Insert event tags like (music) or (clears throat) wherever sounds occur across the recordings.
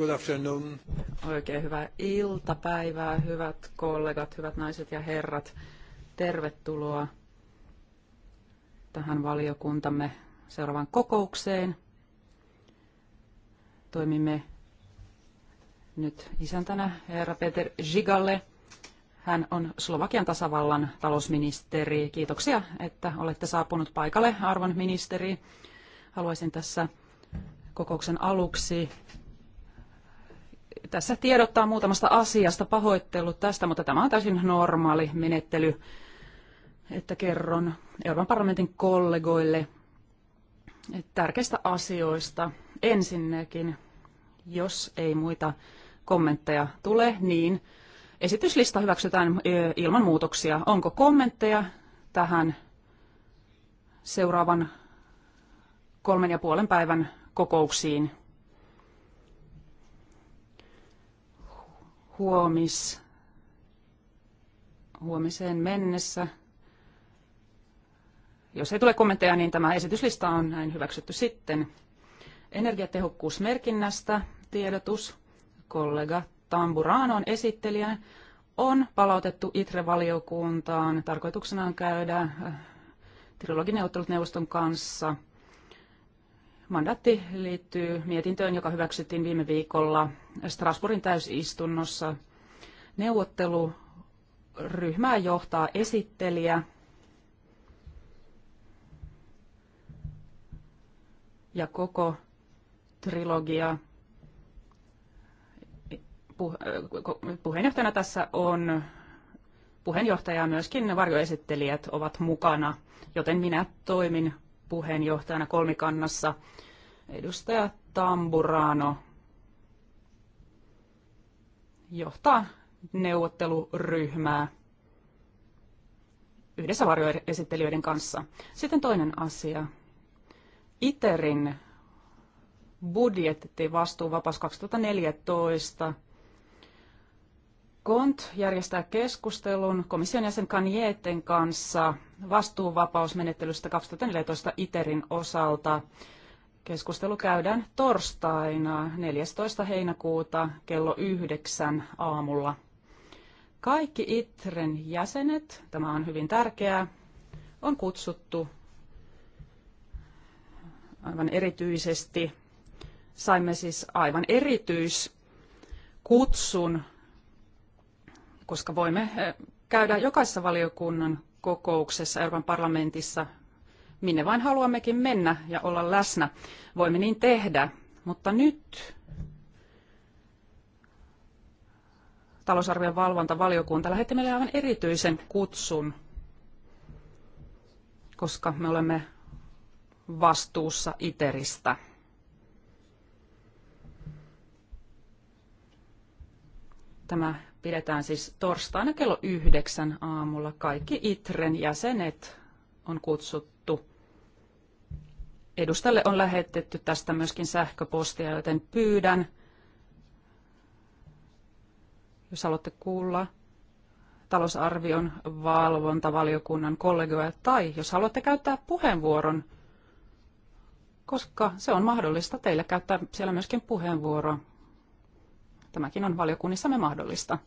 Good afternoon. Oikein hyvää iltapäivää, hyvät kollegat, hyvät naiset ja herrat. Tervetuloa tähän valiokuntamme seuraavaan kokoukseen. Toimimme nyt isäntänä herra Peter Gigalle. Hän on Slovakian tasavallan talousministeri. Kiitoksia, että olette saapunut paikalle, arvon ministeri. Haluaisin tässä kokouksen aluksi tässä tiedottaa muutamasta asiasta, pahoittelut tästä, mutta tämä on täysin normaali menettely, että kerron Euroopan parlamentin kollegoille tärkeistä asioista. Ensinnäkin, jos ei muita kommentteja tule, niin esityslista hyväksytään ilman muutoksia. Onko kommentteja tähän seuraavan kolmen ja puolen päivän kokouksiin? huomis, huomiseen mennessä. Jos ei tule kommentteja, niin tämä esityslista on näin hyväksytty sitten. Energiatehokkuusmerkinnästä tiedotus. Kollega Tamburanon on esittelijä. On palautettu ITRE-valiokuntaan. Tarkoituksena on käydä äh, trilogineuvottelut neuvoston kanssa – Mandaatti liittyy mietintöön, joka hyväksyttiin viime viikolla Strasbourgin täysistunnossa. Neuvotteluryhmää johtaa esittelijä ja koko trilogia. Äh, puheenjohtajana tässä on puheenjohtaja ja myöskin varjoesittelijät ovat mukana, joten minä toimin puheenjohtajana kolmikannassa edustaja Tamburano johtaa neuvotteluryhmää yhdessä varjoesittelijöiden kanssa. Sitten toinen asia. ITERin budjetti vastuu vapas 2014 – KONT järjestää keskustelun komission jäsen Kanjeeten kanssa vastuuvapausmenettelystä 2014 ITERin osalta. Keskustelu käydään torstaina 14. heinäkuuta kello 9 aamulla. Kaikki ITREN jäsenet, tämä on hyvin tärkeää, on kutsuttu aivan erityisesti. Saimme siis aivan erityiskutsun koska voimme eh, käydä jokaisessa valiokunnan kokouksessa Euroopan parlamentissa, minne vain haluammekin mennä ja olla läsnä. Voimme niin tehdä, mutta nyt talousarvion valvontavaliokunta lähetti meille aivan erityisen kutsun, koska me olemme vastuussa ITERistä. Tämä pidetään siis torstaina kello yhdeksän aamulla. Kaikki ITREN jäsenet on kutsuttu. Edustalle on lähetetty tästä myöskin sähköpostia, joten pyydän, jos haluatte kuulla talousarvion valvontavaliokunnan kollegoja tai jos haluatte käyttää puheenvuoron, koska se on mahdollista teille käyttää siellä myöskin puheenvuoroa. Tämäkin on valiokunnissamme mahdollista.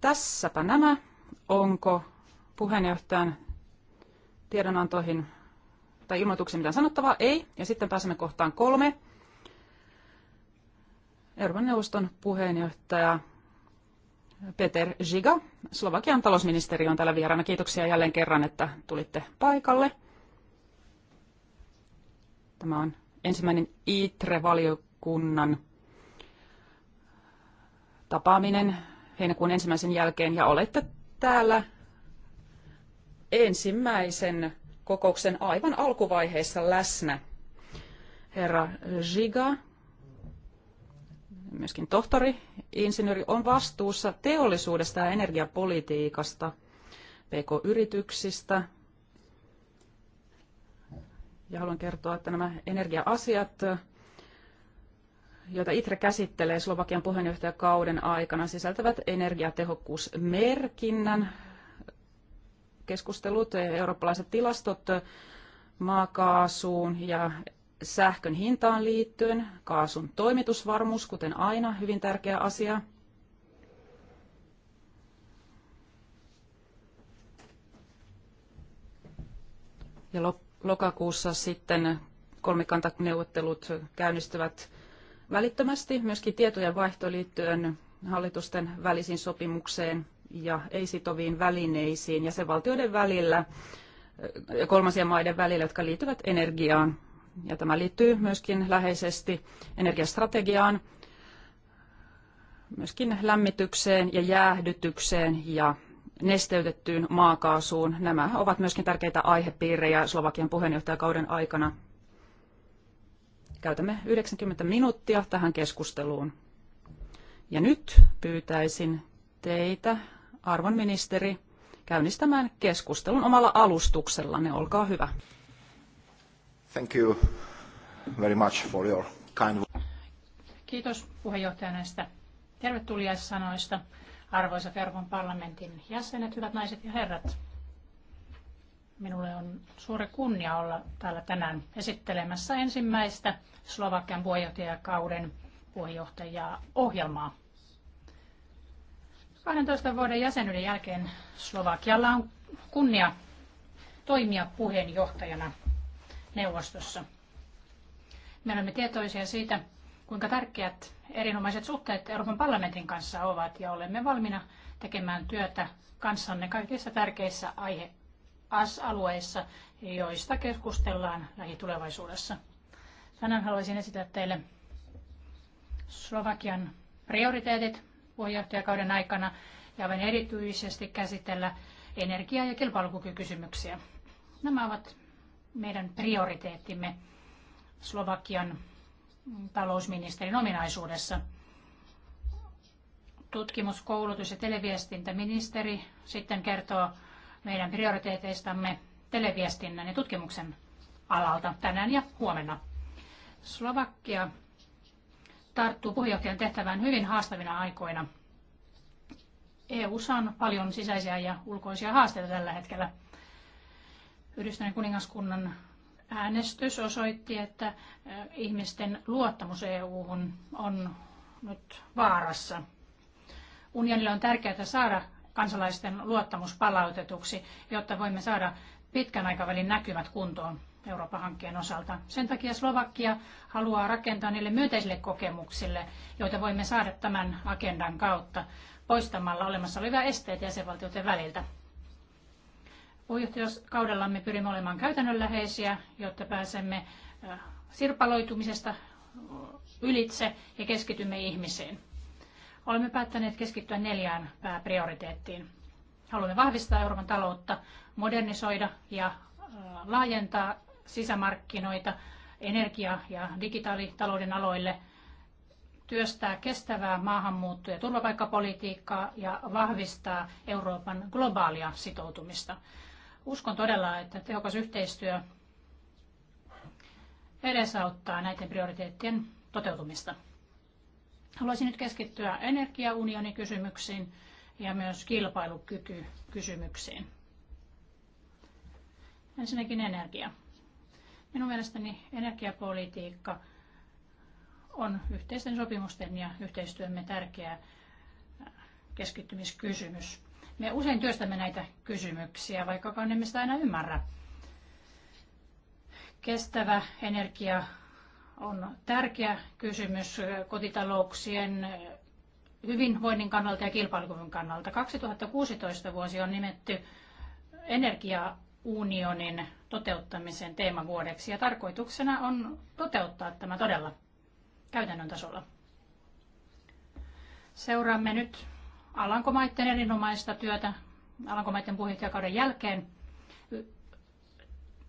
Tässäpä nämä. Onko puheenjohtajan tiedonantoihin tai ilmoituksiin mitään sanottavaa? Ei. Ja sitten pääsemme kohtaan kolme. Euroopan neuvoston puheenjohtaja Peter Žiga, Slovakian talousministeri, on täällä vieraana. Kiitoksia jälleen kerran, että tulitte paikalle. Tämä on ensimmäinen ITRE-valiokunnan tapaaminen heinäkuun ensimmäisen jälkeen ja olette täällä ensimmäisen kokouksen aivan alkuvaiheessa läsnä. Herra Giga, myöskin tohtori, insinööri, on vastuussa teollisuudesta ja energiapolitiikasta, pk-yrityksistä. Ja haluan kertoa, että nämä energia-asiat joita ITRE käsittelee Slovakian puheenjohtajakauden aikana, sisältävät energiatehokkuusmerkinnän keskustelut, eh, eurooppalaiset tilastot eh, maakaasuun ja sähkön hintaan liittyen, kaasun toimitusvarmuus, kuten aina, hyvin tärkeä asia. Ja lokakuussa sitten kolmikantaneuvottelut käynnistyvät välittömästi myöskin tietojen vaihto liittyen hallitusten välisiin sopimukseen ja ei-sitoviin välineisiin jäsenvaltioiden välillä äh, ja kolmansien maiden välillä, jotka liittyvät energiaan. Ja tämä liittyy myöskin läheisesti energiastrategiaan, myöskin lämmitykseen ja jäähdytykseen ja nesteytettyyn maakaasuun. Nämä ovat myöskin tärkeitä aihepiirejä Slovakian puheenjohtajakauden aikana. Käytämme 90 minuuttia tähän keskusteluun. Ja nyt pyytäisin teitä, arvon ministeri, käynnistämään keskustelun omalla alustuksellanne. Olkaa hyvä. Thank you very much for your kind... Kiitos puheenjohtaja näistä tervetuliaissanoista. Arvoisa Euroopan parlamentin jäsenet, hyvät naiset ja herrat. Minulle on suuri kunnia olla täällä tänään esittelemässä ensimmäistä Slovakian puheenjohtajakauden puheenjohtajaa ohjelmaa. 12 vuoden jäsenyyden jälkeen Slovakialla on kunnia toimia puheenjohtajana neuvostossa. Me olemme tietoisia siitä, kuinka tärkeät erinomaiset suhteet Euroopan parlamentin kanssa ovat ja olemme valmiina tekemään työtä kanssanne kaikissa tärkeissä aihe AS-alueissa, joista keskustellaan lähitulevaisuudessa. Tänään haluaisin esitellä teille Slovakian prioriteetit puheenjohtajakauden aikana ja vain erityisesti käsitellä energia- ja kilpailukykykysymyksiä. Nämä ovat meidän prioriteettimme Slovakian talousministerin ominaisuudessa. Tutkimus, koulutus ja televiestintäministeri sitten kertoo meidän prioriteeteistamme televiestinnän ja tutkimuksen alalta tänään ja huomenna. Slovakia tarttuu puheenjohtajan tehtävään hyvin haastavina aikoina. EU on paljon sisäisiä ja ulkoisia haasteita tällä hetkellä. Yhdistyneen kuningaskunnan äänestys osoitti, että ihmisten luottamus eu on nyt vaarassa. Unionille on tärkeää saada kansalaisten luottamus palautetuksi, jotta voimme saada pitkän aikavälin näkymät kuntoon Euroopan hankkeen osalta. Sen takia Slovakia haluaa rakentaa niille myönteisille kokemuksille, joita voimme saada tämän agendan kautta poistamalla olemassa olevia esteitä jäsenvaltioiden väliltä. Puheenjohtajuuskaudellamme pyrimme olemaan käytännönläheisiä, jotta pääsemme äh, sirpaloitumisesta ylitse ja keskitymme ihmiseen. Olemme päättäneet keskittyä neljään pääprioriteettiin. Haluamme vahvistaa Euroopan taloutta, modernisoida ja laajentaa sisämarkkinoita energia- ja digitaalitalouden aloille, työstää kestävää maahanmuutto- ja turvapaikkapolitiikkaa ja vahvistaa Euroopan globaalia sitoutumista. Uskon todella, että tehokas yhteistyö edesauttaa näiden prioriteettien toteutumista. Haluaisin nyt keskittyä energiaunionin kysymyksiin ja myös kilpailukykykysymyksiin. Ensinnäkin energia. Minun mielestäni energiapolitiikka on yhteisten sopimusten ja yhteistyömme tärkeä äh, keskittymiskysymys. Me usein työstämme näitä kysymyksiä, vaikkakaan emme sitä aina ymmärrä. Kestävä energia on tärkeä kysymys kotitalouksien hyvinvoinnin kannalta ja kilpailukyvyn kannalta. 2016 vuosi on nimetty energiaunionin toteuttamisen teemavuodeksi ja tarkoituksena on toteuttaa tämä todella käytännön tasolla. Seuraamme nyt Alankomaiden erinomaista työtä Alankomaiden puheenjohtajakauden jälkeen.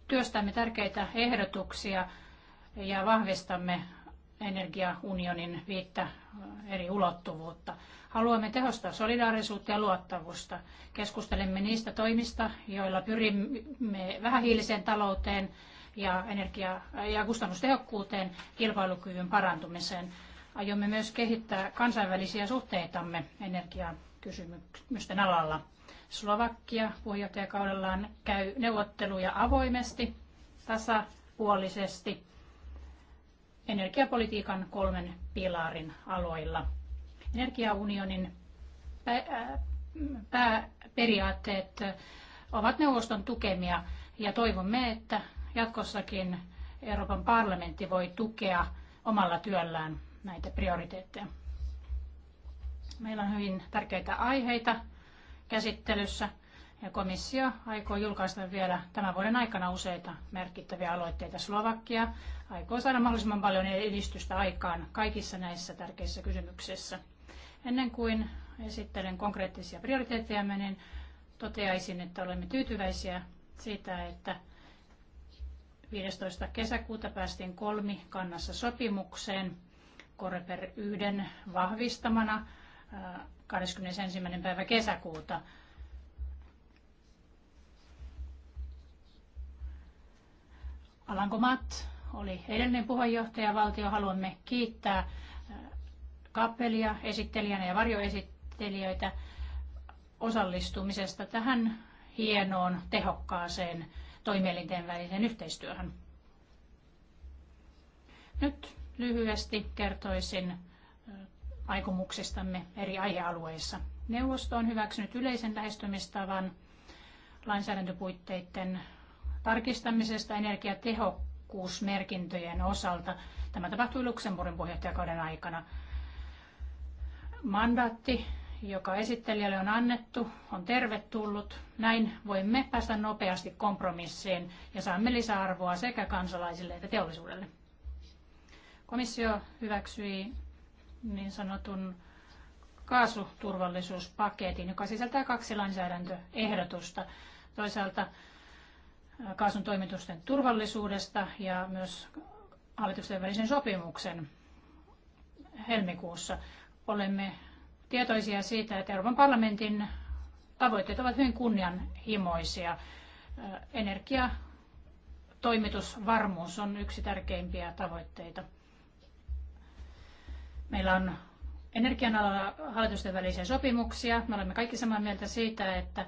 Työstämme tärkeitä ehdotuksia ja vahvistamme energiaunionin viittä eri ulottuvuutta. Haluamme tehostaa solidaarisuutta ja luottavusta. Keskustelemme niistä toimista, joilla pyrimme vähähiiliseen talouteen ja, energia- ja kustannustehokkuuteen, kilpailukyvyn parantumiseen. Aiomme myös kehittää kansainvälisiä suhteitamme energiakysymysten alalla. Slovakia puheenjohtajakaudellaan käy neuvotteluja avoimesti, tasapuolisesti energiapolitiikan kolmen pilarin aloilla. Energiaunionin pääperiaatteet ovat neuvoston tukemia ja toivomme, että jatkossakin Euroopan parlamentti voi tukea omalla työllään näitä prioriteetteja. Meillä on hyvin tärkeitä aiheita käsittelyssä – ja komissio aikoo julkaista vielä tämän vuoden aikana useita merkittäviä aloitteita. Slovakia aikoo saada mahdollisimman paljon edistystä aikaan kaikissa näissä tärkeissä kysymyksissä. Ennen kuin esittelen konkreettisia prioriteettejamme, niin toteaisin, että olemme tyytyväisiä siitä, että 15. kesäkuuta päästiin kannassa sopimukseen Koreper 1 vahvistamana 21. Äh, päivä kesäkuuta. Alankomat oli edellinen valtio. Haluamme kiittää äh, kappelia esittelijänä ja varjoesittelijöitä osallistumisesta tähän hienoon, tehokkaaseen toimielinten väliseen yhteistyöhön. Nyt lyhyesti kertoisin äh, aikomuksistamme eri aihealueissa. Neuvosto on hyväksynyt yleisen lähestymistavan lainsäädäntöpuitteiden tarkistamisesta energiatehokkuusmerkintöjen osalta. Tämä tapahtui Luxemburgin puheenjohtajakauden aikana. Mandaatti, joka esittelijälle on annettu, on tervetullut. Näin voimme päästä nopeasti kompromissiin ja saamme lisäarvoa sekä kansalaisille että teollisuudelle. Komissio hyväksyi niin sanotun kaasuturvallisuuspaketin, joka sisältää kaksi lainsäädäntöehdotusta. Toisaalta kaasun toimitusten turvallisuudesta ja myös hallitusten välisen sopimuksen helmikuussa. Olemme tietoisia siitä, että Euroopan parlamentin tavoitteet ovat hyvin kunnianhimoisia. Energia toimitusvarmuus on yksi tärkeimpiä tavoitteita. Meillä on energian alalla hallitusten välisiä sopimuksia. Me olemme kaikki samaa mieltä siitä, että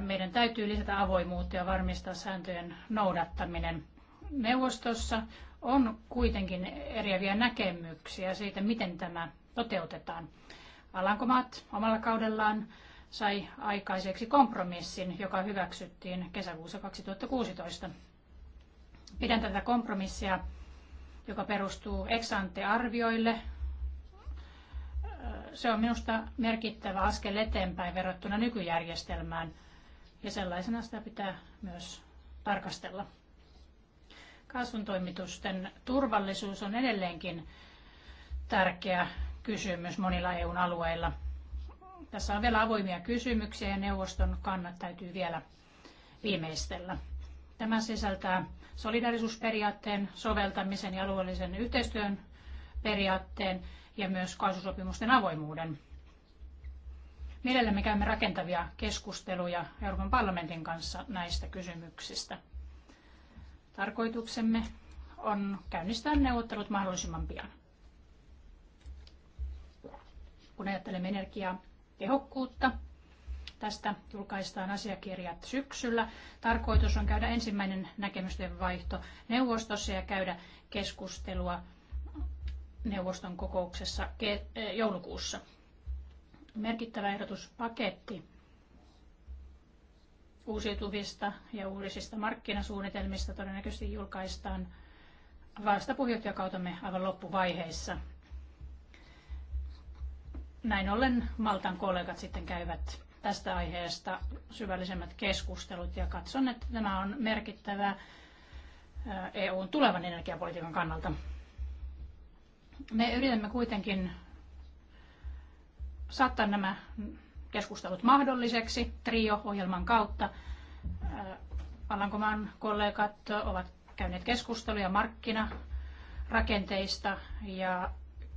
meidän täytyy lisätä avoimuutta ja varmistaa sääntöjen noudattaminen. Neuvostossa on kuitenkin eriäviä näkemyksiä siitä, miten tämä toteutetaan. Alankomaat omalla kaudellaan sai aikaiseksi kompromissin, joka hyväksyttiin kesäkuussa 2016. Pidän tätä kompromissia, joka perustuu ex-ante-arvioille, se on minusta merkittävä askel eteenpäin verrattuna nykyjärjestelmään – ja sellaisena sitä pitää myös tarkastella. Kasvuntoimitusten turvallisuus on edelleenkin tärkeä kysymys monilla EUn alueilla. Tässä on vielä avoimia kysymyksiä ja neuvoston kannat täytyy vielä viimeistellä. Tämä sisältää solidarisuusperiaatteen soveltamisen ja alueellisen yhteistyön periaatteen ja myös kaasusopimusten avoimuuden. Mielellämme käymme rakentavia keskusteluja Euroopan parlamentin kanssa näistä kysymyksistä. Tarkoituksemme on käynnistää neuvottelut mahdollisimman pian. Kun ajattelemme energiatehokkuutta, tästä julkaistaan asiakirjat syksyllä. Tarkoitus on käydä ensimmäinen näkemysten vaihto neuvostossa ja käydä keskustelua neuvoston kokouksessa eh, joulukuussa merkittävä ehdotuspaketti uusiutuvista ja uudisista markkinasuunnitelmista todennäköisesti julkaistaan vasta puheenjohtajakautamme aivan loppuvaiheessa. Näin ollen Maltan kollegat sitten käyvät tästä aiheesta syvällisemmät keskustelut ja katson, että tämä on merkittävä EUn tulevan energiapolitiikan kannalta. Me yritämme kuitenkin saattaa nämä keskustelut mahdolliseksi TRIO-ohjelman kautta. Äh, Alankomaan kollegat ovat käyneet keskusteluja markkinarakenteista ja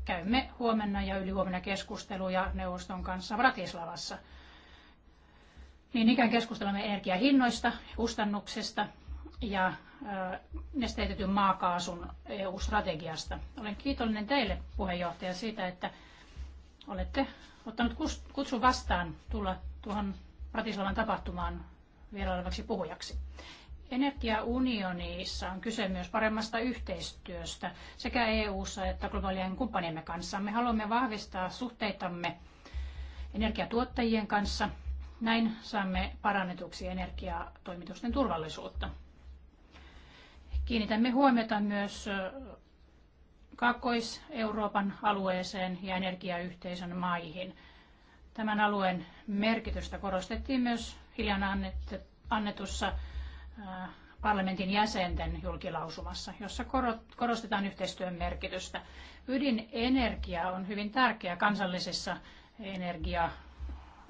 käymme huomenna ja ylihuomenna keskusteluja neuvoston kanssa Bratislavassa. Niin ikään keskustelemme energiahinnoista, kustannuksesta ja äh, nesteytetyn maakaasun EU-strategiasta. Olen kiitollinen teille puheenjohtaja siitä, että olette ottanut kutsun vastaan tulla tuohon Pratislavan tapahtumaan vierailevaksi puhujaksi. Energiaunionissa on kyse myös paremmasta yhteistyöstä sekä EU-ssa että globaalien kumppaniemme kanssa. Me haluamme vahvistaa suhteitamme energiatuottajien kanssa. Näin saamme parannetuksi energiatoimitusten turvallisuutta. Kiinnitämme huomiota myös Kaakkois-Euroopan alueeseen ja energiayhteisön maihin. Tämän alueen merkitystä korostettiin myös hiljan annetussa parlamentin jäsenten julkilausumassa, jossa korostetaan yhteistyön merkitystä. Ydinenergia on hyvin tärkeä kansallisissa energia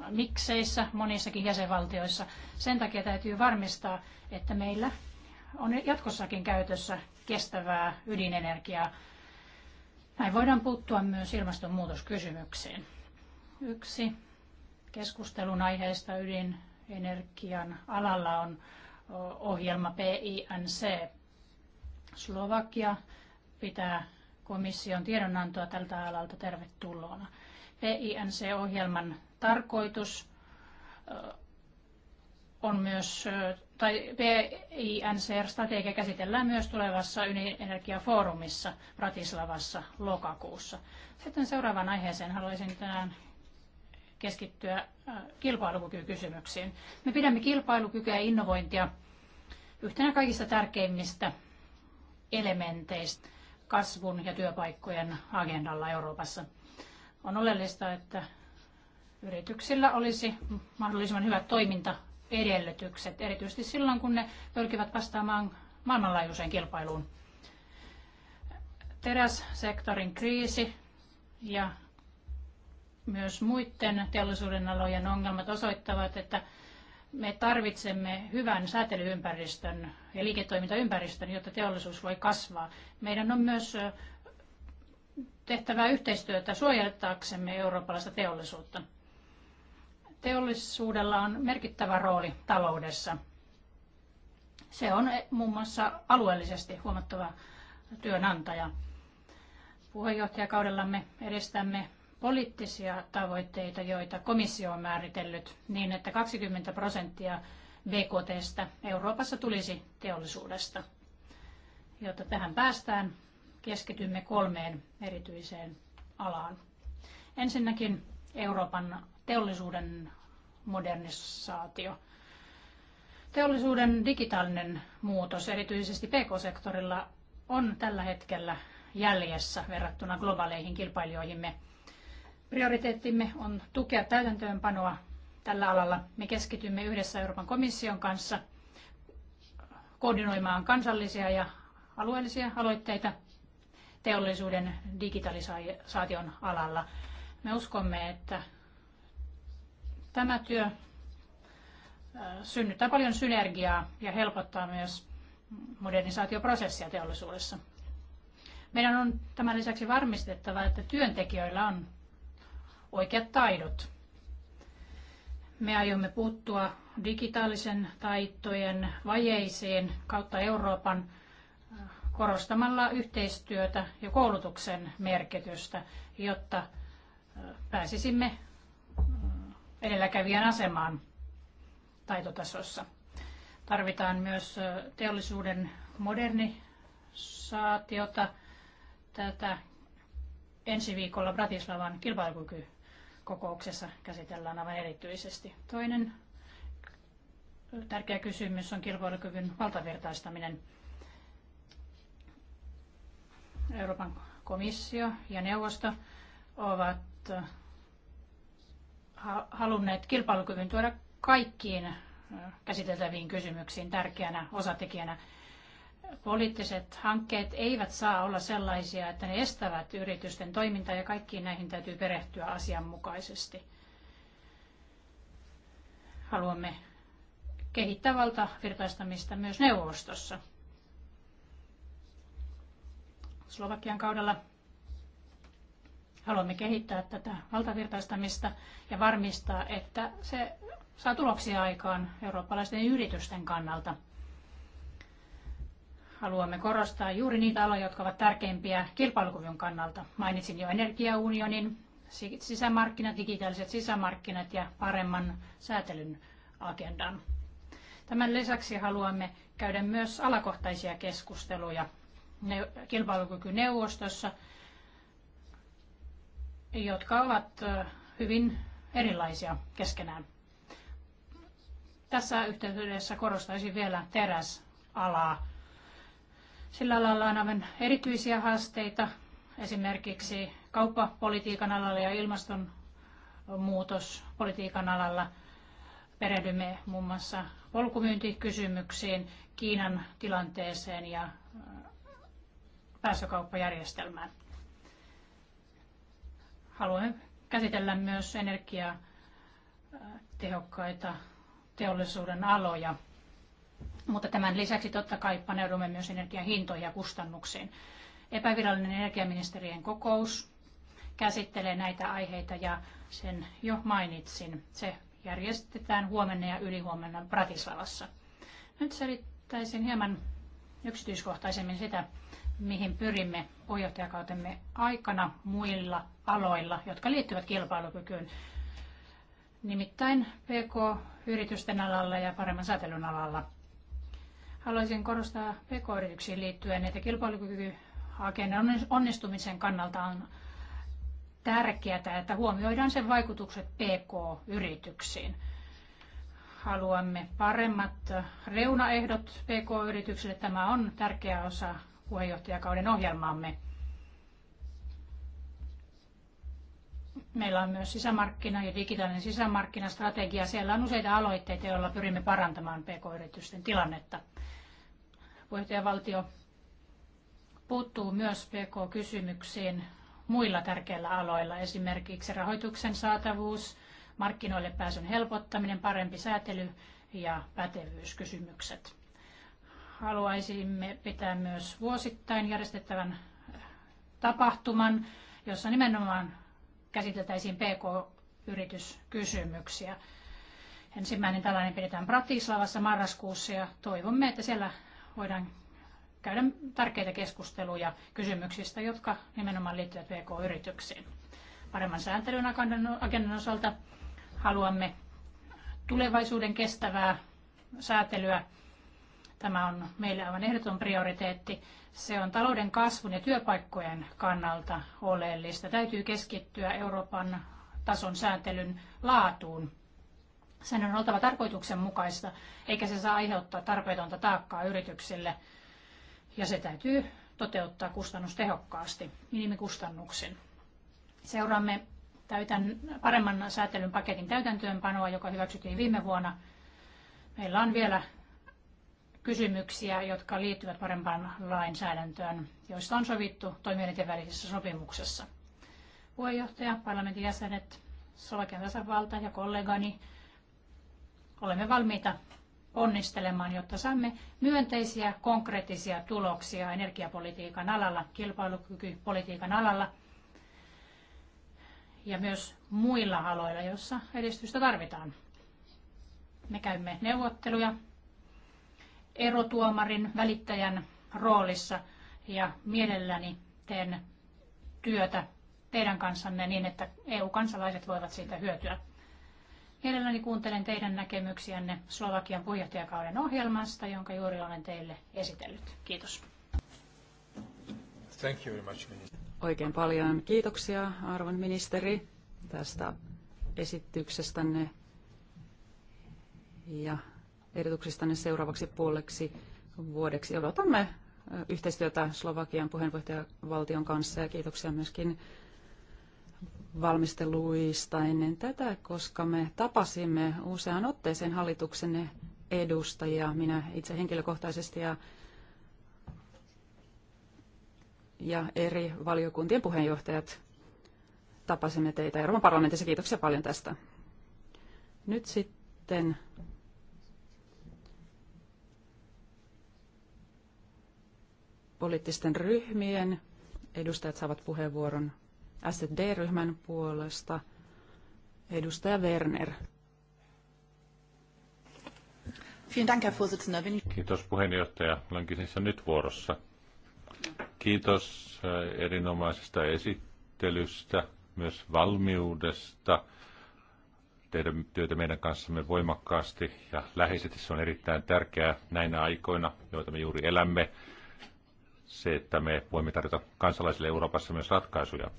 mikseissä monissakin jäsenvaltioissa. Sen takia täytyy varmistaa, että meillä on jatkossakin käytössä kestävää ydinenergiaa näin voidaan puuttua myös ilmastonmuutoskysymykseen. Yksi keskustelun aiheesta ydinenergian alalla on ohjelma PINC. Slovakia pitää komission tiedonantoa tältä alalta tervetulloona. PINC-ohjelman tarkoitus on myös tai PINCR-strategia käsitellään myös tulevassa ydinenergiafoorumissa Bratislavassa lokakuussa. Sitten seuraavaan aiheeseen haluaisin tänään keskittyä äh, kilpailukykykysymyksiin. Me pidämme kilpailukykyä ja innovointia yhtenä kaikista tärkeimmistä elementeistä kasvun ja työpaikkojen agendalla Euroopassa. On oleellista, että yrityksillä olisi mahdollisimman hyvät toiminta edellytykset, erityisesti silloin kun ne pyrkivät vastaamaan maailmanlaajuiseen kilpailuun. Terässektorin kriisi ja myös muiden teollisuuden alojen ongelmat osoittavat, että me tarvitsemme hyvän säätelyympäristön ja liiketoimintaympäristön, jotta teollisuus voi kasvaa. Meidän on myös tehtävää yhteistyötä suojeltaaksemme eurooppalaista teollisuutta. Teollisuudella on merkittävä rooli taloudessa. Se on muun muassa alueellisesti huomattava työnantaja. Puheenjohtajakaudellamme edistämme poliittisia tavoitteita, joita komissio on määritellyt niin, että 20 prosenttia BKTstä Euroopassa tulisi teollisuudesta. Jotta tähän päästään, keskitymme kolmeen erityiseen alaan. Ensinnäkin Euroopan teollisuuden modernisaatio. Teollisuuden digitaalinen muutos, erityisesti PK-sektorilla, on tällä hetkellä jäljessä verrattuna globaaleihin kilpailijoihimme. Prioriteettimme on tukea täytäntöönpanoa tällä alalla. Me keskitymme yhdessä Euroopan komission kanssa koordinoimaan kansallisia ja alueellisia aloitteita teollisuuden digitalisaation alalla. Me uskomme, että Tämä työ äh, synnyttää paljon synergiaa ja helpottaa myös modernisaatioprosessia teollisuudessa. Meidän on tämän lisäksi varmistettava, että työntekijöillä on oikeat taidot. Me aiomme puuttua digitaalisen taitojen vajeisiin kautta Euroopan äh, korostamalla yhteistyötä ja koulutuksen merkitystä, jotta äh, pääsisimme edelläkävijän asemaan taitotasossa. Tarvitaan myös teollisuuden modernisaatiota. Tätä ensi viikolla Bratislavan kilpailukykykokouksessa käsitellään aivan erityisesti. Toinen tärkeä kysymys on kilpailukyvyn valtavirtaistaminen. Euroopan komissio ja neuvosto ovat halunneet kilpailukyvyn tuoda kaikkiin käsiteltäviin kysymyksiin tärkeänä osatekijänä. Poliittiset hankkeet eivät saa olla sellaisia, että ne estävät yritysten toimintaa ja kaikkiin näihin täytyy perehtyä asianmukaisesti. Haluamme kehittää valtavirtaistamista myös neuvostossa. Slovakian kaudella Haluamme kehittää tätä valtavirtaistamista ja varmistaa, että se saa tuloksia aikaan eurooppalaisten yritysten kannalta. Haluamme korostaa juuri niitä aloja, jotka ovat tärkeimpiä kilpailukyvyn kannalta. Mainitsin jo energiaunionin, sisämarkkinat, digitaaliset sisämarkkinat ja paremman säätelyn agendan. Tämän lisäksi haluamme käydä myös alakohtaisia keskusteluja kilpailukykyneuvostossa jotka ovat hyvin erilaisia keskenään. Tässä yhteydessä korostaisin vielä teräsalaa. Sillä alalla on aivan erityisiä haasteita, esimerkiksi kauppapolitiikan alalla ja ilmastonmuutospolitiikan alalla. Perehdymme muun muassa polkumyyntikysymyksiin, Kiinan tilanteeseen ja päästökauppajärjestelmään. Haluamme käsitellä myös energiatehokkaita teollisuuden aloja. Mutta tämän lisäksi totta kai paneudumme myös energian hintoihin ja kustannuksiin. Epävirallinen energiaministerien kokous käsittelee näitä aiheita ja sen jo mainitsin. Se järjestetään huomenna ja ylihuomenna Bratislavassa. Nyt selittäisin hieman yksityiskohtaisemmin sitä, mihin pyrimme puheenjohtajakautemme aikana muilla aloilla, jotka liittyvät kilpailukykyyn, nimittäin PK-yritysten alalla ja paremman säätelyn alalla. Haluaisin korostaa PK-yrityksiin liittyen, että kilpailukykyhakennan onnistumisen kannalta on tärkeää, että huomioidaan sen vaikutukset PK-yrityksiin. Haluamme paremmat reunaehdot PK-yrityksille. Tämä on tärkeä osa puheenjohtajakauden ohjelmaamme. Meillä on myös sisämarkkina ja digitaalinen sisämarkkinastrategia. Siellä on useita aloitteita, joilla pyrimme parantamaan pk-yritysten tilannetta. Puheenjohtajavaltio puuttuu myös pk-kysymyksiin muilla tärkeillä aloilla, esimerkiksi rahoituksen saatavuus, markkinoille pääsyn helpottaminen, parempi säätely ja pätevyyskysymykset haluaisimme pitää myös vuosittain järjestettävän äh, tapahtuman, jossa nimenomaan käsiteltäisiin PK-yrityskysymyksiä. Ensimmäinen tällainen pidetään Bratislavassa marraskuussa ja toivomme, että siellä voidaan käydä tärkeitä keskusteluja kysymyksistä, jotka nimenomaan liittyvät PK-yrityksiin. Paremman sääntelyn agendan osalta haluamme tulevaisuuden kestävää säätelyä Tämä on meille aivan ehdoton prioriteetti. Se on talouden kasvun ja työpaikkojen kannalta oleellista. Täytyy keskittyä Euroopan tason sääntelyn laatuun. Sen on oltava tarkoituksenmukaista, eikä se saa aiheuttaa tarpeetonta taakkaa yrityksille. Ja se täytyy toteuttaa kustannustehokkaasti, minimikustannuksin. Seuraamme täytän, paremman säätelyn paketin täytäntöönpanoa, joka hyväksyttiin viime vuonna. Meillä on vielä kysymyksiä, jotka liittyvät parempaan lainsäädäntöön, joista on sovittu toimijoiden välisessä sopimuksessa. Puheenjohtaja, parlamentin jäsenet, Slovakian tasavalta ja kollegani, olemme valmiita ponnistelemaan, jotta saamme myönteisiä, konkreettisia tuloksia energiapolitiikan alalla, kilpailukykypolitiikan alalla ja myös muilla aloilla, joissa edistystä tarvitaan. Me käymme neuvotteluja erotuomarin välittäjän roolissa ja mielelläni teen työtä teidän kanssanne niin, että EU-kansalaiset voivat siitä hyötyä. Mielelläni kuuntelen teidän näkemyksiänne Slovakian puheenjohtajakauden ohjelmasta, jonka juuri olen teille esitellyt. Kiitos. Thank you very much, Oikein paljon kiitoksia, arvon ministeri, tästä esityksestänne. Ja ehdotuksistanne seuraavaksi puoleksi vuodeksi. Odotamme yhteistyötä Slovakian puheenjohtajavaltion kanssa ja kiitoksia myöskin valmisteluista ennen tätä, koska me tapasimme useaan otteeseen hallituksenne edustajia, minä itse henkilökohtaisesti ja, ja eri valiokuntien puheenjohtajat tapasimme teitä Euroopan parlamentissa. Kiitoksia paljon tästä. Nyt sitten poliittisten ryhmien edustajat saavat puheenvuoron SD-ryhmän puolesta. Edustaja Werner. Kiitos puheenjohtaja. Olenkin siis nyt vuorossa. Kiitos äh, erinomaisesta esittelystä, myös valmiudesta tehdä työtä meidän kanssamme voimakkaasti ja läheisesti. Se on erittäin tärkeää näinä aikoina, joita me juuri elämme se, että me voimme tarjota kansalaisille Euroopassa myös ratkaisuja.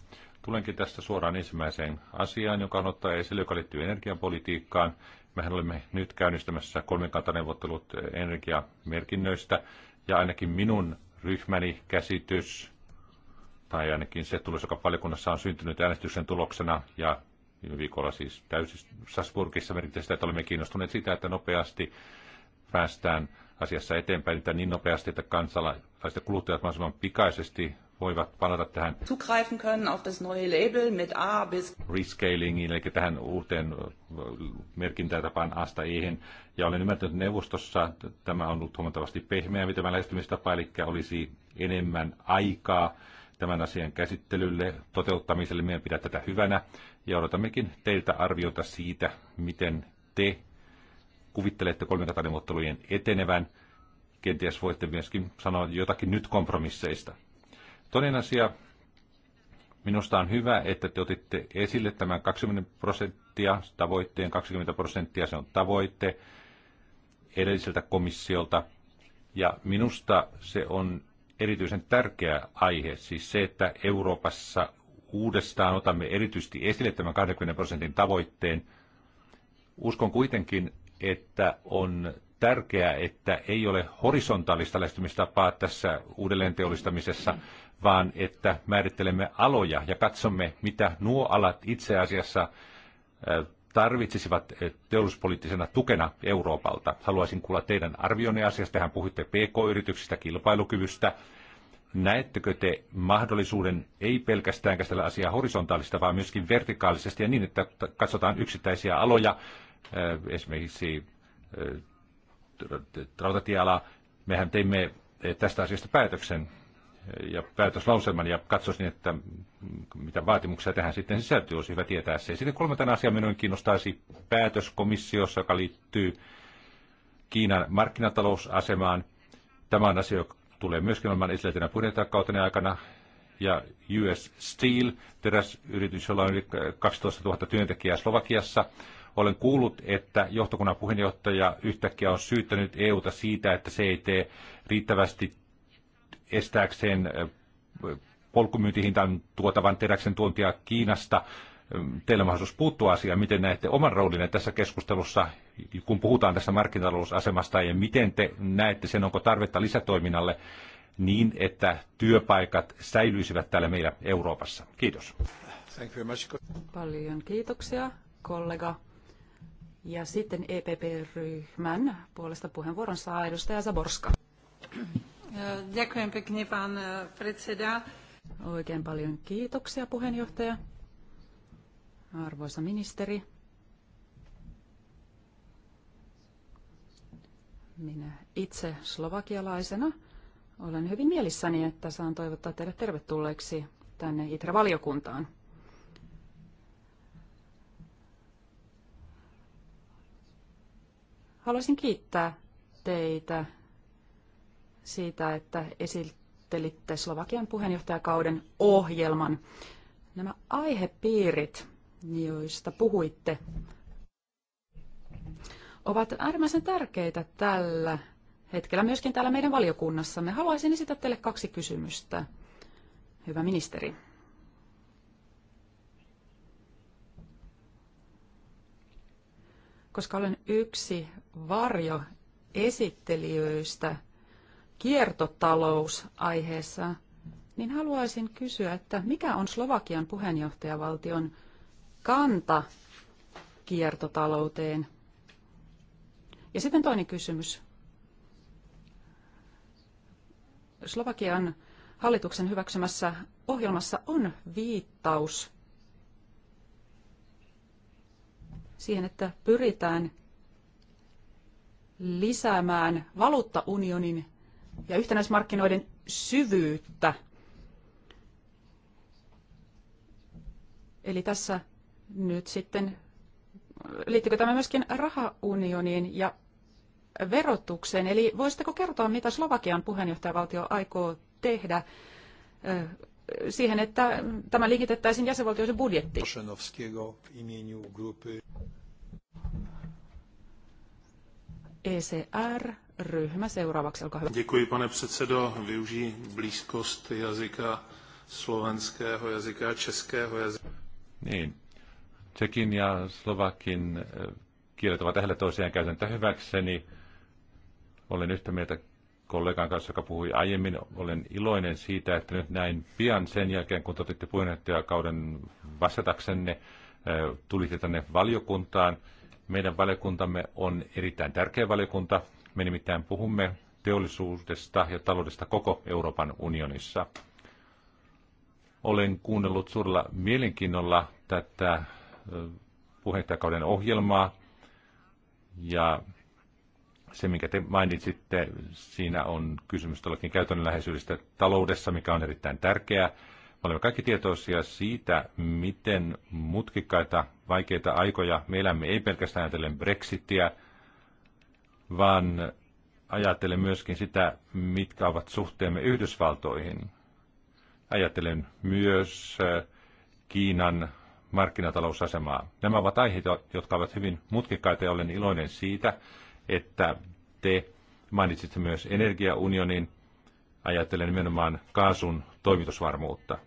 Tulenkin tästä suoraan ensimmäiseen asiaan, joka on ottaa esille, joka liittyy energiapolitiikkaan. Mehän olemme nyt käynnistämässä kolmikantaneuvottelut energiamerkinnöistä, ja ainakin minun ryhmäni käsitys, tai ainakin se tulos, joka valiokunnassa on syntynyt äänestyksen tuloksena, ja viime viikolla siis täysin Sasburgissa merkitsee sitä, että olemme kiinnostuneet sitä, että nopeasti päästään asiassa eteenpäin, että niin nopeasti, että kansala, että kuluttajat mahdollisimman pikaisesti voivat palata tähän zugreifen können auf das neue Label mit A bis rescalingiin, eli tähän uuteen merkintätapaan asta ihin. Ja olen ymmärtänyt, että neuvostossa tämä on ollut huomattavasti pehmeämpi tämä lähestymistapa, eli olisi enemmän aikaa tämän asian käsittelylle, toteuttamiselle. Meidän pitää tätä hyvänä ja odotammekin teiltä arviota siitä, miten te kuvittelette kolmikantaneuvottelujen etenevän – Kenties voitte myöskin sanoa jotakin nyt kompromisseista. Toinen asia, minusta on hyvä, että te otitte esille tämän 20 prosenttia, tavoitteen 20 prosenttia, se on tavoitte edelliseltä komissiolta. Ja minusta se on erityisen tärkeä aihe, siis se, että Euroopassa uudestaan otamme erityisesti esille tämän 20 prosentin tavoitteen. Uskon kuitenkin, että on tärkeää, että ei ole horisontaalista lähestymistapaa tässä teollistamisessa, vaan että määrittelemme aloja ja katsomme, mitä nuo alat itse asiassa tarvitsisivat teollisuuspoliittisena tukena Euroopalta. Haluaisin kuulla teidän arvionne asiasta. Tähän puhuitte PK-yrityksistä, kilpailukyvystä. Näettekö te mahdollisuuden ei pelkästään käsitellä asiaa horisontaalista, vaan myöskin vertikaalisesti ja niin, että katsotaan yksittäisiä aloja, esimerkiksi rautatiealaa. mehän teimme eh, tästä asiasta päätöksen eh, ja päätöslauselman ja katsoisin, niin, että mm, mitä vaatimuksia tähän sitten sisältyy, olisi hyvä tietää se. Sitten kolmantena asia minun kiinnostaisi päätöskomissiossa, joka liittyy Kiinan markkinatalousasemaan. Tämä on asia, joka tulee myöskin olemaan esillä tänä puheenjohtajakautena aikana. Ja US Steel, teräsyritys, jolla on yli 12 000 työntekijää Slovakiassa, olen kuullut, että johtokunnan puheenjohtaja yhtäkkiä on syyttänyt EUta siitä, että se ei tee riittävästi estääkseen polkumyyntihintaan tuotavan teräksen tuontia Kiinasta. Teillä on mahdollisuus puuttua asiaan. Miten näette oman roolinne tässä keskustelussa, kun puhutaan tästä markkinatalousasemasta ja miten te näette sen, onko tarvetta lisätoiminnalle niin, että työpaikat säilyisivät täällä meillä Euroopassa? Kiitos. Paljon kiitoksia, kollega. Ja sitten EPP-ryhmän puolesta puheenvuoron saa edustaja Zaborska. Eh, Oikein paljon kiitoksia, puheenjohtaja. Arvoisa ministeri. Minä itse slovakialaisena olen hyvin mielissäni, että saan toivottaa teidät tervetulleeksi tänne Itra valiokuntaan Haluaisin kiittää teitä siitä, että esittelitte Slovakian puheenjohtajakauden ohjelman. Nämä aihepiirit, joista puhuitte, ovat äärimmäisen tärkeitä tällä hetkellä myöskin täällä meidän valiokunnassamme. Haluaisin esittää teille kaksi kysymystä, hyvä ministeri. koska olen yksi varjo esittelijöistä kiertotalousaiheessa, niin haluaisin kysyä, että mikä on Slovakian puheenjohtajavaltion kanta kiertotalouteen? Ja sitten toinen kysymys. Slovakian hallituksen hyväksymässä ohjelmassa on viittaus siihen, että pyritään lisäämään valuuttaunionin ja yhtenäismarkkinoiden syvyyttä. Eli tässä nyt sitten, liittyykö tämä myöskin rahaunioniin ja verotukseen? Eli voisitteko kertoa, mitä Slovakian puheenjohtajavaltio aikoo tehdä siihen, että tämä linkitettäisiin jäsenvaltioiden budjettiin. ECR-ryhmä e seuraavaksi, olkaa hyvä. Děkuji, pane předsedo. Využij blízkost jazyka slovenského jazyka ja českého jazyka. Niin. Tsekin ja Slovakin eh, kielet ovat lähellä toisiaan käytän hyväkseni. Olen yhtä mieltä kollegan kanssa, joka puhui aiemmin. Olen iloinen siitä, että nyt näin pian sen jälkeen, kun otitte puheenjohtajakauden vastataksenne, tulitte tänne valiokuntaan. Meidän valiokuntamme on erittäin tärkeä valiokunta. Me nimittäin puhumme teollisuudesta ja taloudesta koko Euroopan unionissa. Olen kuunnellut suurella mielenkiinnolla tätä puheenjohtajakauden ohjelmaa ja se, minkä te mainitsitte, siinä on kysymys tuollakin käytännönläheisyydestä taloudessa, mikä on erittäin tärkeää. Me olemme kaikki tietoisia siitä, miten mutkikkaita, vaikeita aikoja me elämme, ei pelkästään ajatellen Brexitiä, vaan ajattelen myöskin sitä, mitkä ovat suhteemme Yhdysvaltoihin. Ajattelen myös äh, Kiinan markkinatalousasemaa. Nämä ovat aiheita, jotka ovat hyvin mutkikkaita ja olen iloinen siitä, että te mainitsitte myös energiaunionin, ajatellen nimenomaan kaasun toimitusvarmuutta.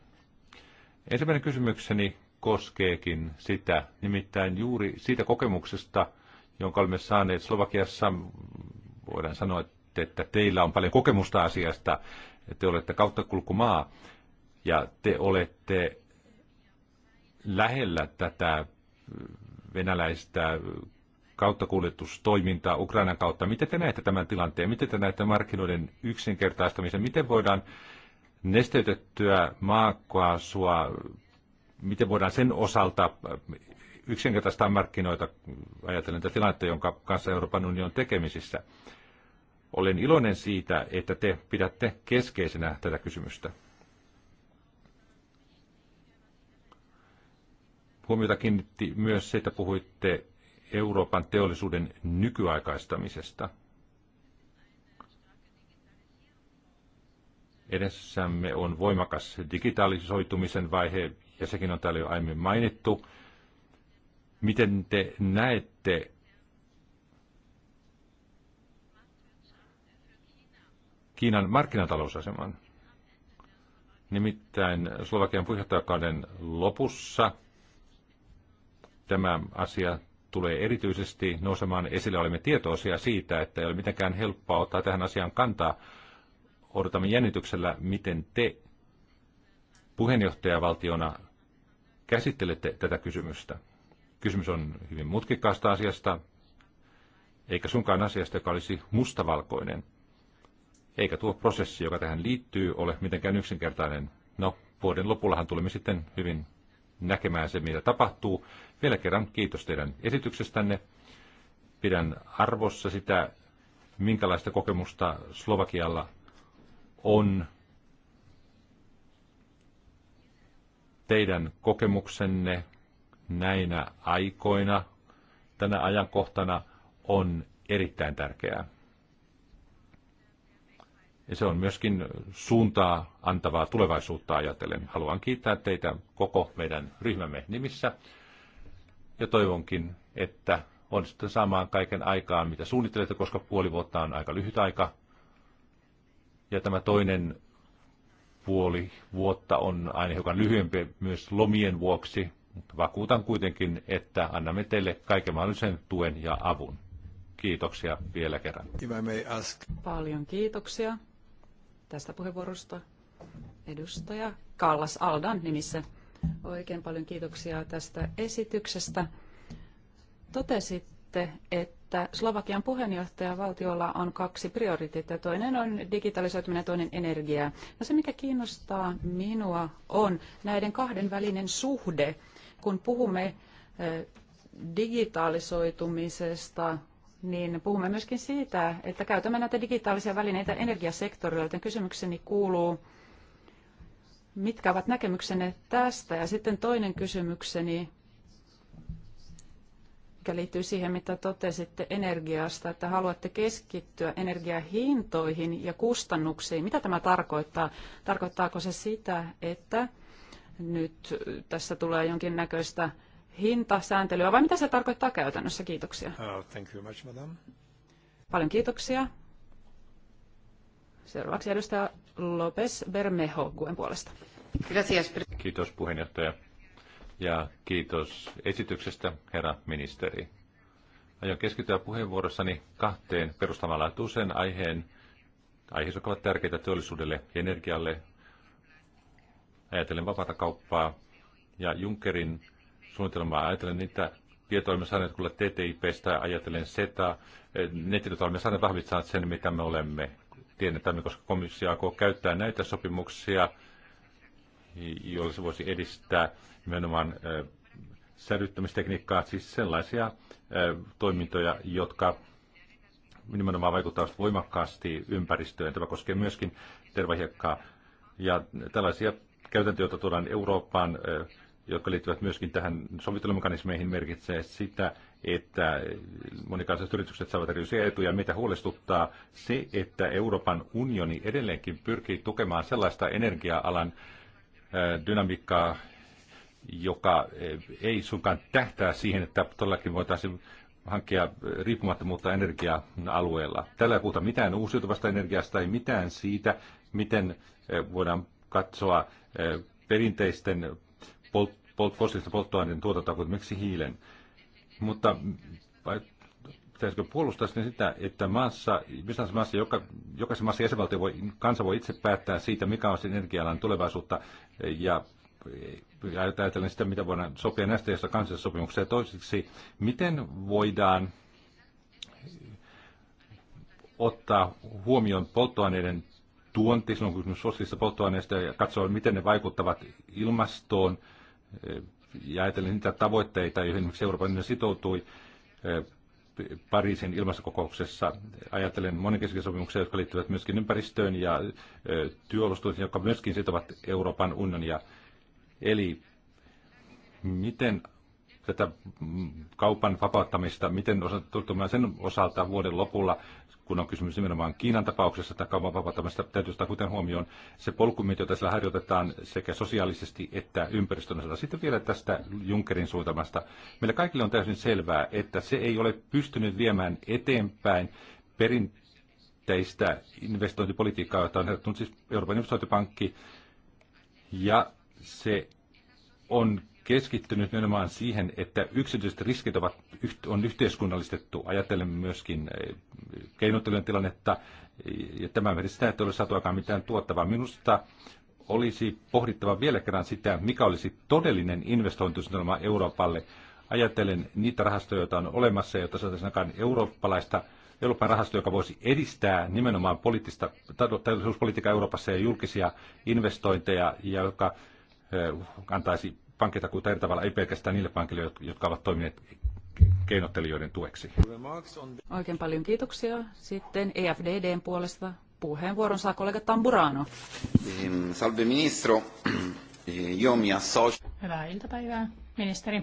Ensimmäinen kysymykseni koskeekin sitä, nimittäin juuri siitä kokemuksesta, jonka olemme saaneet Slovakiassa, voidaan sanoa, että teillä on paljon kokemusta asiasta, te olette kautta kulkumaa ja te olette lähellä tätä venäläistä kauttakuljetustoimintaa Ukrainan kautta. Miten te näette tämän tilanteen? Miten te näette markkinoiden yksinkertaistamisen? Miten voidaan nesteytettyä maakaasua, miten voidaan sen osalta yksinkertaistaa markkinoita, ajatellen tätä tilannetta, jonka kanssa Euroopan union on tekemisissä. Olen iloinen siitä, että te pidätte keskeisenä tätä kysymystä. Huomiota kiinnitti myös se, että puhuitte Euroopan teollisuuden nykyaikaistamisesta. Edessämme on voimakas digitalisoitumisen vaihe, ja sekin on täällä jo aiemmin mainittu. Miten te näette Kiinan markkinatalousaseman? Nimittäin Slovakian puheenjohtajakauden lopussa tämä asia tulee erityisesti nousemaan esille. Olemme tietoisia siitä, että ei ole mitenkään helppoa ottaa tähän asiaan kantaa. Odotamme jännityksellä, miten te puheenjohtajavaltiona käsittelette tätä kysymystä. Kysymys on hyvin mutkikkaasta asiasta, eikä sunkaan asiasta, joka olisi mustavalkoinen. Eikä tuo prosessi, joka tähän liittyy, ole mitenkään yksinkertainen. No, vuoden lopullahan tulemme sitten hyvin näkemään se, mitä tapahtuu, vielä kerran kiitos teidän esityksestänne. Pidän arvossa sitä, minkälaista kokemusta Slovakialla on teidän kokemuksenne näinä aikoina, tänä ajankohtana on erittäin tärkeää. Ja se on myöskin suuntaa antavaa tulevaisuutta ajatellen. Haluan kiittää teitä koko meidän ryhmämme nimissä ja toivonkin, että onnistutte saamaan kaiken aikaan, mitä suunnittelette, koska puoli vuotta on aika lyhyt aika. Ja tämä toinen puoli vuotta on aina hiukan lyhyempi myös lomien vuoksi, mutta vakuutan kuitenkin, että annamme teille kaiken mahdollisen tuen ja avun. Kiitoksia vielä kerran. Paljon kiitoksia tästä puheenvuorosta. Edustaja Kallas Aldan nimissä. Oikein paljon kiitoksia tästä esityksestä. Totesitte, että Slovakian puheenjohtajavaltiolla on kaksi prioriteettia. Toinen on digitalisoituminen ja toinen energia. No se, mikä kiinnostaa minua, on näiden kahden välinen suhde. Kun puhumme eh, digitalisoitumisesta, niin puhumme myöskin siitä, että käytämme näitä digitaalisia välineitä energiasektorilla, joten kysymykseni kuuluu, Mitkä ovat näkemyksenne tästä? Ja sitten toinen kysymykseni, mikä liittyy siihen, mitä totesitte energiasta, että haluatte keskittyä energiahintoihin ja kustannuksiin. Mitä tämä tarkoittaa? Tarkoittaako se sitä, että nyt tässä tulee jonkinnäköistä hintasääntelyä, vai mitä se tarkoittaa käytännössä? Kiitoksia. Uh, thank you much, madam. Paljon kiitoksia. Seuraavaksi edustaja Lopes Bermejo Guen puolesta. Gracias. Kiitos puheenjohtaja ja kiitos esityksestä, herra ministeri. Aion keskittyä puheenvuorossani kahteen perustavanlaatuiseen aiheen, aiheeseen, jotka ovat tärkeitä teollisuudelle ja energialle. Ajatellen vapaata kauppaa ja Junckerin suunnitelmaa ajatellen niitä tietoja olemme saaneet kuulla TTIPstä, ajatellen SETA, joita olemme saaneet vahvistaa sen, mitä me olemme tiedetään, koska komissio alkoi käyttää näitä sopimuksia, joilla se voisi edistää nimenomaan säilyttämistekniikkaa, siis sellaisia toimintoja, jotka nimenomaan vaikuttavat voimakkaasti ympäristöön. Tämä koskee myöskin tervahiekkaa. Ja tällaisia käytäntöjä, joita tuodaan Eurooppaan, jotka liittyvät myöskin tähän sovittelumekanismeihin, merkitsee sitä, että monikansalliset yritykset saavat erilaisia etuja. Mitä huolestuttaa se, että Euroopan unioni edelleenkin pyrkii tukemaan sellaista energia-alan dynamiikkaa, joka ei suinkaan tähtää siihen, että todellakin voitaisiin hankkia riippumattomuutta energia-alueella. Tällä ei puhuta mitään uusiutuvasta energiasta, ei mitään siitä, miten voidaan katsoa perinteisten polt, polt, fossiilista polttoaineiden tuotantoa kuin miksi hiilen. Mutta vai, pitäisikö puolustaa sitä, että maassa, missä maassa, joka, jokaisen maassa jäsenvaltio voi, kansa voi itse päättää siitä, mikä on sen energialan tulevaisuutta ja ajatellen sitä, mitä voidaan sopia näistä josta kansallisessa sopimuksessa. Ja toiseksi, miten voidaan ottaa huomioon polttoaineiden tuonti, silloin kun kysymys fossiilisista polttoaineista, ja katsoa, miten ne vaikuttavat ilmastoon ja ajatellen niitä tavoitteita, joihin Euroopan unioni sitoutui eh, Pariisin ilmastokokouksessa. ajatellen monenkeskisiä sopimuksia, jotka liittyvät myöskin ympäristöön ja eh, työolosuhteisiin, jotka myöskin sitovat Euroopan unionia. Eli miten tätä kaupan vapauttamista, miten osoittamaan sen osalta vuoden lopulla kun on kysymys nimenomaan Kiinan tapauksessa tai kaupan vapauttamista, täytyy ottaa kuten huomioon se polkumyynti, jota sillä harjoitetaan sekä sosiaalisesti että ympäristön osalta. Sitten vielä tästä Junckerin suuntamasta. Meillä kaikille on täysin selvää, että se ei ole pystynyt viemään eteenpäin perinteistä investointipolitiikkaa, jota on herättänyt siis Euroopan investointipankki, ja se on keskittynyt nimenomaan siihen, että yksityiset riskit ovat, on yhteiskunnallistettu. Ajattelemme myöskin eh, keinottelujen tilannetta, eh, ja tämä merkitsee sitä, että ei ole saatu aikaan mitään tuottavaa. Minusta olisi pohdittava vielä kerran sitä, mikä olisi todellinen investointisuunnitelma Euroopalle. Ajattelen niitä rahastoja, joita on olemassa, joita saataisiin aikaan eurooppalaista Euroopan rahasto, joka voisi edistää nimenomaan poliittista, teollisuuspolitiikkaa Euroopassa ja julkisia investointeja, ja joka eh, antaisi kuin eri tavalla, ei pelkästään niille pankille, jotka ovat toimineet keinottelijoiden tueksi. Oikein paljon kiitoksia. Sitten EFDDn puolesta puheenvuoron saa kollega Tamburano. Ehm, salve ministro, ehm, io mi associo. Hyvää iltapäivää, ministeri.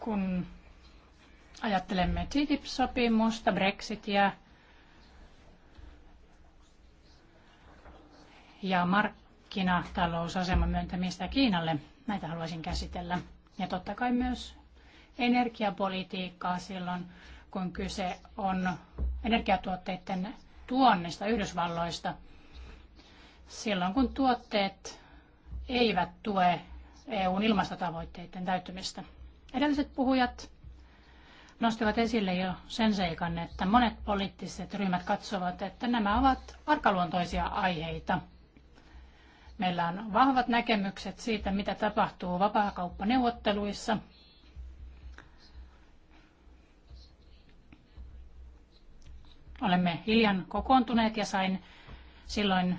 Kun ajattelemme TTIP-sopimusta, Brexitia, ja markkinatalousaseman myöntämistä Kiinalle. Näitä haluaisin käsitellä. Ja totta kai myös energiapolitiikkaa silloin, kun kyse on energiatuotteiden tuonnista Yhdysvalloista. Silloin, kun tuotteet eivät tue EUn ilmastotavoitteiden täyttymistä. Edelliset puhujat nostivat esille jo sen seikan, että monet poliittiset ryhmät katsovat, että nämä ovat arkaluontoisia aiheita – Meillä on vahvat näkemykset siitä, mitä tapahtuu vapaakauppaneuvotteluissa. Olemme hiljan kokoontuneet ja sain silloin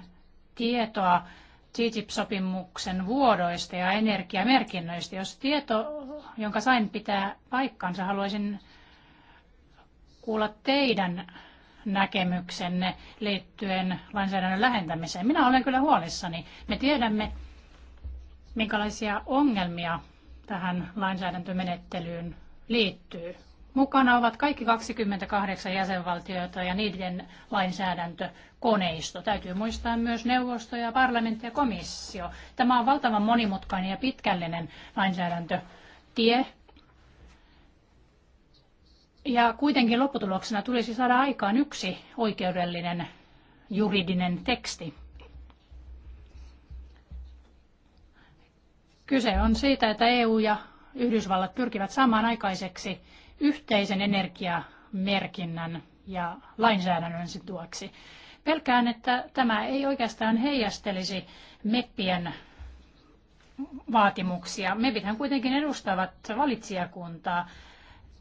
tietoa TTIP-sopimuksen vuodoista ja energiamerkinnöistä. Jos tieto, jonka sain, pitää paikkansa, haluaisin kuulla teidän näkemyksenne liittyen lainsäädännön lähentämiseen. Minä olen kyllä huolissani. Me tiedämme, minkälaisia ongelmia tähän lainsäädäntömenettelyyn liittyy. Mukana ovat kaikki 28 jäsenvaltiota ja niiden lainsäädäntökoneisto. Täytyy muistaa myös neuvosto ja parlamentti ja komissio. Tämä on valtavan monimutkainen ja pitkällinen lainsäädäntötie. Ja kuitenkin lopputuloksena tulisi saada aikaan yksi oikeudellinen juridinen teksti. Kyse on siitä, että EU ja Yhdysvallat pyrkivät saamaan aikaiseksi yhteisen energiamerkinnän ja lainsäädännön tueksi. Pelkään, että tämä ei oikeastaan heijastelisi meppien vaatimuksia. Mepithän kuitenkin edustavat valitsijakuntaa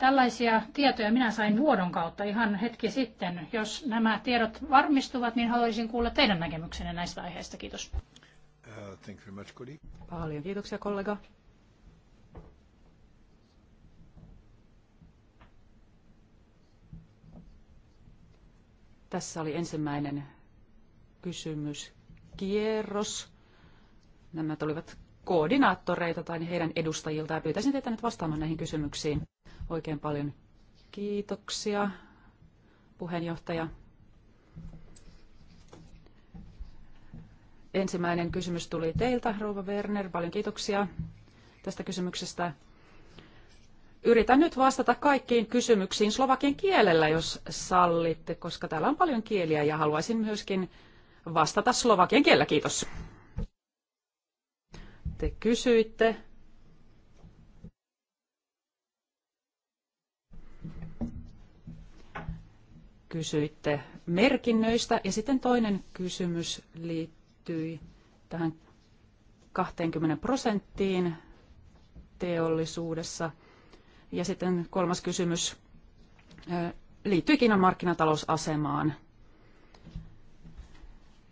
Tällaisia tietoja minä sain vuodon kautta ihan hetki sitten. Jos nämä tiedot varmistuvat, niin haluaisin kuulla teidän näkemyksenne näistä aiheista. Kiitos. Uh, thank you very much, colleague. Paljon kiitoksia, kollega. Tässä oli ensimmäinen kysymyskierros. Nämä tulivat koordinaattoreita tai heidän edustajilta ja pyytäisin teitä nyt vastaamaan näihin kysymyksiin. Oikein paljon kiitoksia, puheenjohtaja. Ensimmäinen kysymys tuli teiltä, Rouva Werner. Paljon kiitoksia tästä kysymyksestä. Yritän nyt vastata kaikkiin kysymyksiin slovakien kielellä, jos sallitte, koska täällä on paljon kieliä ja haluaisin myöskin vastata slovakien kielellä. Kiitos. Te kysyitte kysyitte merkinnöistä. Ja sitten toinen kysymys liittyi tähän 20 prosenttiin teollisuudessa. Ja sitten kolmas kysymys liittyy Kiinan markkinatalousasemaan.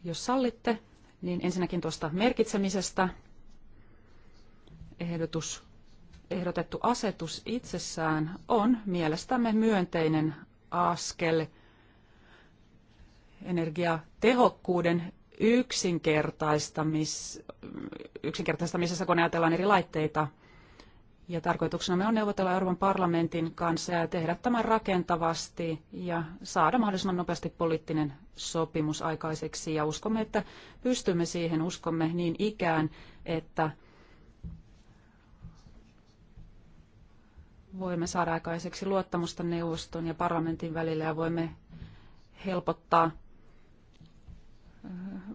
Jos sallitte, niin ensinnäkin tuosta merkitsemisestä ehdotus, ehdotettu asetus itsessään on mielestämme myönteinen askel – energiatehokkuuden yksinkertaistamis, yksinkertaistamisessa, kun ajatellaan eri laitteita. Ja tarkoituksena me on neuvotella Euroopan parlamentin kanssa ja tehdä tämän rakentavasti ja saada mahdollisimman nopeasti poliittinen sopimus aikaiseksi. Ja uskomme, että pystymme siihen, uskomme niin ikään, että voimme saada aikaiseksi luottamusta neuvoston ja parlamentin välillä ja voimme helpottaa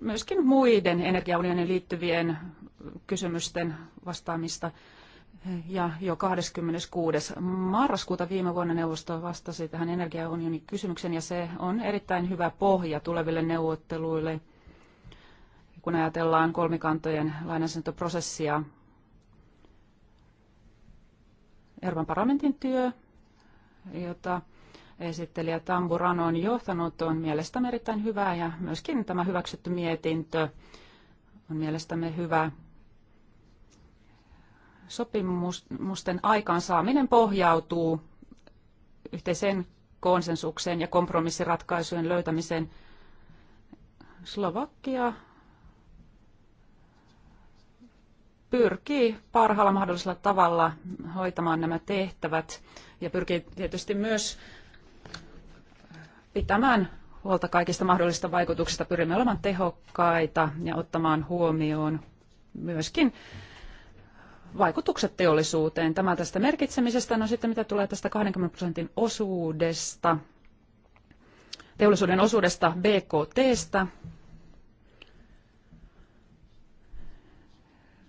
myöskin muiden energiaunionin liittyvien kysymysten vastaamista. Ja jo 26. marraskuuta viime vuonna neuvosto vastasi tähän energiaunionin kysymykseen ja se on erittäin hyvä pohja tuleville neuvotteluille, kun ajatellaan kolmikantojen lainsäädäntöprosessia. Euroopan parlamentin työ, jota esittelijä Rano on johtanut, on mielestämme erittäin hyvä ja myöskin tämä hyväksytty mietintö on mielestämme hyvä. Sopimusten aikaansaaminen pohjautuu yhteiseen konsensukseen ja kompromissiratkaisujen löytämiseen. Slovakia pyrkii parhaalla mahdollisella tavalla hoitamaan nämä tehtävät ja pyrkii tietysti myös pitämään huolta kaikista mahdollisista vaikutuksista. Pyrimme olemaan tehokkaita ja ottamaan huomioon myöskin vaikutukset teollisuuteen. Tämä tästä merkitsemisestä. No sitten mitä tulee tästä 20 prosentin osuudesta, teollisuuden osuudesta BKTstä.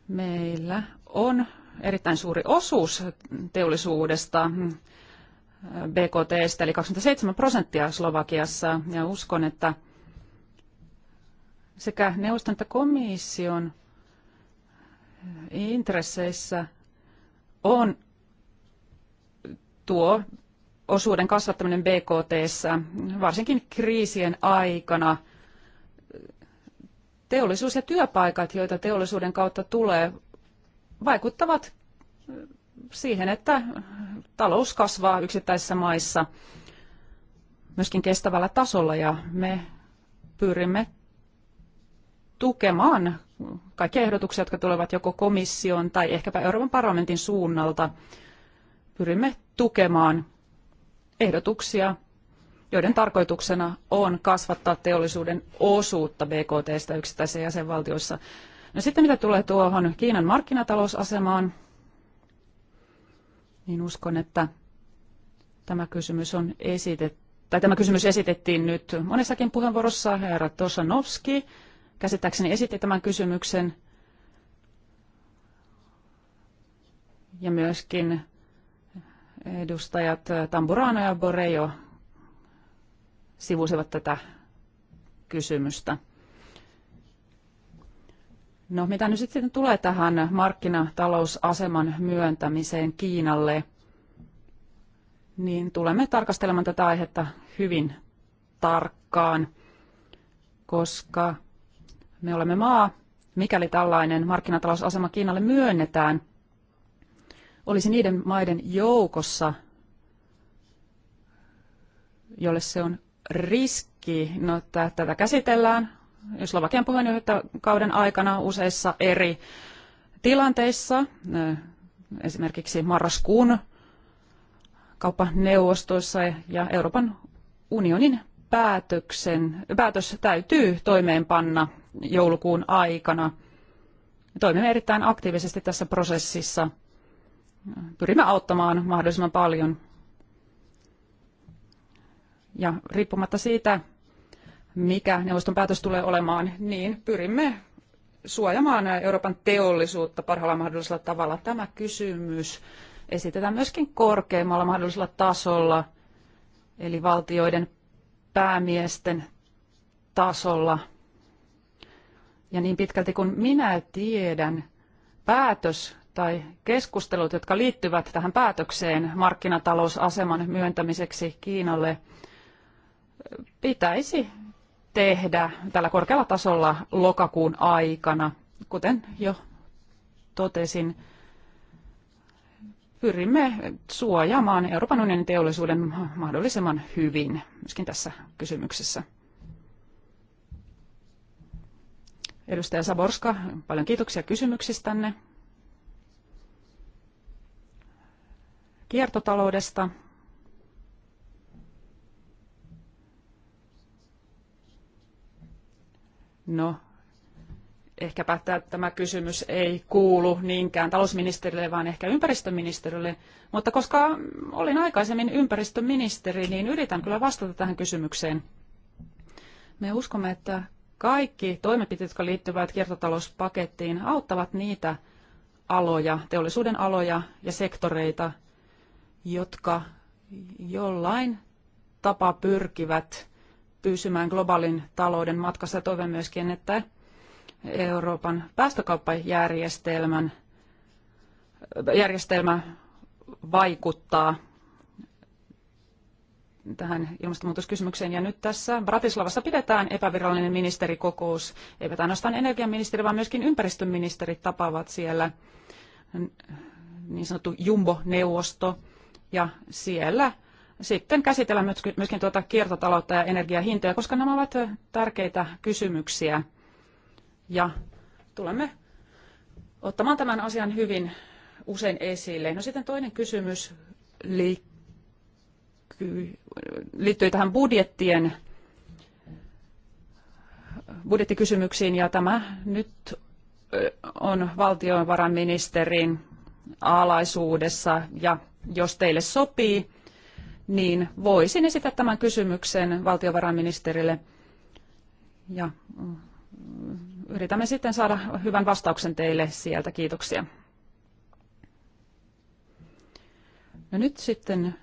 Meillä on erittäin suuri osuus teollisuudesta. BKTstä, eli 27 prosenttia Slovakiassa, ja uskon, että sekä neuvoston että komission intresseissä on tuo osuuden kasvattaminen BKTssä, varsinkin kriisien aikana. Teollisuus ja työpaikat, joita teollisuuden kautta tulee, vaikuttavat siihen, että talous kasvaa yksittäisissä maissa myöskin kestävällä tasolla ja me pyrimme tukemaan kaikkia ehdotuksia, jotka tulevat joko komission tai ehkäpä Euroopan parlamentin suunnalta. Pyrimme tukemaan ehdotuksia, joiden tarkoituksena on kasvattaa teollisuuden osuutta BKTstä yksittäisissä jäsenvaltioissa. No sitten mitä tulee tuohon Kiinan markkinatalousasemaan, niin uskon, että tämä kysymys on esitetty tai tämä kysymys esitettiin nyt monessakin puheenvuorossa, herra Tosanovski käsittääkseni esitti tämän kysymyksen ja myöskin edustajat Tamburano ja Borejo sivusivat tätä kysymystä. No mitä nyt sitten tulee tähän markkinatalousaseman myöntämiseen Kiinalle, niin tulemme tarkastelemaan tätä aihetta hyvin tarkkaan, koska me olemme maa, mikäli tällainen markkinatalousasema Kiinalle myönnetään, olisi niiden maiden joukossa, jolle se on riski. No, tätä käsitellään Slovakian puheenjohtajakauden aikana useissa eri tilanteissa, esimerkiksi marraskuun kauppaneuvostoissa ja Euroopan unionin päätöksen, päätös täytyy toimeenpanna joulukuun aikana. Toimimme erittäin aktiivisesti tässä prosessissa. Pyrimme auttamaan mahdollisimman paljon. Ja riippumatta siitä, mikä neuvoston päätös tulee olemaan, niin pyrimme suojamaan Euroopan teollisuutta parhaalla mahdollisella tavalla. Tämä kysymys esitetään myöskin korkeimmalla mahdollisella tasolla, eli valtioiden päämiesten tasolla. Ja niin pitkälti kuin minä tiedän, päätös tai keskustelut, jotka liittyvät tähän päätökseen markkinatalousaseman myöntämiseksi Kiinalle, pitäisi tehdä tällä korkealla tasolla lokakuun aikana. Kuten jo totesin, pyrimme suojaamaan Euroopan unionin teollisuuden mahdollisimman hyvin myöskin tässä kysymyksessä. Edustaja Saborska, paljon kiitoksia kysymyksistänne. Kiertotaloudesta. No, ehkäpä tämä kysymys ei kuulu niinkään talousministerille, vaan ehkä ympäristöministerille. Mutta koska olin aikaisemmin ympäristöministeri, niin yritän kyllä vastata tähän kysymykseen. Me uskomme, että kaikki toimenpiteet, jotka liittyvät kiertotalouspakettiin, auttavat niitä aloja, teollisuuden aloja ja sektoreita, jotka jollain tapaa pyrkivät pysymään globaalin talouden matkassa. Toivon myöskin, että Euroopan päästökauppajärjestelmän järjestelmä vaikuttaa tähän ilmastonmuutoskysymykseen. Ja nyt tässä Bratislavassa pidetään epävirallinen ministerikokous. Eivät ainoastaan energiaministeri, vaan myöskin ympäristöministerit tapaavat siellä niin sanottu jumbo-neuvosto. Ja siellä sitten käsitellä myöskin tuota kiertotaloutta ja energiahintoja, koska nämä ovat tärkeitä kysymyksiä. Ja tulemme ottamaan tämän asian hyvin usein esille. No sitten toinen kysymys liittyy tähän budjettien budjettikysymyksiin ja tämä nyt on valtiovarainministerin alaisuudessa ja jos teille sopii, niin voisin esittää tämän kysymyksen valtiovarainministerille ja mm, yritämme sitten saada hyvän vastauksen teille sieltä. Kiitoksia. No nyt sitten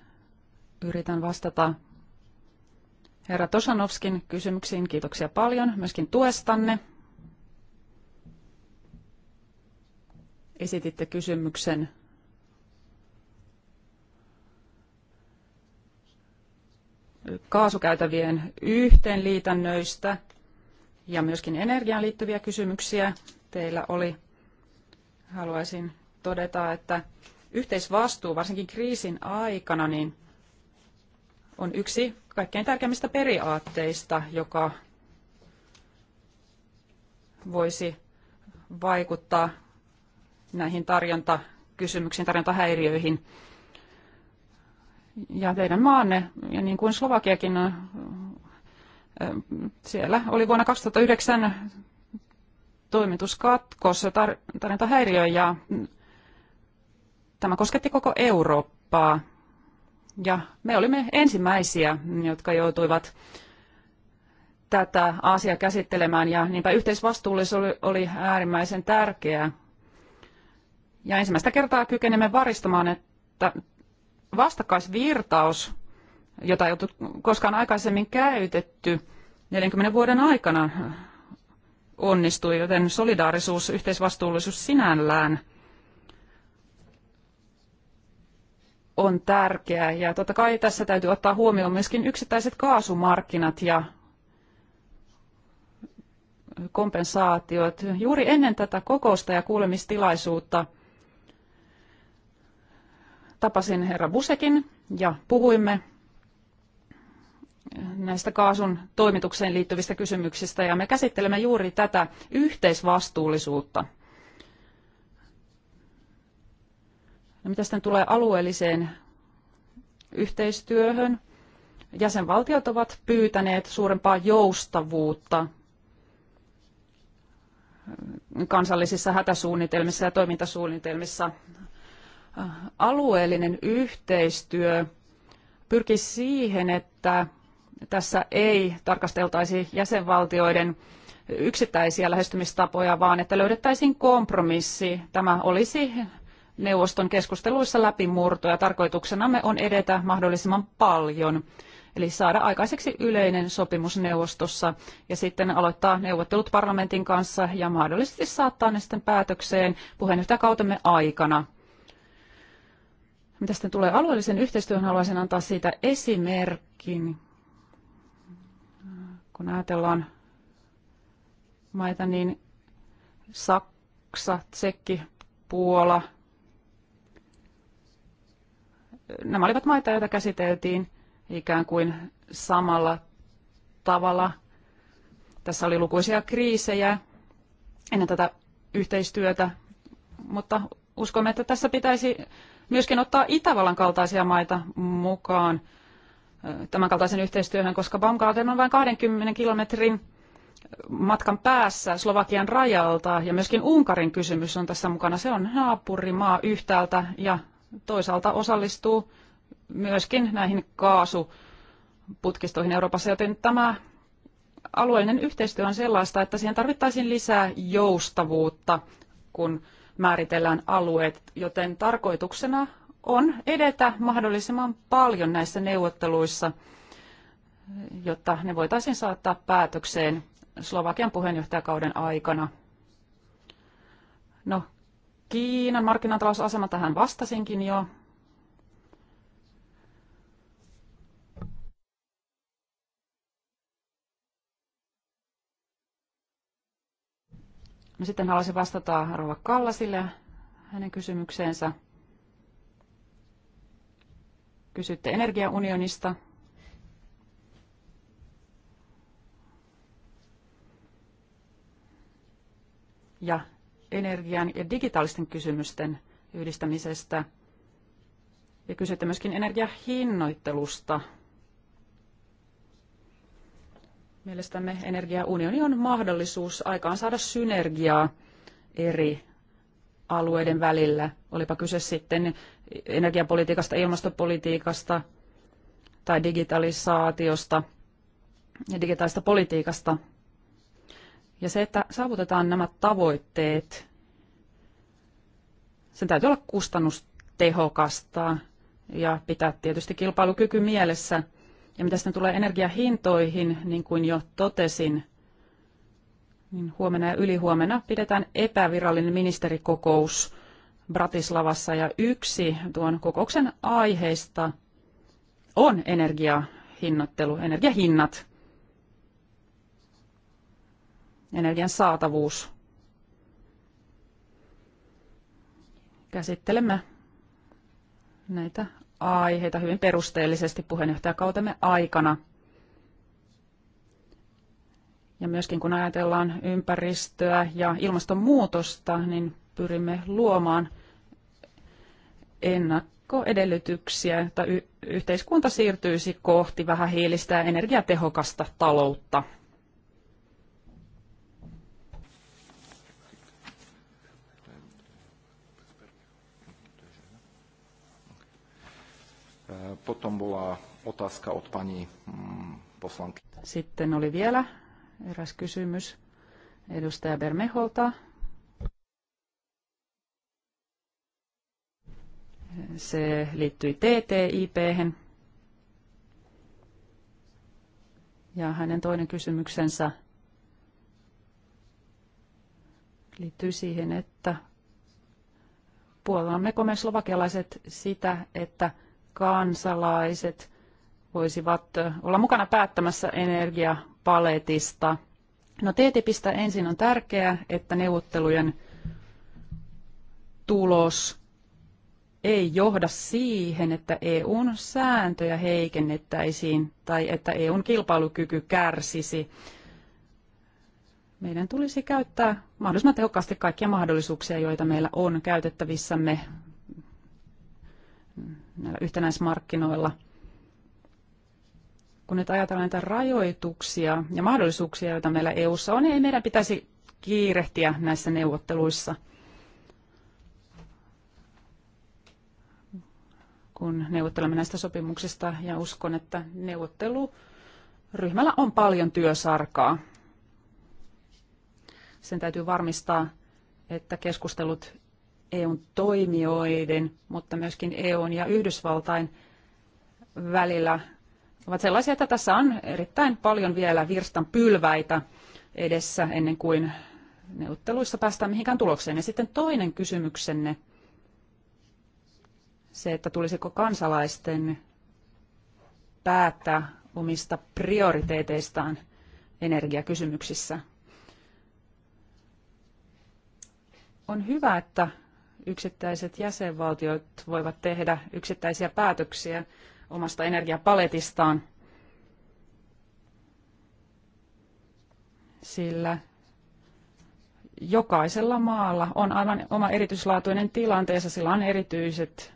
yritän vastata herra Tosanovskin kysymyksiin. Kiitoksia paljon myöskin tuestanne. Esititte kysymyksen kaasukäytävien yhteenliitännöistä ja myöskin energiaan liittyviä kysymyksiä teillä oli. Haluaisin todeta, että yhteisvastuu, varsinkin kriisin aikana, niin on yksi kaikkein tärkeimmistä periaatteista, joka voisi vaikuttaa näihin tarjontakysymyksiin, tarjontahäiriöihin ja teidän maanne, ja niin kuin Slovakiakin, siellä oli vuonna 2009 toimituskatkos, tar- tarjontahäiriö, ja tämä kosketti koko Eurooppaa. Ja me olimme ensimmäisiä, jotka joutuivat tätä asiaa käsittelemään, ja niinpä yhteisvastuullisuus oli, oli äärimmäisen tärkeää. Ja ensimmäistä kertaa kykenemme varistamaan, että vastakkaisvirtaus, jota ei ole koskaan aikaisemmin käytetty 40 vuoden aikana onnistui, joten solidaarisuus, yhteisvastuullisuus sinällään on tärkeää. Ja totta kai tässä täytyy ottaa huomioon myöskin yksittäiset kaasumarkkinat ja kompensaatiot. Juuri ennen tätä kokousta ja kuulemistilaisuutta – tapasin herra Busekin ja puhuimme näistä kaasun toimitukseen liittyvistä kysymyksistä ja me käsittelemme juuri tätä yhteisvastuullisuutta. No, mitä sitten tulee alueelliseen yhteistyöhön? Jäsenvaltiot ovat pyytäneet suurempaa joustavuutta kansallisissa hätäsuunnitelmissa ja toimintasuunnitelmissa alueellinen yhteistyö pyrki siihen, että tässä ei tarkasteltaisi jäsenvaltioiden yksittäisiä lähestymistapoja, vaan että löydettäisiin kompromissi. Tämä olisi neuvoston keskusteluissa läpimurto ja tarkoituksenamme on edetä mahdollisimman paljon. Eli saada aikaiseksi yleinen sopimus neuvostossa ja sitten aloittaa neuvottelut parlamentin kanssa ja mahdollisesti saattaa ne sitten päätökseen puheenjohtajakautemme aikana. Mitä sitten tulee alueellisen yhteistyöhön, haluaisin antaa siitä esimerkin. Kun ajatellaan maita, niin Saksa, Tsekki, Puola. Nämä olivat maita, joita käsiteltiin ikään kuin samalla tavalla. Tässä oli lukuisia kriisejä ennen tätä yhteistyötä, mutta uskomme, että tässä pitäisi myöskin ottaa Itävallan kaltaisia maita mukaan tämän kaltaisen yhteistyöhön, koska Baumgarten on vain 20 kilometrin matkan päässä Slovakian rajalta ja myöskin Unkarin kysymys on tässä mukana. Se on naapurimaa yhtäältä ja toisaalta osallistuu myöskin näihin kaasuputkistoihin Euroopassa, joten tämä alueellinen yhteistyö on sellaista, että siihen tarvittaisiin lisää joustavuutta, kun määritellään alueet, joten tarkoituksena on edetä mahdollisimman paljon näissä neuvotteluissa, jotta ne voitaisiin saattaa päätökseen Slovakian puheenjohtajakauden aikana. No, Kiinan markkinatalousasema tähän vastasinkin jo. No sitten haluaisin vastata Rova Kallasille hänen kysymykseensä. Kysytte energiaunionista. Ja energian ja digitaalisten kysymysten yhdistämisestä. Ja kysytte myöskin energiahinnoittelusta. hinnoittelusta Mielestämme energiaunioni on mahdollisuus aikaan saada synergiaa eri alueiden välillä, olipa kyse sitten energiapolitiikasta, ilmastopolitiikasta tai digitalisaatiosta ja digitaalista politiikasta. Ja se, että saavutetaan nämä tavoitteet, sen täytyy olla kustannustehokasta ja pitää tietysti kilpailukyky mielessä – ja mitä sitten tulee energiahintoihin, niin kuin jo totesin, niin huomenna ja ylihuomenna pidetään epävirallinen ministerikokous Bratislavassa ja yksi tuon kokouksen aiheista on energiahinnattelu, energiahinnat, energian saatavuus. Käsittelemme näitä aiheita hyvin perusteellisesti puheenjohtajakautemme aikana. Ja myöskin kun ajatellaan ympäristöä ja ilmastonmuutosta, niin pyrimme luomaan ennakkoedellytyksiä, että yhteiskunta siirtyisi kohti vähän hiilistä ja energiatehokasta taloutta. Potom bola otázka od pani mm, poslanky. Sitten oli vielä eräs kysymys edustaja Bermeholta. Se liittyi ttip -hän. Ja hänen toinen kysymyksensä liittyy siihen, että puolellammeko me slovakialaiset sitä, että – kansalaiset voisivat olla mukana päättämässä energiapaletista. No TTIPistä ensin on tärkeää, että neuvottelujen tulos ei johda siihen, että EUn sääntöjä heikennettäisiin tai että EUn kilpailukyky kärsisi. Meidän tulisi käyttää mahdollisimman tehokkaasti kaikkia mahdollisuuksia, joita meillä on käytettävissämme näillä yhtenäismarkkinoilla. Kun nyt ajatellaan näitä rajoituksia ja mahdollisuuksia, joita meillä EU:ssa on, niin ei meidän pitäisi kiirehtiä näissä neuvotteluissa. kun neuvottelemme näistä sopimuksista ja uskon, että neuvotteluryhmällä on paljon työsarkaa. Sen täytyy varmistaa, että keskustelut EUn toimijoiden, mutta myöskin EUn ja Yhdysvaltain välillä ovat sellaisia, että tässä on erittäin paljon vielä virstan pylväitä edessä ennen kuin neuvotteluissa päästään mihinkään tulokseen. Ja sitten toinen kysymyksenne, se, että tulisiko kansalaisten päättää omista prioriteeteistaan energiakysymyksissä. On hyvä, että yksittäiset jäsenvaltiot voivat tehdä yksittäisiä päätöksiä omasta energiapaletistaan, sillä jokaisella maalla on aivan oma erityislaatuinen tilanteensa, sillä on erityiset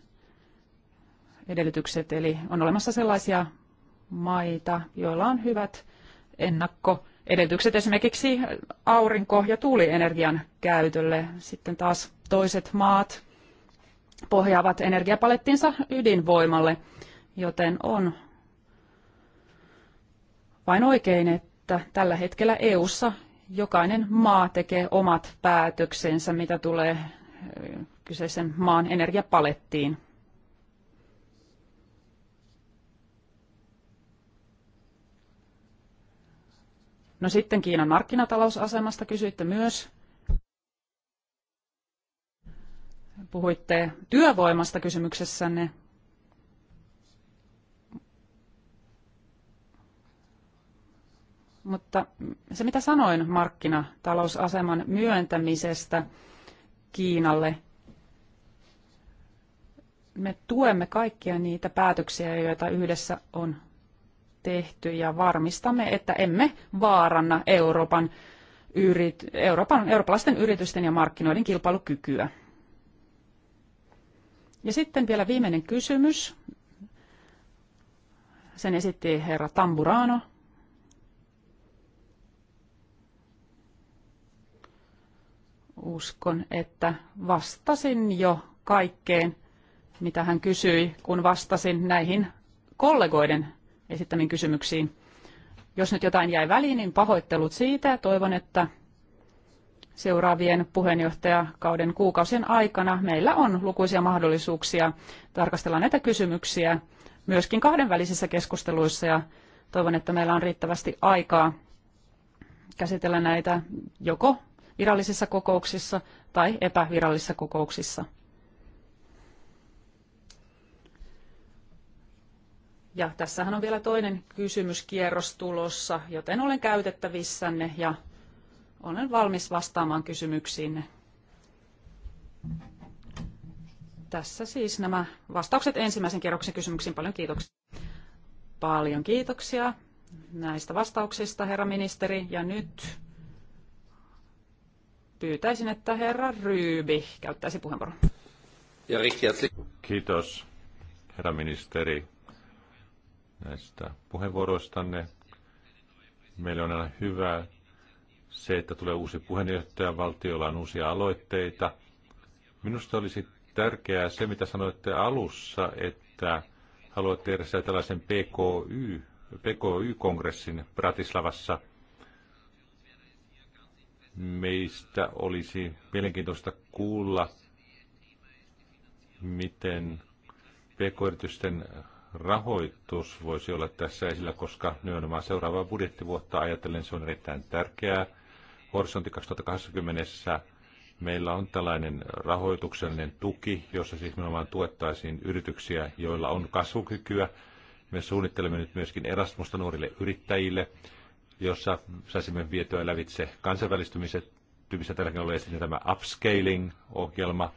edellytykset, eli on olemassa sellaisia maita, joilla on hyvät ennakko edellytykset esimerkiksi aurinko- ja tuulienergian käytölle. Sitten taas toiset maat pohjaavat energiapalettinsa ydinvoimalle, joten on vain oikein, että tällä hetkellä EU:ssa jokainen maa tekee omat päätöksensä, mitä tulee kyseisen maan energiapalettiin. No sitten Kiinan markkinatalousasemasta kysyitte myös. Puhuitte työvoimasta kysymyksessänne. Mutta se mitä sanoin markkinatalousaseman myöntämisestä Kiinalle, me tuemme kaikkia niitä päätöksiä, joita yhdessä on tehty ja varmistamme, että emme vaaranna Euroopan, yrit, Euroopan, eurooppalaisten yritysten ja markkinoiden kilpailukykyä. Ja sitten vielä viimeinen kysymys. Sen esitti herra Tamburano. Uskon, että vastasin jo kaikkeen, mitä hän kysyi, kun vastasin näihin kollegoiden esittämiin kysymyksiin. Jos nyt jotain jäi väliin, niin pahoittelut siitä. Toivon, että seuraavien puheenjohtajakauden kuukausien aikana meillä on lukuisia mahdollisuuksia tarkastella näitä kysymyksiä myöskin kahdenvälisissä keskusteluissa ja toivon, että meillä on riittävästi aikaa käsitellä näitä joko virallisissa kokouksissa tai epävirallisissa kokouksissa. Ja tässähän on vielä toinen kysymyskierros tulossa, joten olen käytettävissänne ja olen valmis vastaamaan kysymyksiinne. Tässä siis nämä vastaukset ensimmäisen kierroksen kysymyksiin. Paljon kiitoksia. Paljon kiitoksia näistä vastauksista, herra ministeri. Ja nyt pyytäisin, että herra Ryybi käyttäisi puheenvuoron. Kiitos, herra ministeri näistä puheenvuoroistanne. Meillä on aina hyvä se, että tulee uusi puheenjohtaja, valtiolla on uusia aloitteita. Minusta olisi tärkeää se, mitä sanoitte alussa, että haluatte järjestää tällaisen PKY, PKY-kongressin Bratislavassa. Meistä olisi mielenkiintoista kuulla, miten PK-yritysten rahoitus voisi olla tässä esillä, koska nimenomaan seuraavaa budjettivuotta ajatellen se on erittäin tärkeää. Horisontti 2020 meillä on tällainen rahoituksellinen tuki, jossa siis nimenomaan tuettaisiin yrityksiä, joilla on kasvukykyä. Me suunnittelemme nyt myöskin Erasmusta nuorille yrittäjille, jossa saisimme vietyä lävitse kansainvälistymiset. Tyypissä tälläkin on esiin tämä upscaling-ohjelma.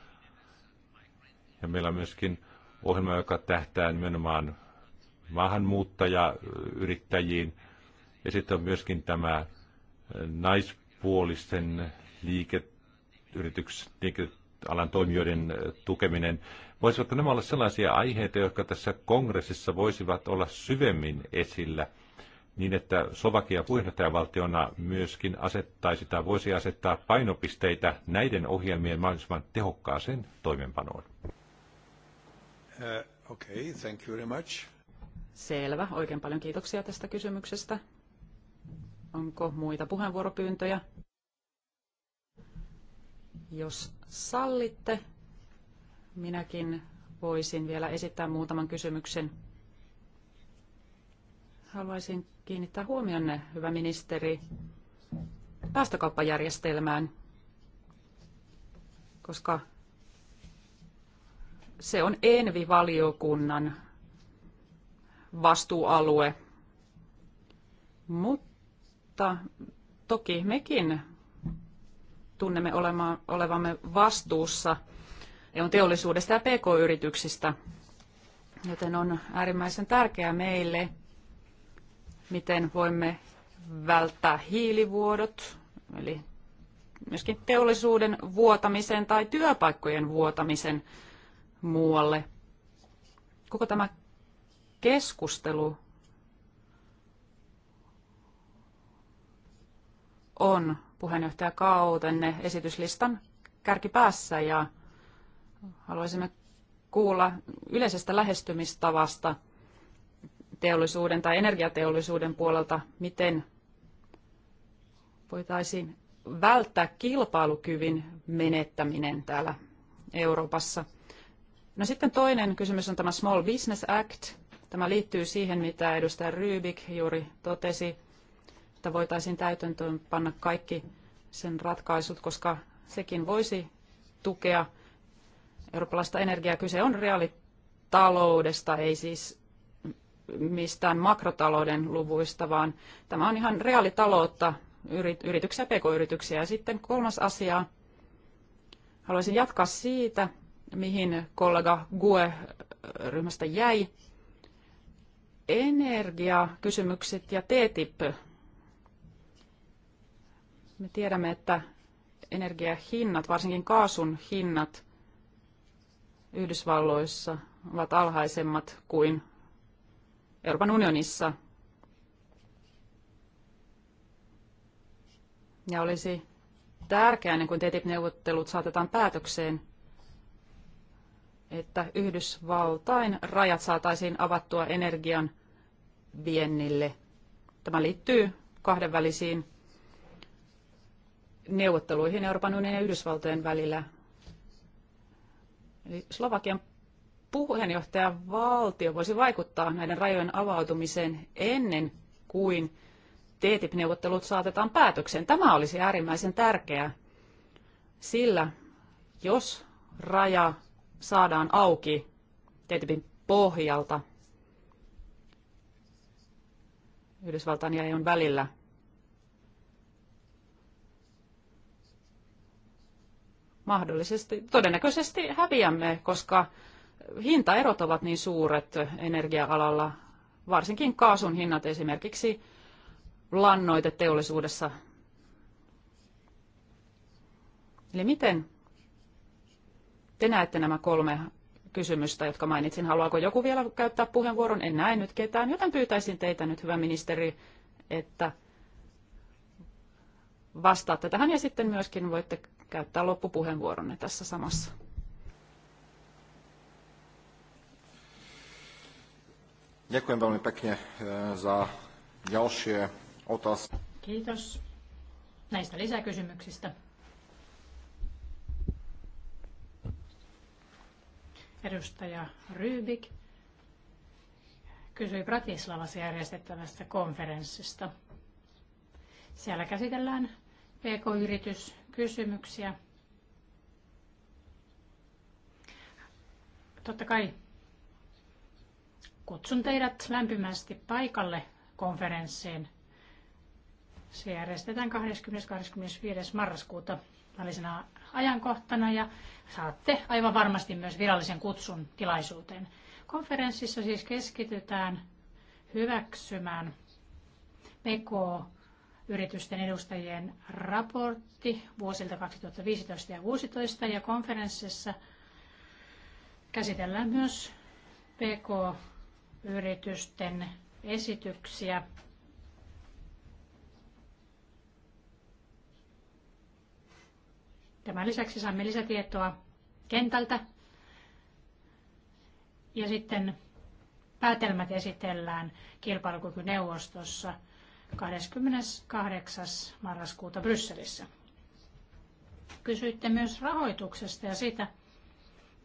Ja meillä on myöskin ohjelma, joka tähtää nimenomaan maahanmuuttajayrittäjiin. Ja sitten on myöskin tämä äh, naispuolisten liikeyrityksen, liikealan toimijoiden äh, tukeminen. Voisivatko nämä olla sellaisia aiheita, jotka tässä kongressissa voisivat olla syvemmin esillä, niin että Slovakia puheenjohtajavaltiona myöskin asettaisi tai voisi asettaa painopisteitä näiden ohjelmien mahdollisimman tehokkaaseen toimenpanoon? Uh, okay, thank you very much. Selvä. Oikein paljon kiitoksia tästä kysymyksestä. Onko muita puheenvuoropyyntöjä? Jos sallitte, minäkin voisin vielä esittää muutaman kysymyksen. Haluaisin kiinnittää huomionne, hyvä ministeri, päästökauppajärjestelmään, koska se on Envi-valiokunnan vastuualue. Mutta toki mekin tunnemme olevamme vastuussa On e teollisuudesta ja pk-yrityksistä, joten on äärimmäisen tärkeää meille, miten voimme välttää hiilivuodot, eli myöskin teollisuuden vuotamisen tai työpaikkojen vuotamisen muualle. Koko tämä keskustelu on Kautenne esityslistan kärkipäässä ja haluaisimme kuulla yleisestä lähestymistavasta teollisuuden tai energiateollisuuden puolelta, miten voitaisiin välttää kilpailukyvyn menettäminen täällä Euroopassa – No sitten toinen kysymys on tämä Small Business Act. Tämä liittyy siihen, mitä edustaja Rybik juuri totesi, että voitaisiin täytäntöön panna kaikki sen ratkaisut, koska sekin voisi tukea eurooppalaista energiaa. Kyse on reaalitaloudesta, ei siis mistään makrotalouden luvuista, vaan tämä on ihan reaalitaloutta, yrityksiä, pk-yrityksiä. Ja sitten kolmas asia, haluaisin jatkaa siitä, mihin kollega GUE-ryhmästä jäi. Energiakysymykset ja TTIP. Me tiedämme, että energiahinnat, varsinkin kaasun hinnat Yhdysvalloissa ovat alhaisemmat kuin Euroopan unionissa. Ja olisi tärkeää, ennen kuin TTIP-neuvottelut saatetaan päätökseen, että Yhdysvaltain rajat saataisiin avattua energian viennille. Tämä liittyy kahdenvälisiin neuvotteluihin Euroopan unionin ja Yhdysvaltojen välillä. Eli Slovakian puheenjohtajan valtio voisi vaikuttaa näiden rajojen avautumiseen ennen kuin TTIP-neuvottelut e saatetaan päätökseen. Tämä olisi äärimmäisen tärkeää, sillä jos raja saadaan auki TTIPin pohjalta Yhdysvaltain ja EUn välillä. Mahdollisesti, todennäköisesti häviämme, koska hintaerot ovat niin suuret energia-alalla, varsinkin kaasun hinnat esimerkiksi lannoiteteollisuudessa. Eli miten te näette nämä kolme kysymystä, jotka mainitsin. Haluaako joku vielä käyttää puheenvuoron? En näe nyt ketään, joten pyytäisin teitä nyt, hyvä ministeri, että vastaatte tähän ja sitten myöskin voitte käyttää loppupuheenvuoronne tässä samassa. Eh, za Kiitos näistä lisäkysymyksistä. Edustaja Rybik kysyi Bratislavassa järjestettävästä konferenssista. Siellä käsitellään pk-yrityskysymyksiä. Totta kai kutsun teidät lämpimästi paikalle konferenssiin. Se järjestetään 20.–25. marraskuuta virallisena ajankohtana ja saatte aivan varmasti myös virallisen kutsun tilaisuuteen. Konferenssissa siis keskitytään hyväksymään PK-yritysten edustajien raportti vuosilta 2015 ja 2016 ja konferenssissa käsitellään myös PK-yritysten esityksiä Tämän lisäksi saamme lisätietoa kentältä ja sitten päätelmät esitellään kilpailukykyneuvostossa 28. marraskuuta Brysselissä. Kysyitte myös rahoituksesta ja siitä,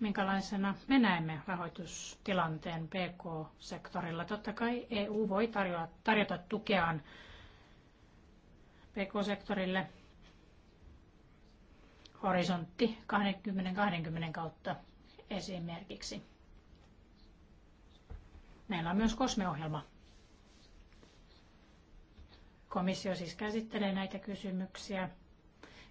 minkälaisena me näemme rahoitustilanteen PK-sektorilla. Totta kai EU voi tarjota, tarjota tukeaan PK-sektorille – horisontti 20-20 kautta esimerkiksi. Meillä on myös kosmeohjelma. Komissio siis käsittelee näitä kysymyksiä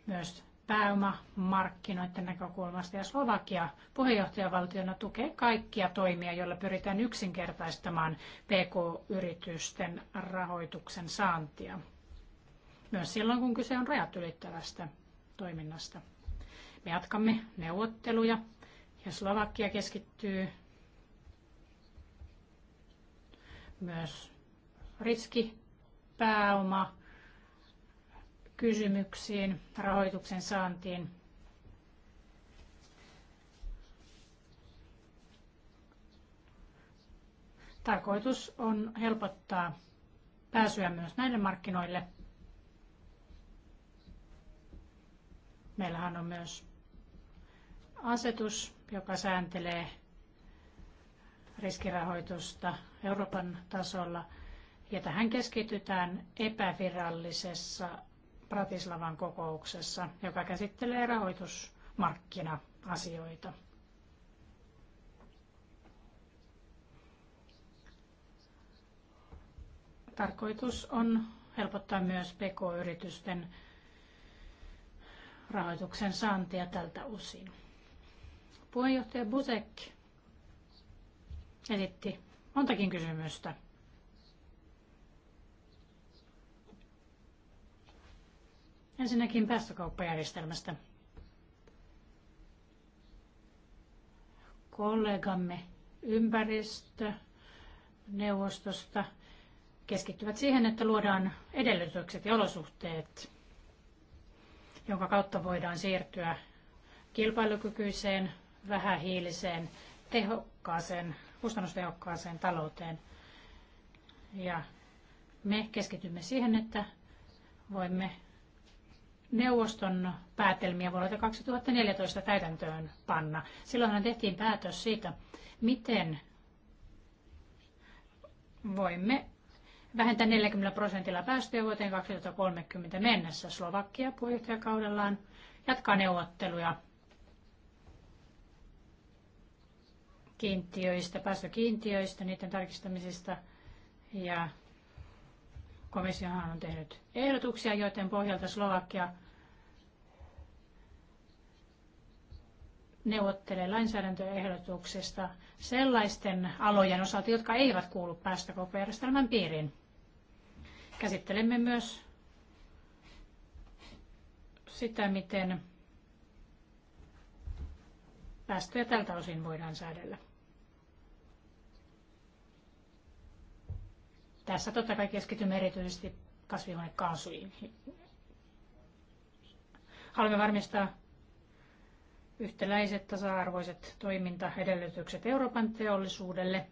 myös pääomamarkkinoiden näkökulmasta ja Slovakia puheenjohtajavaltiona tukee kaikkia toimia, joilla pyritään yksinkertaistamaan PK-yritysten rahoituksen saantia. Myös silloin, kun kyse on rajat ylittävästä toiminnasta. Me jatkamme neuvotteluja ja Slovakia keskittyy myös riskipääoma kysymyksiin, rahoituksen saantiin. Tarkoitus on helpottaa pääsyä myös näille markkinoille. Meillähän on myös asetus, joka sääntelee riskirahoitusta Euroopan tasolla. Ja tähän keskitytään epävirallisessa Pratislavan kokouksessa, joka käsittelee rahoitusmarkkina-asioita. Tarkoitus on helpottaa myös PK-yritysten rahoituksen saantia tältä osin. Puheenjohtaja Busek esitti montakin kysymystä. Ensinnäkin päästökauppajärjestelmästä. Kollegamme ympäristöneuvostosta keskittyvät siihen, että luodaan edellytykset ja olosuhteet, jonka kautta voidaan siirtyä kilpailukykyiseen vähähiiliseen, tehokkaaseen, kustannustehokkaaseen talouteen. Ja me keskitymme siihen, että voimme neuvoston päätelmiä vuodelta 2014 täytäntöön panna. Silloinhan tehtiin päätös siitä, miten voimme vähentää 40 prosentilla päästöjä vuoteen 2030 mennessä. Slovakia puheenjohtajakaudellaan jatkaa neuvotteluja kiintiöistä, päästökiintiöistä, niiden tarkistamisesta. Ja komissiohan on tehnyt ehdotuksia, joiden pohjalta Slovakia neuvottelee lainsäädäntöehdotuksesta sellaisten alojen osalta, jotka eivät kuulu päästökauppajärjestelmän piiriin. Käsittelemme myös sitä, miten päästöjä tältä osin voidaan säädellä. Tässä totta kai keskitymme erityisesti kasvihuonekaasuihin. Haluamme varmistaa yhtäläiset tasa-arvoiset toimintaedellytykset Euroopan teollisuudelle,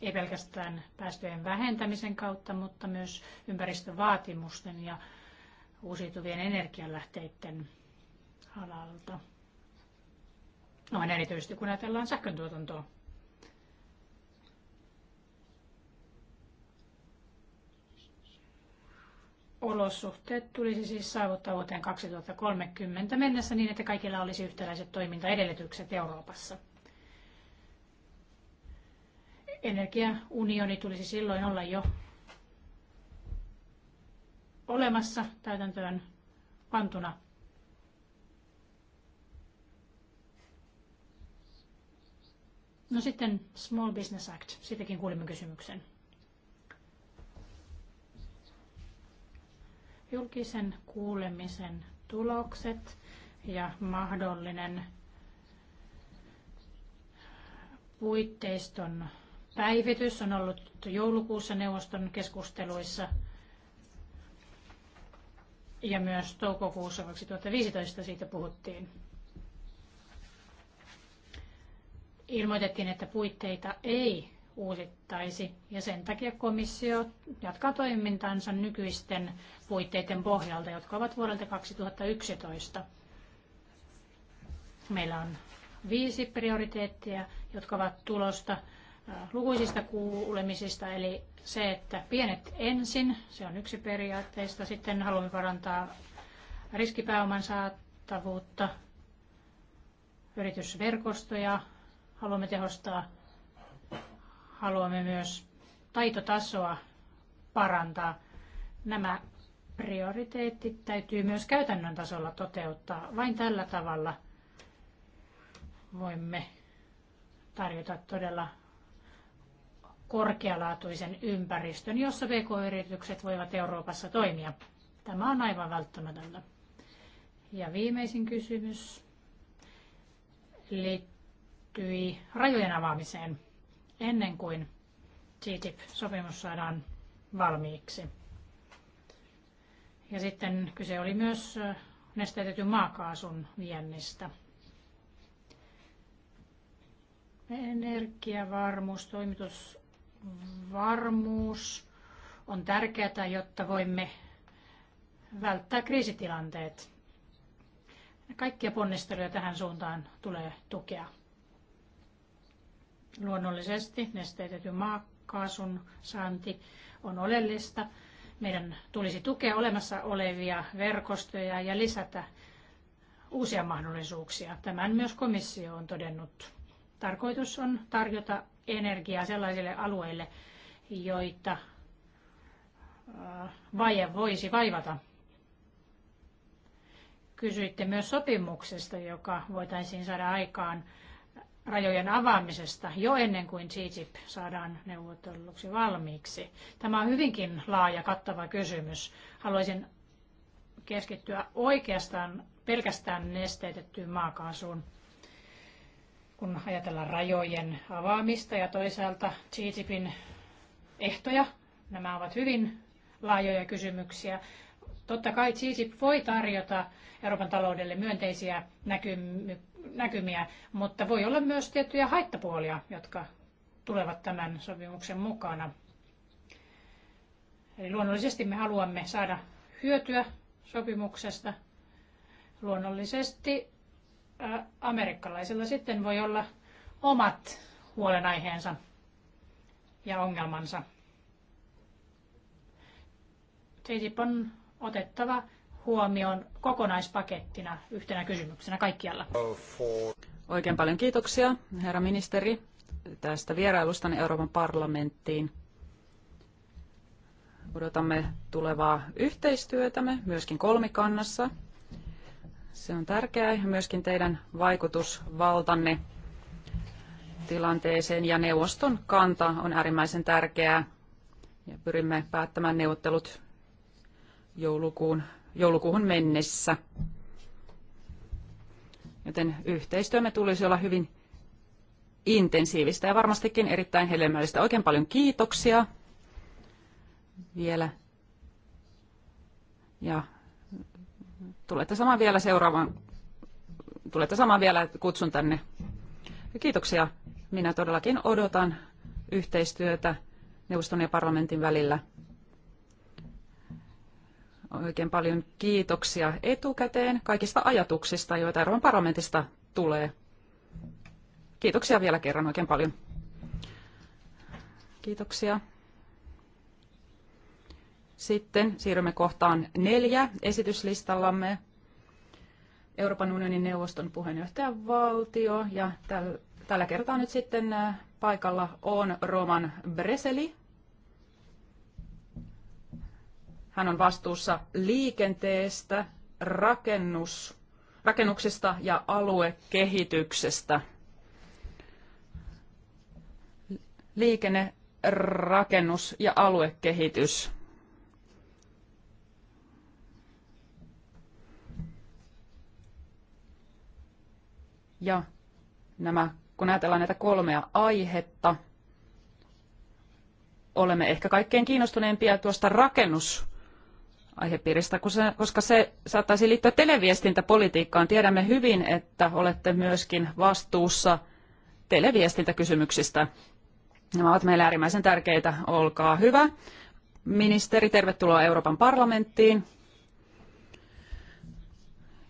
ei pelkästään päästöjen vähentämisen kautta, mutta myös ympäristövaatimusten ja uusiutuvien energialähteiden alalta. No, Aivan erityisesti kun ajatellaan sähköntuotantoa. olosuhteet tulisi siis saavuttaa vuoteen 2030 mennessä niin, että kaikilla olisi yhtäläiset toimintaedellytykset Euroopassa. Energiaunioni tulisi silloin olla jo olemassa täytäntöön pantuna. No sitten Small Business Act, siitäkin kuulimme kysymyksen. Julkisen kuulemisen tulokset ja mahdollinen puitteiston päivitys on ollut joulukuussa neuvoston keskusteluissa ja myös toukokuussa 2015 siitä puhuttiin. ilmoitettiin, että puitteita ei uusittaisi ja sen takia komissio jatkaa toimintansa nykyisten puitteiden pohjalta, jotka ovat vuodelta 2011. Meillä on viisi prioriteettia, jotka ovat tulosta äh, lukuisista kuulemisista, eli se, että pienet ensin, se on yksi periaatteista. Sitten haluamme parantaa riskipääoman saatavuutta, yritysverkostoja, haluamme tehostaa, haluamme myös taitotasoa parantaa. Nämä prioriteetit täytyy myös käytännön tasolla toteuttaa. Vain tällä tavalla voimme tarjota todella korkealaatuisen ympäristön, jossa pk-yritykset voivat Euroopassa toimia. Tämä on aivan välttämätöntä. Ja viimeisin kysymys liittyy liittyi rajojen avaamiseen ennen kuin TTIP-sopimus saadaan valmiiksi. Ja sitten kyse oli myös nesteytetyn maakaasun viennistä. Energiavarmuus, toimitusvarmuus on tärkeää, jotta voimme välttää kriisitilanteet. Kaikkia ponnisteluja tähän suuntaan tulee tukea. Luonnollisesti nesteytetyn maakaasun saanti on oleellista. Meidän tulisi tukea olemassa olevia verkostoja ja lisätä uusia mahdollisuuksia. Tämän myös komissio on todennut. Tarkoitus on tarjota energiaa sellaisille alueille, joita äh, vaje voisi vaivata. Kysyitte myös sopimuksesta, joka voitaisiin saada aikaan rajojen avaamisesta jo ennen kuin TTIP saadaan neuvotelluksi valmiiksi? Tämä on hyvinkin laaja kattava kysymys. Haluaisin keskittyä oikeastaan pelkästään nesteytettyyn maakaasuun, kun ajatellaan rajojen avaamista ja toisaalta TTIPin ehtoja. Nämä ovat hyvin laajoja kysymyksiä. Totta kai TTIP voi tarjota Euroopan taloudelle myönteisiä näkymyksiä näkymiä, mutta voi olla myös tiettyjä haittapuolia, jotka tulevat tämän sopimuksen mukana. Eli luonnollisesti me haluamme saada hyötyä sopimuksesta. Luonnollisesti ää, amerikkalaisilla sitten voi olla omat huolenaiheensa ja ongelmansa. TTIP on otettava huomioon kokonaispakettina yhtenä kysymyksenä kaikkialla. Oikein paljon kiitoksia, herra ministeri, tästä vierailustanne Euroopan parlamenttiin. Odotamme tulevaa yhteistyötämme myöskin kolmikannassa. Se on tärkeää ja myöskin teidän vaikutusvaltanne tilanteeseen ja neuvoston kanta on äärimmäisen tärkeää ja pyrimme päättämään neuvottelut joulukuun joulukuuhun mennessä. Joten yhteistyömme tulisi olla hyvin intensiivistä ja varmastikin erittäin hedelmällistä. Oikein paljon kiitoksia vielä. Ja tulette samaan vielä seuraavaan, tulette samaan vielä kutsun tänne. Kiitoksia. Minä todellakin odotan yhteistyötä neuvoston ja parlamentin välillä oikein paljon kiitoksia etukäteen kaikista ajatuksista, joita Euroopan parlamentista tulee. Kiitoksia vielä kerran oikein paljon. Kiitoksia. Sitten siirrymme kohtaan neljä esityslistallamme. Euroopan unionin neuvoston puheenjohtajan valtio ja täl, tällä kertaa nyt sitten äh, paikalla on Roman Breseli, Hän on vastuussa liikenteestä, rakennus, ja aluekehityksestä. Liikenne, rakennus ja aluekehitys. Ja nämä, kun ajatellaan näitä kolmea aihetta, olemme ehkä kaikkein kiinnostuneimpia tuosta rakennus aihepiiristä, koska se saattaisi liittyä televiestintäpolitiikkaan. Tiedämme hyvin, että olette myöskin vastuussa televiestintäkysymyksistä. Nämä ovat meille äärimmäisen tärkeitä. Olkaa hyvä. Ministeri, tervetuloa Euroopan parlamenttiin.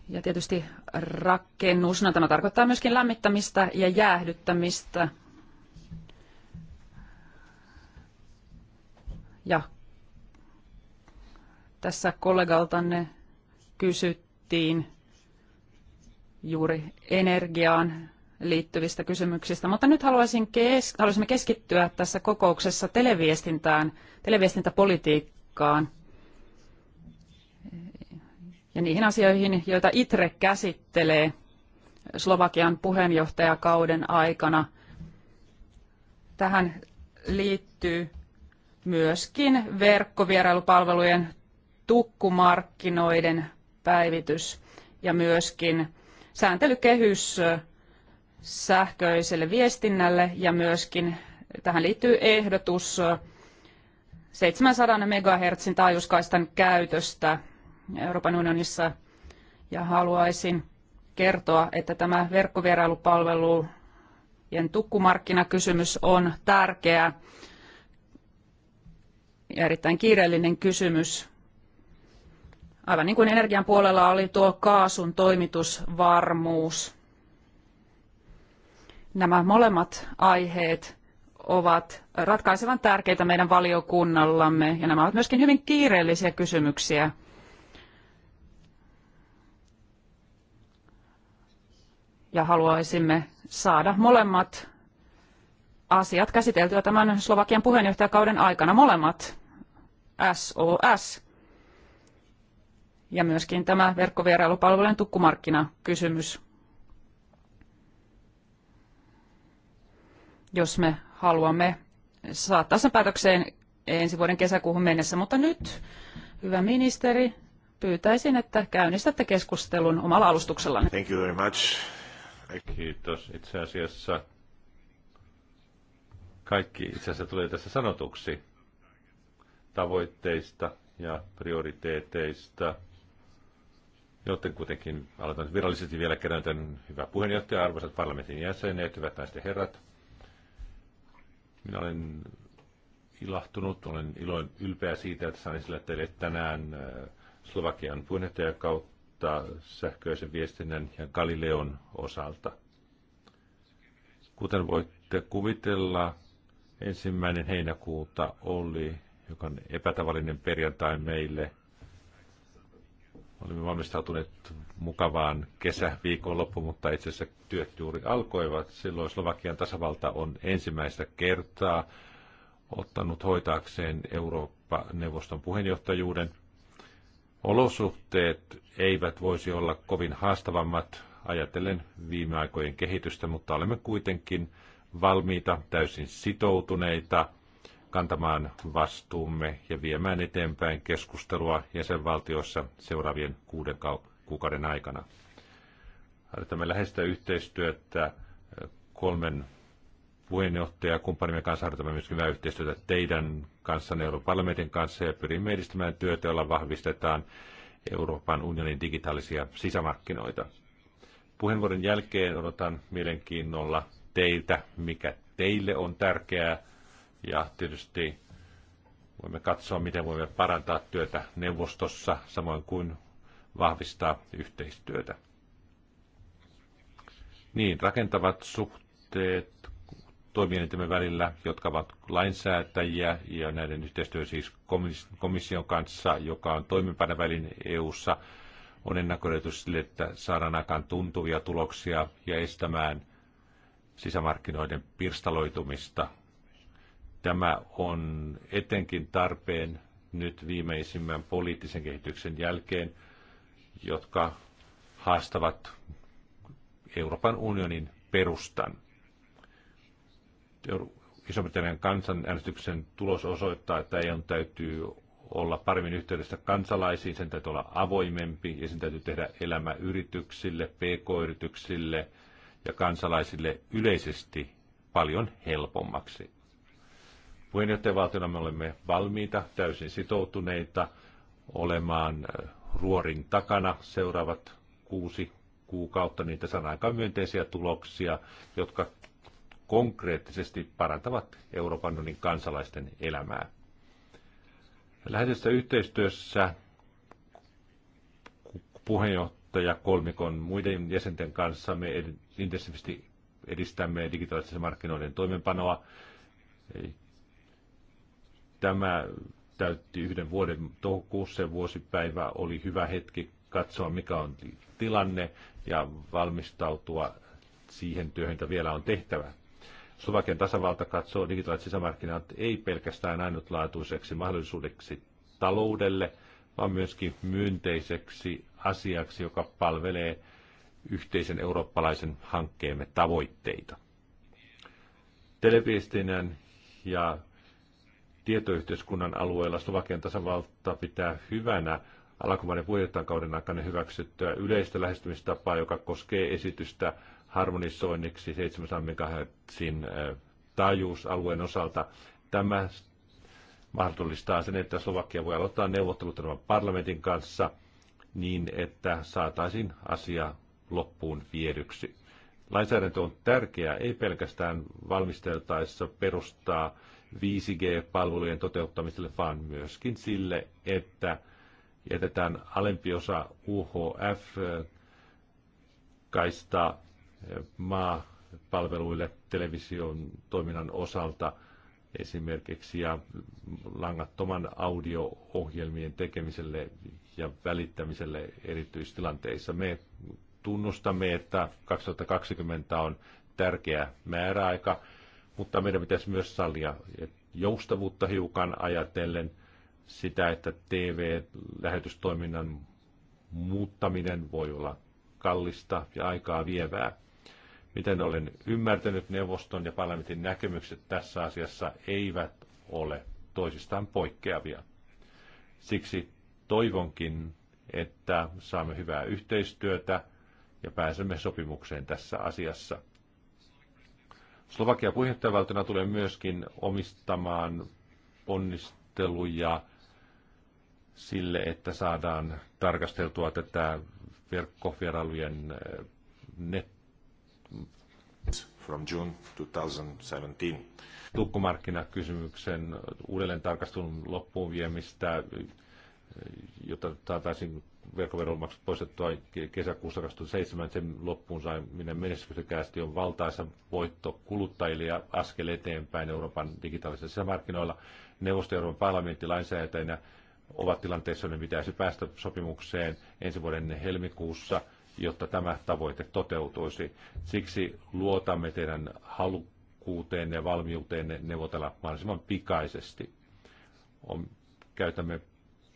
Ja tietysti rakennusna no, tämä tarkoittaa myöskin lämmittämistä ja jäähdyttämistä. Ja tässä kollegaltanne kysyttiin juuri energiaan liittyvistä kysymyksistä, mutta nyt haluaisin kes- haluaisimme keskittyä tässä kokouksessa televiestintään, televiestintäpolitiikkaan ja niihin asioihin, joita ITRE käsittelee Slovakian puheenjohtajakauden aikana. Tähän liittyy myöskin verkkovierailupalvelujen tukkumarkkinoiden päivitys ja myöskin sääntelykehys sähköiselle viestinnälle ja myöskin tähän liittyy ehdotus 700 MHz taajuuskaistan käytöstä Euroopan unionissa ja haluaisin kertoa, että tämä verkkovierailupalvelujen tukkumarkkinakysymys on tärkeä ja erittäin kiireellinen kysymys Aivan niin kuin energian puolella oli tuo kaasun toimitusvarmuus. Nämä molemmat aiheet ovat ratkaisevan tärkeitä meidän valiokunnallamme ja nämä ovat myöskin hyvin kiireellisiä kysymyksiä. Ja haluaisimme saada molemmat asiat käsiteltyä tämän Slovakian puheenjohtajakauden aikana molemmat SOS ja myöskin tämä verkkovierailupalvelujen tukkumarkkinakysymys. Jos me haluamme saattaa sen päätökseen ensi vuoden kesäkuuhun mennessä, mutta nyt, hyvä ministeri, pyytäisin, että käynnistätte keskustelun omalla alustuksellanne. Thank you very much. Kiitos. Itse asiassa kaikki itse asiassa tulee tässä sanotuksi tavoitteista ja prioriteeteista Joten kuitenkin aloitan virallisesti vielä kerran tämän hyvä puheenjohtaja, arvoisat parlamentin jäsenet, hyvät naiset ja herrat. Minä olen ilahtunut, olen iloin ylpeä siitä, että sain sillä teille tänään äh, Slovakian kautta sähköisen viestinnän ja Galileon osalta. Kuten voitte kuvitella, ensimmäinen heinäkuuta oli, joka on epätavallinen perjantai meille, Olimme valmistautuneet mukavaan kesäviikonloppuun, mutta itse asiassa työt juuri alkoivat. Silloin Slovakian tasavalta on ensimmäistä kertaa ottanut hoitaakseen Eurooppa-neuvoston puheenjohtajuuden. Olosuhteet eivät voisi olla kovin haastavammat ajatellen viime aikojen kehitystä, mutta olemme kuitenkin valmiita, täysin sitoutuneita kantamaan vastuumme ja viemään eteenpäin keskustelua jäsenvaltioissa seuraavien kuuden kuukauden aikana. Harjoitamme läheistä yhteistyötä kolmen puheenjohtaja kumppanimme kanssa harjoitamme myös hyvää yhteistyötä teidän kanssa, Euroopan parlamentin kanssa ja pyrimme edistämään työtä, jolla vahvistetaan Euroopan unionin digitaalisia sisämarkkinoita. Puheenvuoron jälkeen odotan mielenkiinnolla teiltä, mikä teille on tärkeää ja tietysti voimme katsoa, miten voimme parantaa työtä neuvostossa, samoin kuin vahvistaa yhteistyötä. Niin, rakentavat suhteet toimielintemme välillä, jotka ovat lainsäätäjiä ja näiden yhteistyö siis komission kanssa, joka on toimenpanevälin EU-ssa, on ennakoitu sille, että saadaan aikaan tuntuvia tuloksia ja estämään sisämarkkinoiden pirstaloitumista Tämä on etenkin tarpeen nyt viimeisimmän poliittisen kehityksen jälkeen, jotka haastavat Euroopan unionin perustan. Iso-Britannian kansanäänestyksen tulos osoittaa, että EU täytyy olla paremmin yhteydessä kansalaisiin, sen täytyy olla avoimempi ja sen täytyy tehdä elämä yrityksille, pk-yrityksille ja kansalaisille yleisesti paljon helpommaksi. Puheenjohtajavaltiona me olemme valmiita, täysin sitoutuneita olemaan ruorin takana seuraavat kuusi kuukautta niitä aika myönteisiä tuloksia, jotka konkreettisesti parantavat Euroopan unionin kansalaisten elämää. Läheisessä yhteistyössä puheenjohtaja Kolmikon muiden jäsenten kanssa me intensiivisesti edistämme digitaalisten markkinoiden toimenpanoa Tämä täytti yhden vuoden toukokuussa vuosipäivä oli hyvä hetki katsoa, mikä on tilanne ja valmistautua siihen työhön, että vielä on tehtävä. Slovakian tasavalta katsoo digitaaliset sisämarkkinat ei pelkästään ainutlaatuiseksi mahdollisuudeksi taloudelle, vaan myöskin myönteiseksi asiaksi, joka palvelee yhteisen eurooppalaisen hankkeemme tavoitteita. Televiestinnän ja tietoyhteiskunnan alueella Slovakian tasavalta pitää hyvänä alkuvainen puheenjohtajakauden aikana hyväksyttyä yleistä lähestymistapaa, joka koskee esitystä harmonisoinniksi 700 MHzin taajuusalueen osalta. Tämä mahdollistaa sen, että Slovakia voi aloittaa neuvottelut parlamentin kanssa niin, että saataisiin asia loppuun viedyksi. Lainsäädäntö on tärkeää ei pelkästään valmisteltaessa perustaa 5G-palvelujen toteuttamiselle, vaan myöskin sille, että jätetään alempi osa UHF-kaista eh, maapalveluille television toiminnan osalta esimerkiksi ja langattoman audio-ohjelmien tekemiselle ja välittämiselle erityistilanteissa. Me tunnustamme, että 2020 on tärkeä määräaika, mutta meidän pitäisi myös sallia joustavuutta hiukan ajatellen sitä, että TV-lähetystoiminnan muuttaminen voi olla kallista ja aikaa vievää. Miten olen ymmärtänyt, neuvoston ja parlamentin näkemykset tässä asiassa eivät ole toisistaan poikkeavia. Siksi toivonkin, että saamme hyvää yhteistyötä ja pääsemme sopimukseen tässä asiassa. Slovakia puheenjohtajavaltiona tulee myöskin omistamaan onnisteluja sille, että saadaan tarkasteltua tätä verkkovierailujen eh, net... From June 2017. Tukkumarkkinakysymyksen uudelleen tarkastelun loppuun viemistä, eh, jota saataisiin verkkoveron maksut poistettua kesäkuussa 2007. Sen loppuun saaminen menestyksekkäästi on valtaisa voitto kuluttajille ja askel eteenpäin Euroopan digitaalisilla sisämarkkinoilla. Neuvosto Euroopan parlamentti lainsäätäjänä ovat tilanteessa, joiden pitäisi päästä sopimukseen ensi vuoden helmikuussa, jotta tämä tavoite toteutuisi. Siksi luotamme teidän halukkuuteen ja valmiuteen neuvotella mahdollisimman pikaisesti. On, käytämme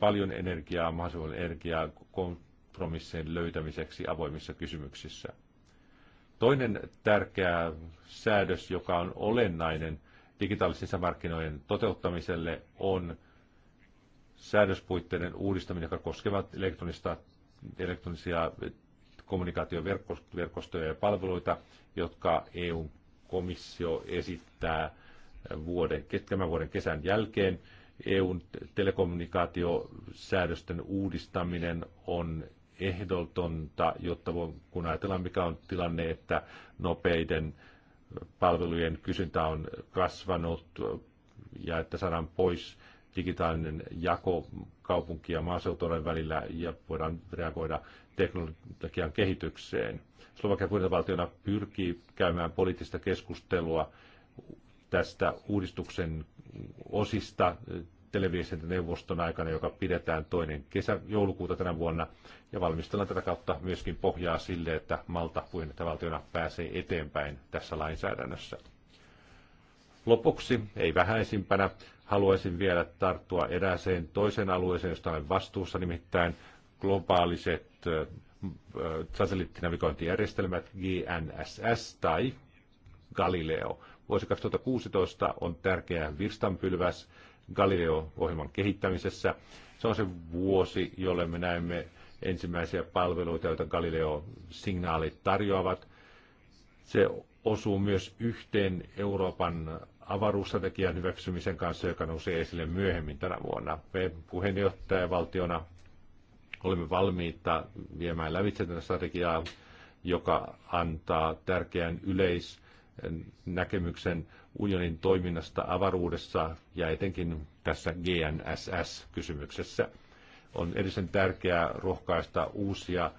paljon energiaa, mahdollisimman energiaa kompromissien löytämiseksi avoimissa kysymyksissä. Toinen tärkeä säädös, joka on olennainen digitaalisten sisämarkkinoiden toteuttamiselle, on säädöspuitteiden uudistaminen, joka koskevat elektronista, elektronisia kommunikaatioverkostoja ja palveluita, jotka eu komissio esittää vuoden, tämän vuoden kesän jälkeen. EUn telekommunikaatiosäädösten uudistaminen on ehdotonta, jotta voi, kun ajatellaan mikä on tilanne, että nopeiden palvelujen kysyntä on kasvanut ja että saadaan pois digitaalinen jako kaupunki- ja maaseutuuden välillä ja voidaan reagoida teknologian kehitykseen. Slovakian kuitenvaltiona pyrkii käymään poliittista keskustelua tästä uudistuksen osista eh, neuvoston aikana, joka pidetään toinen kesä-joulukuuta tänä vuonna. Ja valmistellaan tätä kautta myöskin pohjaa sille, että Malta puheenjohtajavaltiona pääsee eteenpäin tässä lainsäädännössä. Lopuksi, ei vähäisimpänä, haluaisin vielä tarttua erääseen toisen alueeseen, josta olen vastuussa, nimittäin globaaliset eh, eh, satelliittinavigointijärjestelmät GNSS tai Galileo – Vuosi 2016 on tärkeä virstanpylväs Galileo-ohjelman kehittämisessä. Se on se vuosi, jolle me näemme ensimmäisiä palveluita, joita Galileo-signaalit tarjoavat. Se osuu myös yhteen Euroopan avaruusstrategian hyväksymisen kanssa, joka nousee esille myöhemmin tänä vuonna. Me puheenjohtajavaltiona olemme valmiita viemään lävitse tätä strategiaa, joka antaa tärkeän yleis- näkemyksen unionin toiminnasta avaruudessa ja etenkin tässä GNSS-kysymyksessä. On erityisen tärkeää rohkaista uusia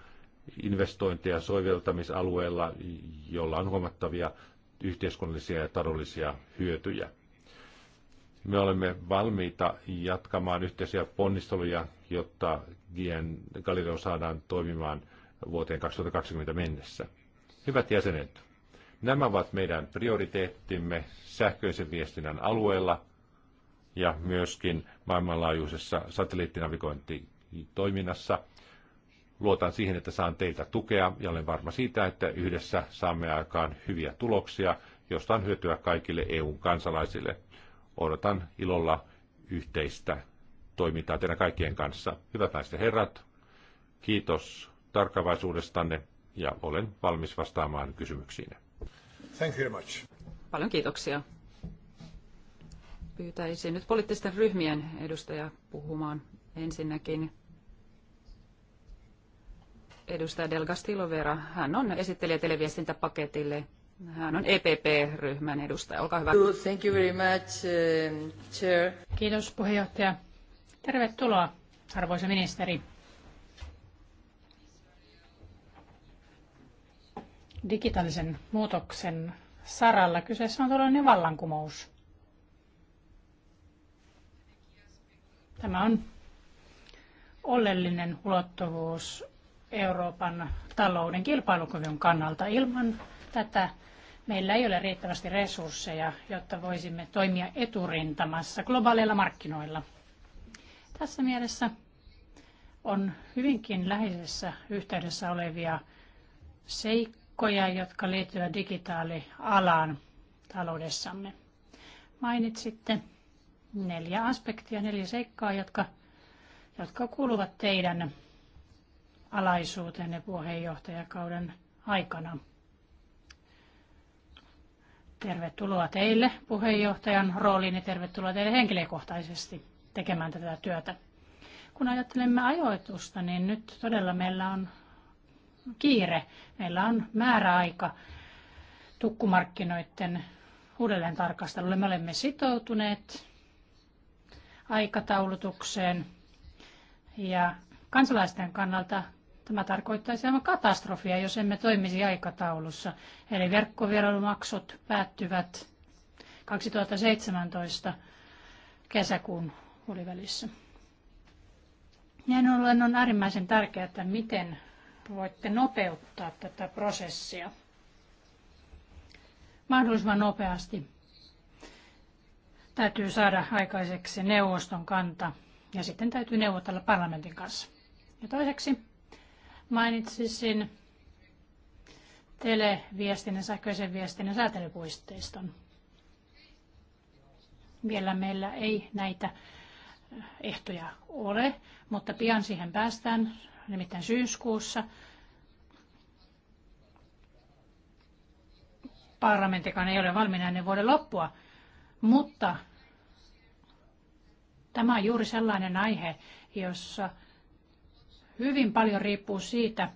investointeja soveltamisalueella, jolla on huomattavia yhteiskunnallisia ja taloudellisia hyötyjä. Me olemme valmiita jatkamaan yhteisiä ponnisteluja, jotta GN Galileo saadaan toimimaan vuoteen 2020 mennessä. Hyvät jäsenet, Nämä ovat meidän prioriteettimme sähköisen viestinnän alueella ja myöskin maailmanlaajuisessa satelliittinavigointitoiminnassa. Luotan siihen, että saan teiltä tukea ja olen varma siitä, että yhdessä saamme aikaan hyviä tuloksia, josta on hyötyä kaikille EUn kansalaisille. Odotan ilolla yhteistä toimintaa teidän kaikkien kanssa. Hyvät naiset ja herrat, kiitos tarkkavaisuudestanne ja olen valmis vastaamaan kysymyksiinne. Thank you very much. Paljon kiitoksia. Pyytäisin nyt poliittisten ryhmien edustajaa puhumaan ensinnäkin. Edustaja Delgas Tilovera, hän on esittelijä televiestintäpaketille. Hän on EPP-ryhmän edustaja. Olkaa hyvä. Thank you very much, um, chair. Kiitos puheenjohtaja. Tervetuloa, arvoisa ministeri. digitaalisen muutoksen saralla. Kyseessä on todellinen vallankumous. Tämä on oleellinen ulottuvuus Euroopan talouden kilpailukyvyn kannalta. Ilman tätä meillä ei ole riittävästi resursseja, jotta voisimme toimia eturintamassa globaaleilla markkinoilla. Tässä mielessä on hyvinkin läheisessä yhteydessä olevia seikkoja seikkoja, jotka liittyvät digitaalialaan taloudessamme. Mainitsitte neljä aspektia, neljä seikkaa, jotka, jotka kuuluvat teidän alaisuutenne puheenjohtajakauden aikana. Tervetuloa teille puheenjohtajan rooliin ja tervetuloa teille henkilökohtaisesti tekemään tätä työtä. Kun ajattelemme ajoitusta, niin nyt todella meillä on kiire. Meillä on määräaika tukkumarkkinoiden uudelleen tarkastelulle. Me olemme sitoutuneet aikataulutukseen ja kansalaisten kannalta tämä tarkoittaisi aivan katastrofia, jos emme toimisi aikataulussa. Eli verkkovierailumaksut päättyvät 2017 kesäkuun puolivälissä. Näin ollen on äärimmäisen tärkeää, että miten voitte nopeuttaa tätä prosessia mahdollisimman nopeasti. Täytyy saada aikaiseksi neuvoston kanta ja sitten täytyy neuvotella parlamentin kanssa. Ja toiseksi mainitsisin televiestinnän, sähköisen viestinnän säätelypuisteiston. Vielä meillä ei näitä ehtoja ole, mutta pian siihen päästään nimittäin syyskuussa. Parlamenttikaan ei ole valmiina ennen vuoden loppua, mutta tämä on juuri sellainen aihe, jossa hyvin paljon riippuu siitä,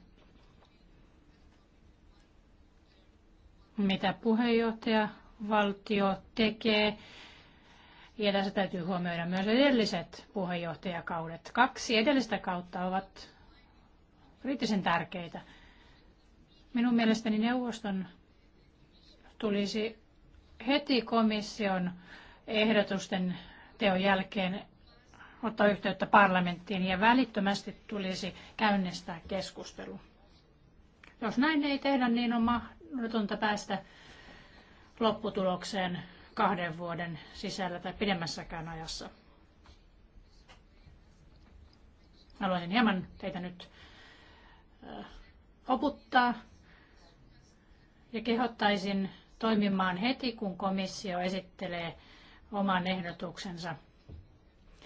mitä puheenjohtaja valtio tekee. Ja tässä täytyy huomioida myös edelliset puheenjohtajakaudet. Kaksi edellistä kautta ovat kriittisen tärkeitä. Minun mielestäni neuvoston tulisi heti komission ehdotusten teon jälkeen ottaa yhteyttä parlamenttiin ja välittömästi tulisi käynnistää keskustelu. Jos näin ei tehdä, niin on mahdotonta päästä lopputulokseen kahden vuoden sisällä tai pidemmässäkään ajassa. Haluaisin hieman teitä nyt oputtaa ja kehottaisin toimimaan heti, kun komissio esittelee oman ehdotuksensa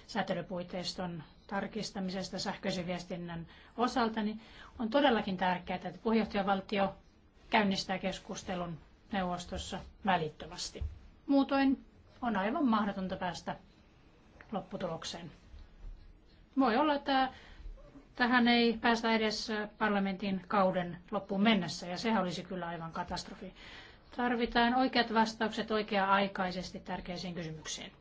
säätelypuitteiston tarkistamisesta sähköisen viestinnän osalta, niin on todellakin tärkeää, että puheenjohtajavaltio käynnistää keskustelun neuvostossa välittömästi. Muutoin on aivan mahdotonta päästä lopputulokseen. Voi olla, että tähän ei päästä edes parlamentin kauden loppuun mennessä, ja sehän olisi kyllä aivan katastrofi. Tarvitaan oikeat vastaukset oikea-aikaisesti tärkeisiin kysymyksiin.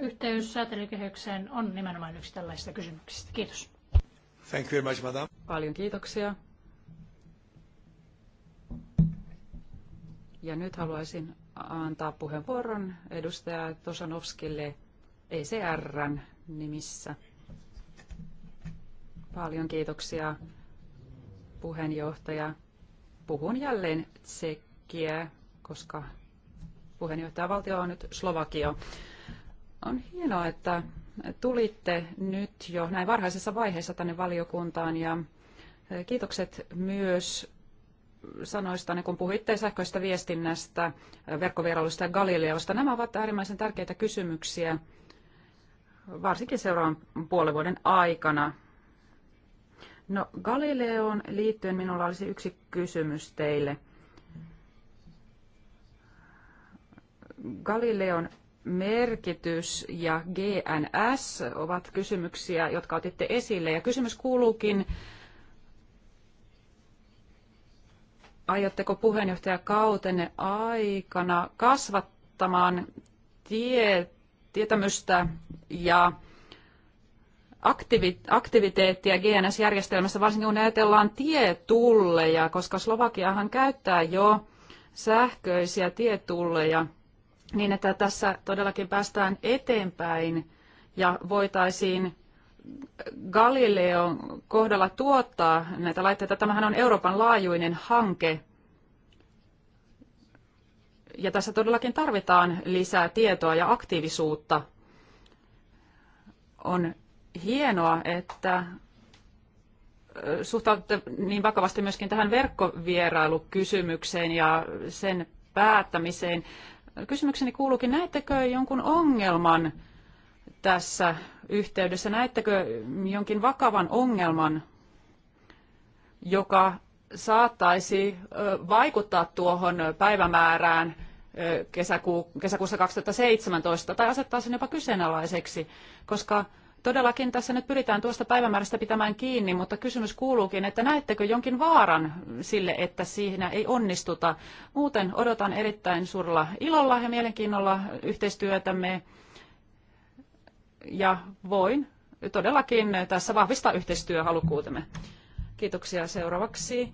Yhteys säätelykehykseen on nimenomaan yksi tällaisista kysymyksistä. Kiitos. Thank you very much, madam. Paljon kiitoksia. Ja nyt haluaisin antaa puheenvuoron edustaja Tosanovskille ECRn nimissä. Paljon kiitoksia puheenjohtaja. Puhun jälleen tsekkiä, koska puheenjohtajavaltio on nyt Slovakio. On hienoa, että tulitte nyt jo näin varhaisessa vaiheessa tänne valiokuntaan ja kiitokset myös sanoista, kun puhuitte sähköistä viestinnästä, verkkovierailusta ja Galileosta. Nämä ovat äärimmäisen tärkeitä kysymyksiä, varsinkin seuraavan puolen vuoden aikana No Galileoon liittyen minulla olisi yksi kysymys teille. Galileon merkitys ja GNS ovat kysymyksiä, jotka otitte esille. Ja kysymys kuuluukin, aiotteko kautenne aikana kasvattamaan tie, tietämystä ja aktiviteettia GNS-järjestelmässä, varsinkin kun ajatellaan tietulleja, koska Slovakiahan käyttää jo sähköisiä tietulleja, niin että tässä todellakin päästään eteenpäin ja voitaisiin Galileon kohdalla tuottaa näitä laitteita. Tämähän on Euroopan laajuinen hanke. Ja tässä todellakin tarvitaan lisää tietoa ja aktiivisuutta. On hienoa, että suhtaudutte niin vakavasti myöskin tähän verkkovierailukysymykseen ja sen päättämiseen. Kysymykseni kuuluukin, näettekö jonkun ongelman tässä yhteydessä? Näettekö jonkin vakavan ongelman, joka saattaisi vaikuttaa tuohon päivämäärään kesäkuussa 2017 tai asettaa sen jopa kyseenalaiseksi, koska Todellakin tässä nyt pyritään tuosta päivämäärästä pitämään kiinni, mutta kysymys kuuluukin, että näettekö jonkin vaaran sille, että siinä ei onnistuta. Muuten odotan erittäin suurella ilolla ja mielenkiinnolla yhteistyötämme ja voin todellakin tässä vahvistaa yhteistyöhalukkuutemme. Kiitoksia. Seuraavaksi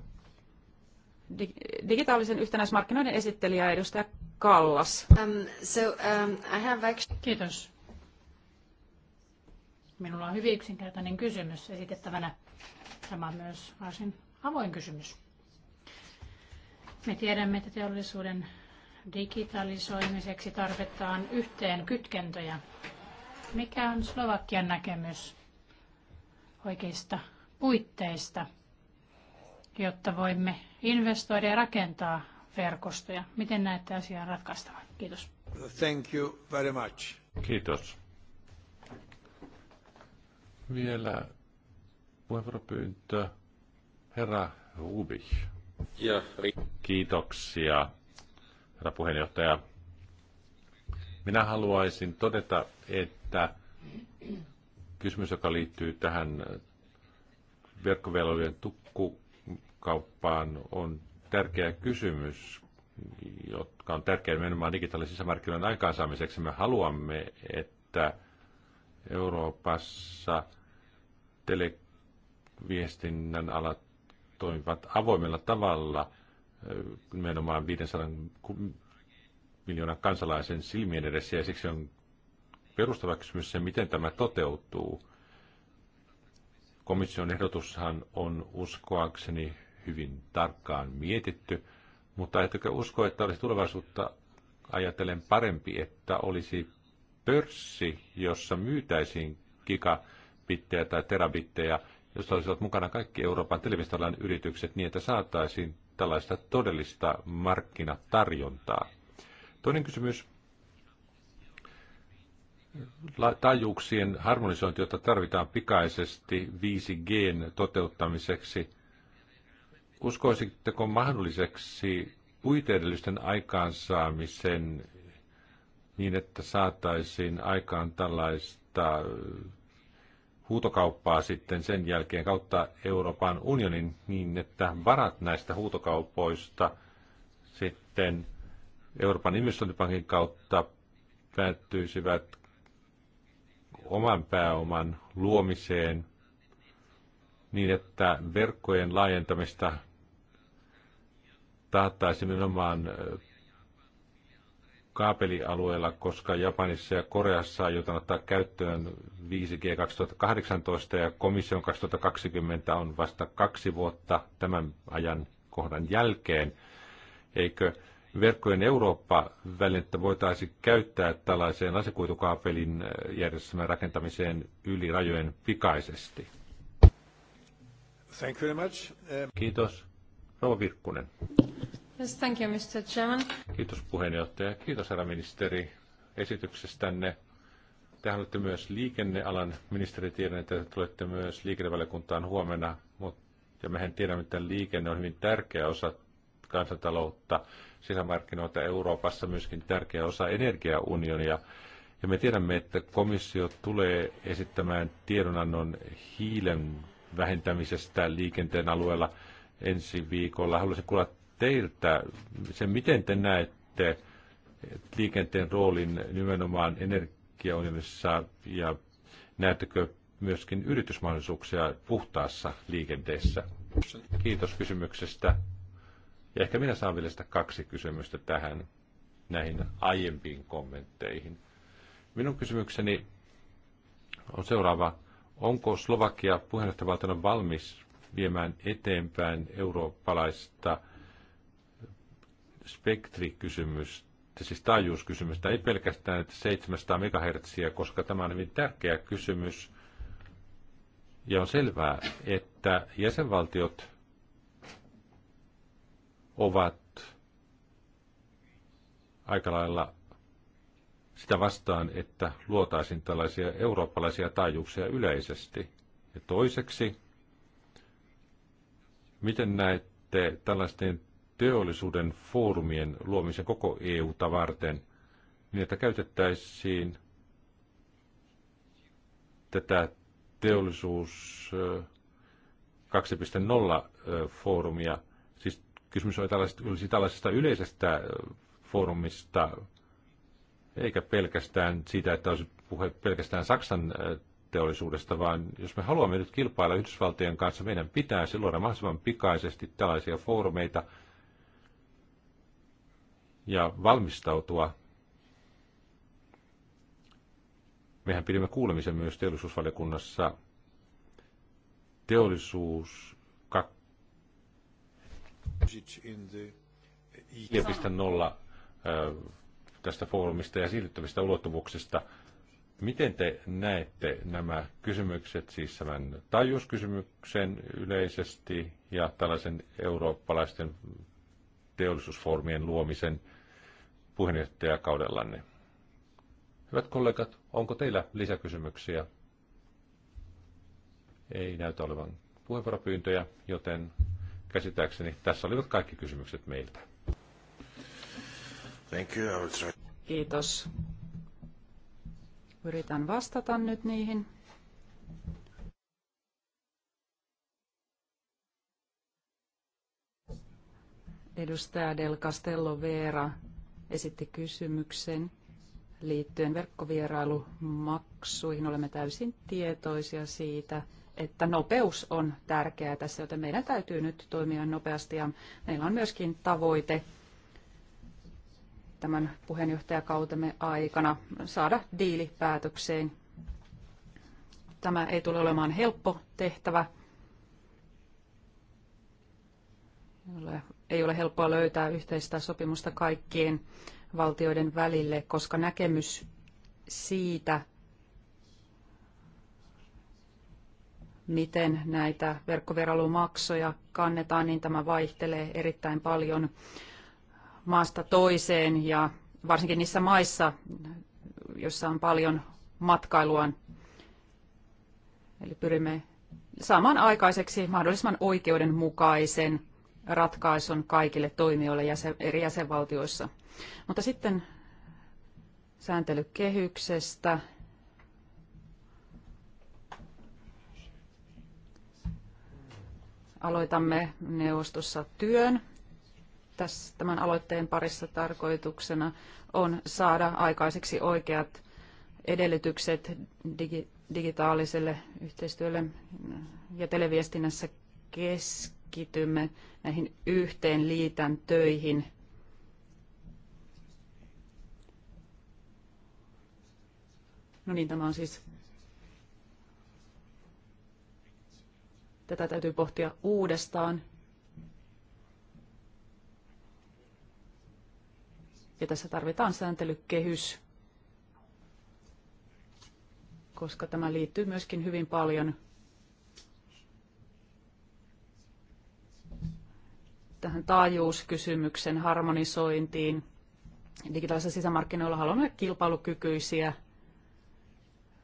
digitaalisen yhtenäismarkkinoiden esittelijä edustaja Kallas. Um, so, um, I have actually... Kiitos. Minulla on hyvin yksinkertainen kysymys esitettävänä. Tämä on myös varsin avoin kysymys. Me tiedämme, että teollisuuden digitalisoimiseksi tarvitaan yhteen kytkentöjä. Mikä on Slovakian näkemys oikeista puitteista, jotta voimme investoida ja rakentaa verkostoja? Miten näette asian ratkaistavan? Kiitos. Thank you very much. Kiitos. Vielä puheenvuoropyyntö herra Rubich. Ja. Kiitoksia, herra puheenjohtaja. Minä haluaisin todeta, että kysymys, joka liittyy tähän verkkovelvojen tukkukauppaan, on tärkeä kysymys, jotka on tärkeä nimenomaan digitaalisen sisämarkkinoiden aikaansaamiseksi. Me haluamme, että Euroopassa televiestinnän alat toimivat avoimella tavalla nimenomaan 500 miljoonan kansalaisen silmien edessä, ja siksi on perustava kysymys se, miten tämä toteutuu. Komission ehdotushan on uskoakseni hyvin tarkkaan mietitty, mutta ettekö usko, että olisi tulevaisuutta ajatellen parempi, että olisi pörssi, jossa myytäisiin gigabittejä tai terabittejä, jossa olisivat mukana kaikki Euroopan televisiotalan yritykset niin, että saataisiin tällaista todellista markkinatarjontaa. Toinen kysymys. Taajuuksien harmonisointi, jota tarvitaan pikaisesti 5 g toteuttamiseksi. Uskoisitteko mahdolliseksi puiteedellysten aikaansaamisen niin, että saataisiin aikaan tällaista äh, huutokauppaa sitten sen jälkeen kautta Euroopan unionin niin, että varat näistä huutokaupoista sitten Euroopan investointipankin kautta päättyisivät oman pääoman luomiseen niin, että verkkojen laajentamista taattaisiin nimenomaan äh, kaapelialueella, koska Japanissa ja Koreassa aiotaan ottaa käyttöön 5G 2018 ja komission 2020 on vasta kaksi vuotta tämän ajan kohdan jälkeen. Eikö verkkojen Eurooppa-välinettä voitaisiin käyttää tällaiseen lasikuitukaapelin äh, järjestelmän rakentamiseen yli rajojen pikaisesti? Thank you very much. Kiitos. Rouva Virkkunen. Yes, thank you, Mr. Chairman. Kiitos puheenjohtaja. Kiitos herra ministeri esityksestänne. Tehän olette myös liikennealan ministeri. Tiedän, että tulette myös liikennevaliokuntaan huomenna, mutta ja mehän tiedämme, että liikenne on hyvin tärkeä osa kansantaloutta, sisämarkkinoita Euroopassa, myöskin tärkeä osa energiaunionia. Ja me tiedämme, että komissio tulee esittämään tiedonannon hiilen vähentämisestä liikenteen alueella ensi viikolla. Haluaisin kuulla teiltä se, miten te näette liikenteen roolin nimenomaan energiaunionissa ja näettekö myöskin yritysmahdollisuuksia puhtaassa liikenteessä? Kiitos kysymyksestä. Ja ehkä minä saan vielä sitä kaksi kysymystä tähän, näihin aiempiin kommentteihin. Minun kysymykseni on seuraava. Onko Slovakia puheenjohtajavaltiona valmis viemään eteenpäin eurooppalaista spektrikysymys, siis taajuuskysymystä, ei pelkästään että 700 MHz, koska tämä on hyvin tärkeä kysymys. Ja on selvää, että jäsenvaltiot ovat aika lailla sitä vastaan, että luotaisiin tällaisia eurooppalaisia taajuuksia yleisesti. Ja toiseksi, miten näette tällaisten teollisuuden foorumien luomisen koko EUta varten, niin että käytettäisiin tätä teollisuus 2.0-foorumia. Siis kysymys olisi tällaisesta yleisestä foorumista, eikä pelkästään siitä, että olisi puhe pelkästään Saksan teollisuudesta, vaan jos me haluamme nyt kilpailla Yhdysvaltojen kanssa, meidän pitää silloin mahdollisimman pikaisesti tällaisia foorumeita – ja valmistautua. Mehän pidimme kuulemisen myös teollisuusvaliokunnassa teollisuus nolla tästä foorumista ja siirryttävistä ulottuvuuksista. Miten te näette nämä kysymykset, siis tämän taajuuskysymyksen yleisesti ja tällaisen eurooppalaisten teollisuusfoorumien luomisen – puheenjohtajakaudellanne. Hyvät kollegat, onko teillä lisäkysymyksiä? Ei näytä olevan puheenvuoropyyntöjä, joten käsittääkseni tässä olivat kaikki kysymykset meiltä. Thank you. Kiitos. Yritän vastata nyt niihin. Edustaja Del Castello Vera esitti kysymyksen liittyen verkkovierailumaksuihin. Olemme täysin tietoisia siitä, että nopeus on tärkeää tässä, joten meidän täytyy nyt toimia nopeasti. Ja meillä on myöskin tavoite tämän puheenjohtajakautemme aikana saada diili päätökseen. Tämä ei tule olemaan helppo tehtävä ei ole helppoa löytää yhteistä sopimusta kaikkien valtioiden välille, koska näkemys siitä, miten näitä verkkoveroilumaksoja kannetaan, niin tämä vaihtelee erittäin paljon maasta toiseen ja varsinkin niissä maissa, joissa on paljon matkailua. Eli pyrimme saamaan aikaiseksi mahdollisimman oikeudenmukaisen ratkaisun kaikille toimijoille jäsen, eri jäsenvaltioissa. Mutta sitten sääntelykehyksestä. Aloitamme neuvostossa työn. Tässä, tämän aloitteen parissa tarkoituksena on saada aikaiseksi oikeat edellytykset digi, digitaaliselle yhteistyölle ja televiestinnässä kes, keskitymme näihin yhteenliitän töihin. No niin, tämä on siis tätä täytyy pohtia uudestaan. Ja tässä tarvitaan sääntelykehys, koska tämä liittyy myöskin hyvin paljon tähän taajuuskysymyksen harmonisointiin. Digitaalisilla sisämarkkinoilla haluamme kilpailukykyisiä,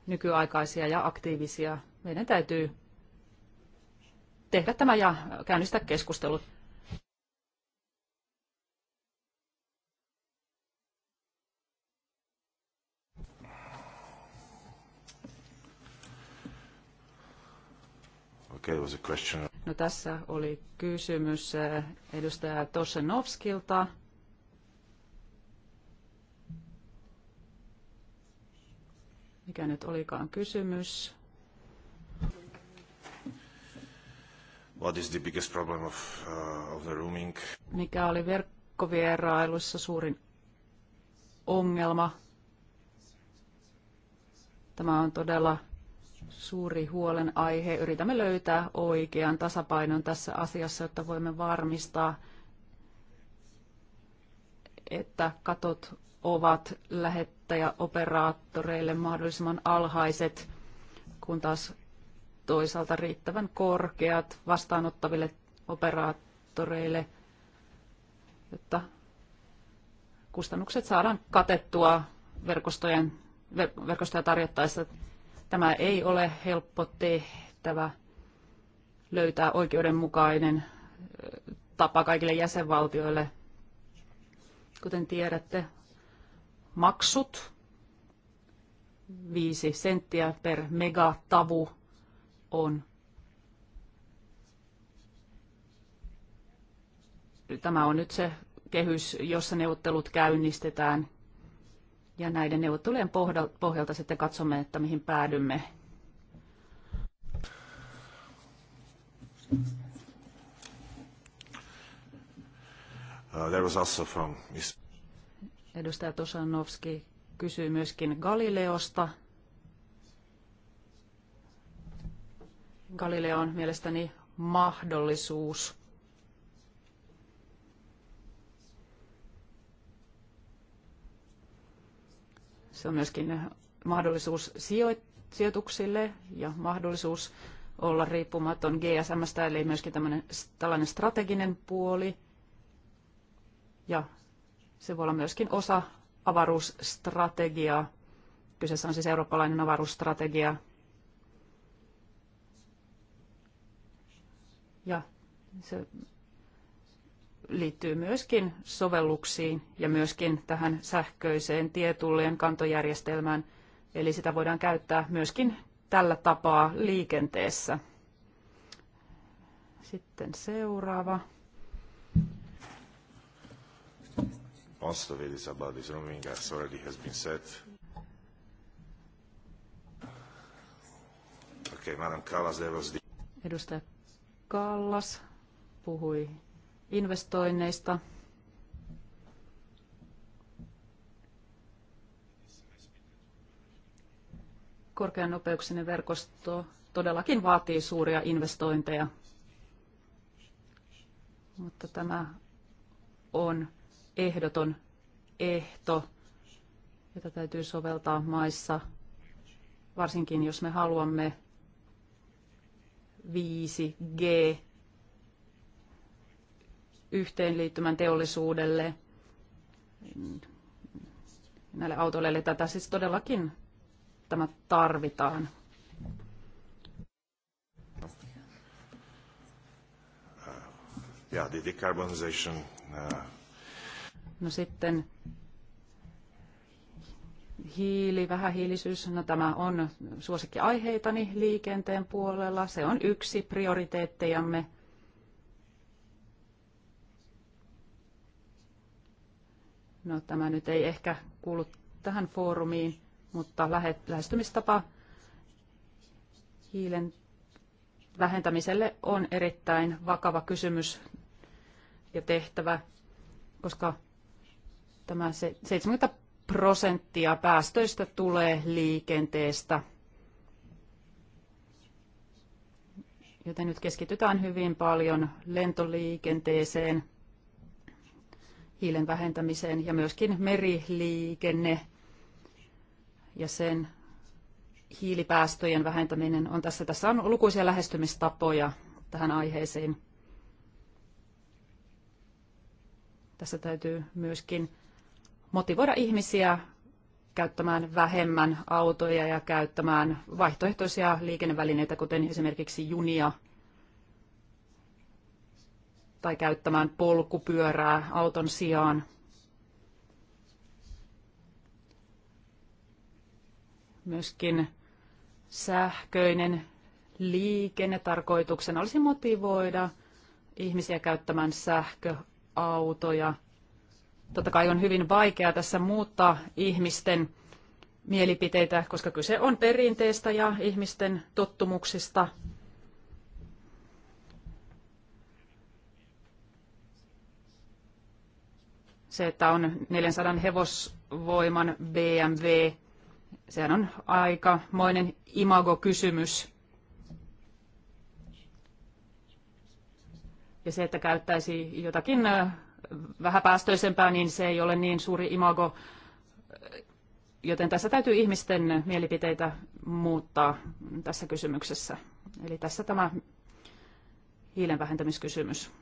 nykyaikaisia ja aktiivisia. Meidän täytyy tehdä tämä ja käynnistää keskustelut. Okay, was a question. No tässä oli kysymys eh, edustaja Tosenovskilta. Mikä nyt olikaan kysymys? What is the biggest problem of, uh, of the rooming? Mikä oli verkkovierailussa suurin ongelma? Tämä on todella suuri huolenaihe. Yritämme löytää oikean tasapainon tässä asiassa, jotta voimme varmistaa, että katot ovat lähettäjäoperaattoreille mahdollisimman alhaiset, kun taas toisaalta riittävän korkeat vastaanottaville operaattoreille, jotta kustannukset saadaan katettua verkostojen, verkostoja tarjottaessa Tämä ei ole helppo tehtävä löytää oikeudenmukainen tapa kaikille jäsenvaltioille. Kuten tiedätte, maksut 5 senttiä per megatavu on Tämä on nyt se kehys, jossa neuvottelut käynnistetään ja näiden neuvottelujen pohjalta sitten katsomme, että mihin päädymme. Uh, there was also from... Edustaja Tosanovski kysyy myöskin Galileosta. Galileo on mielestäni mahdollisuus Se on myöskin mahdollisuus sijoituksille ja mahdollisuus olla riippumaton GSMstä, eli myöskin tämmöinen, tällainen strateginen puoli. Ja se voi olla myöskin osa avaruusstrategiaa. Kyseessä on siis eurooppalainen avaruusstrategia. Ja se liittyy myöskin sovelluksiin ja myöskin tähän sähköiseen tietullien kantojärjestelmään, eli sitä voidaan käyttää myöskin tällä tapaa liikenteessä. Sitten seuraava. has been Callas, Edustaja Kallas puhui investoinneista. korkeanopeuksinen verkosto todellakin vaatii suuria investointeja, mutta tämä on ehdoton ehto, jota täytyy soveltaa maissa, varsinkin jos me haluamme 5G yhteenliittymän teollisuudelle, näille autoille. Tätä siis todellakin tämä tarvitaan. Uh, yeah, the decarbonization. Uh, no sitten hiili, vähähiilisyys, no tämä on suosikkiaiheitani liikenteen puolella. Se on yksi prioriteettejamme No tämä nyt ei ehkä kuulu tähän foorumiin, mutta lähestymistapa hiilen vähentämiselle on erittäin vakava kysymys ja tehtävä, koska tämä 70 prosenttia päästöistä tulee liikenteestä. Joten nyt keskitytään hyvin paljon lentoliikenteeseen – hiilen vähentämiseen ja myöskin meriliikenne ja sen hiilipäästöjen vähentäminen on tässä. Tässä on lukuisia lähestymistapoja tähän aiheeseen. Tässä täytyy myöskin motivoida ihmisiä käyttämään vähemmän autoja ja käyttämään vaihtoehtoisia liikennevälineitä, kuten esimerkiksi junia – tai käyttämään polkupyörää auton sijaan. Myöskin sähköinen liikenne tarkoituksena olisi motivoida ihmisiä käyttämään sähköautoja. Totta kai on hyvin vaikeaa tässä muuttaa ihmisten mielipiteitä, koska kyse on perinteestä ja ihmisten tottumuksista – se, että on 400 hevosvoiman BMW, sehän on aikamoinen imago-kysymys. Ja se, että käyttäisi jotakin vähäpäästöisempää, niin se ei ole niin suuri imago. Joten tässä täytyy ihmisten mielipiteitä muuttaa tässä kysymyksessä. Eli tässä tämä hiilen vähentämiskysymys.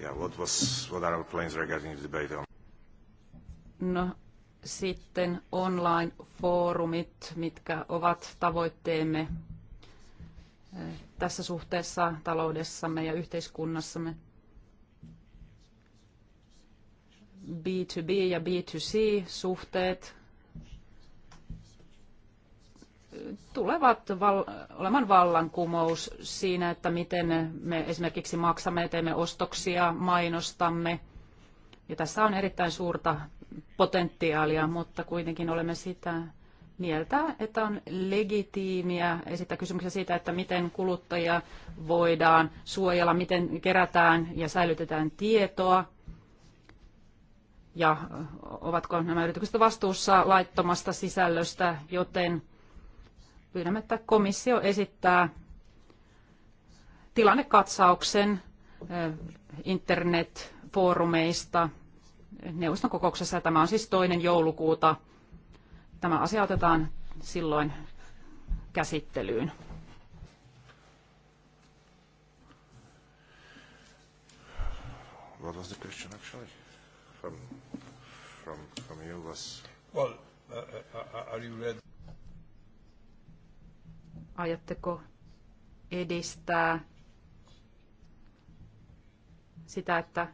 Yeah, what was, what are our plans regarding the debate on? No, sitten online-foorumit, mitkä ovat tavoitteemme eh, tässä suhteessa taloudessamme ja yhteiskunnassamme. B2B ja B2C-suhteet tulevat val- olemaan vallankumous siinä, että miten me esimerkiksi maksamme, teemme ostoksia, mainostamme. Ja tässä on erittäin suurta potentiaalia, mutta kuitenkin olemme sitä mieltä, että on legitiimiä esittää kysymyksiä siitä, että miten kuluttajia voidaan suojella, miten kerätään ja säilytetään tietoa ja ovatko nämä yritykset vastuussa laittomasta sisällöstä, joten pyydämme, että komissio esittää tilannekatsauksen internetfoorumeista neuvoston kokouksessa. Tämä on siis toinen joulukuuta. Tämä asia otetaan silloin käsittelyyn. What was the question actually from, from, from you was... Well, uh, uh, uh are you ready? Aiotteko edistää sitä, että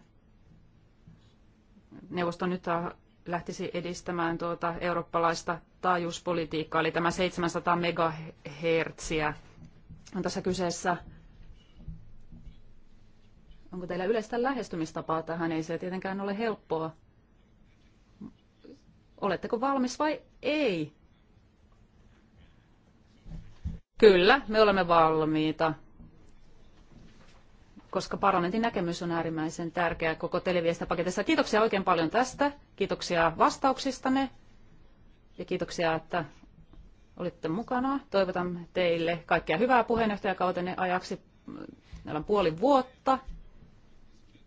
neuvosto nyt lähtisi edistämään tuota eurooppalaista taajuuspolitiikkaa, eli tämä 700 megahertsiä on tässä kyseessä. Onko teillä yleistä lähestymistapaa tähän? Ei se tietenkään ole helppoa. Oletteko valmis vai ei? Kyllä, me olemme valmiita, koska parlamentin näkemys on äärimmäisen tärkeä koko televiestintäpaketissa. Kiitoksia oikein paljon tästä, kiitoksia vastauksistanne ja kiitoksia, että olitte mukana. Toivotan teille kaikkea hyvää puheenjohtajakautenne ajaksi. Meillä on puoli vuotta.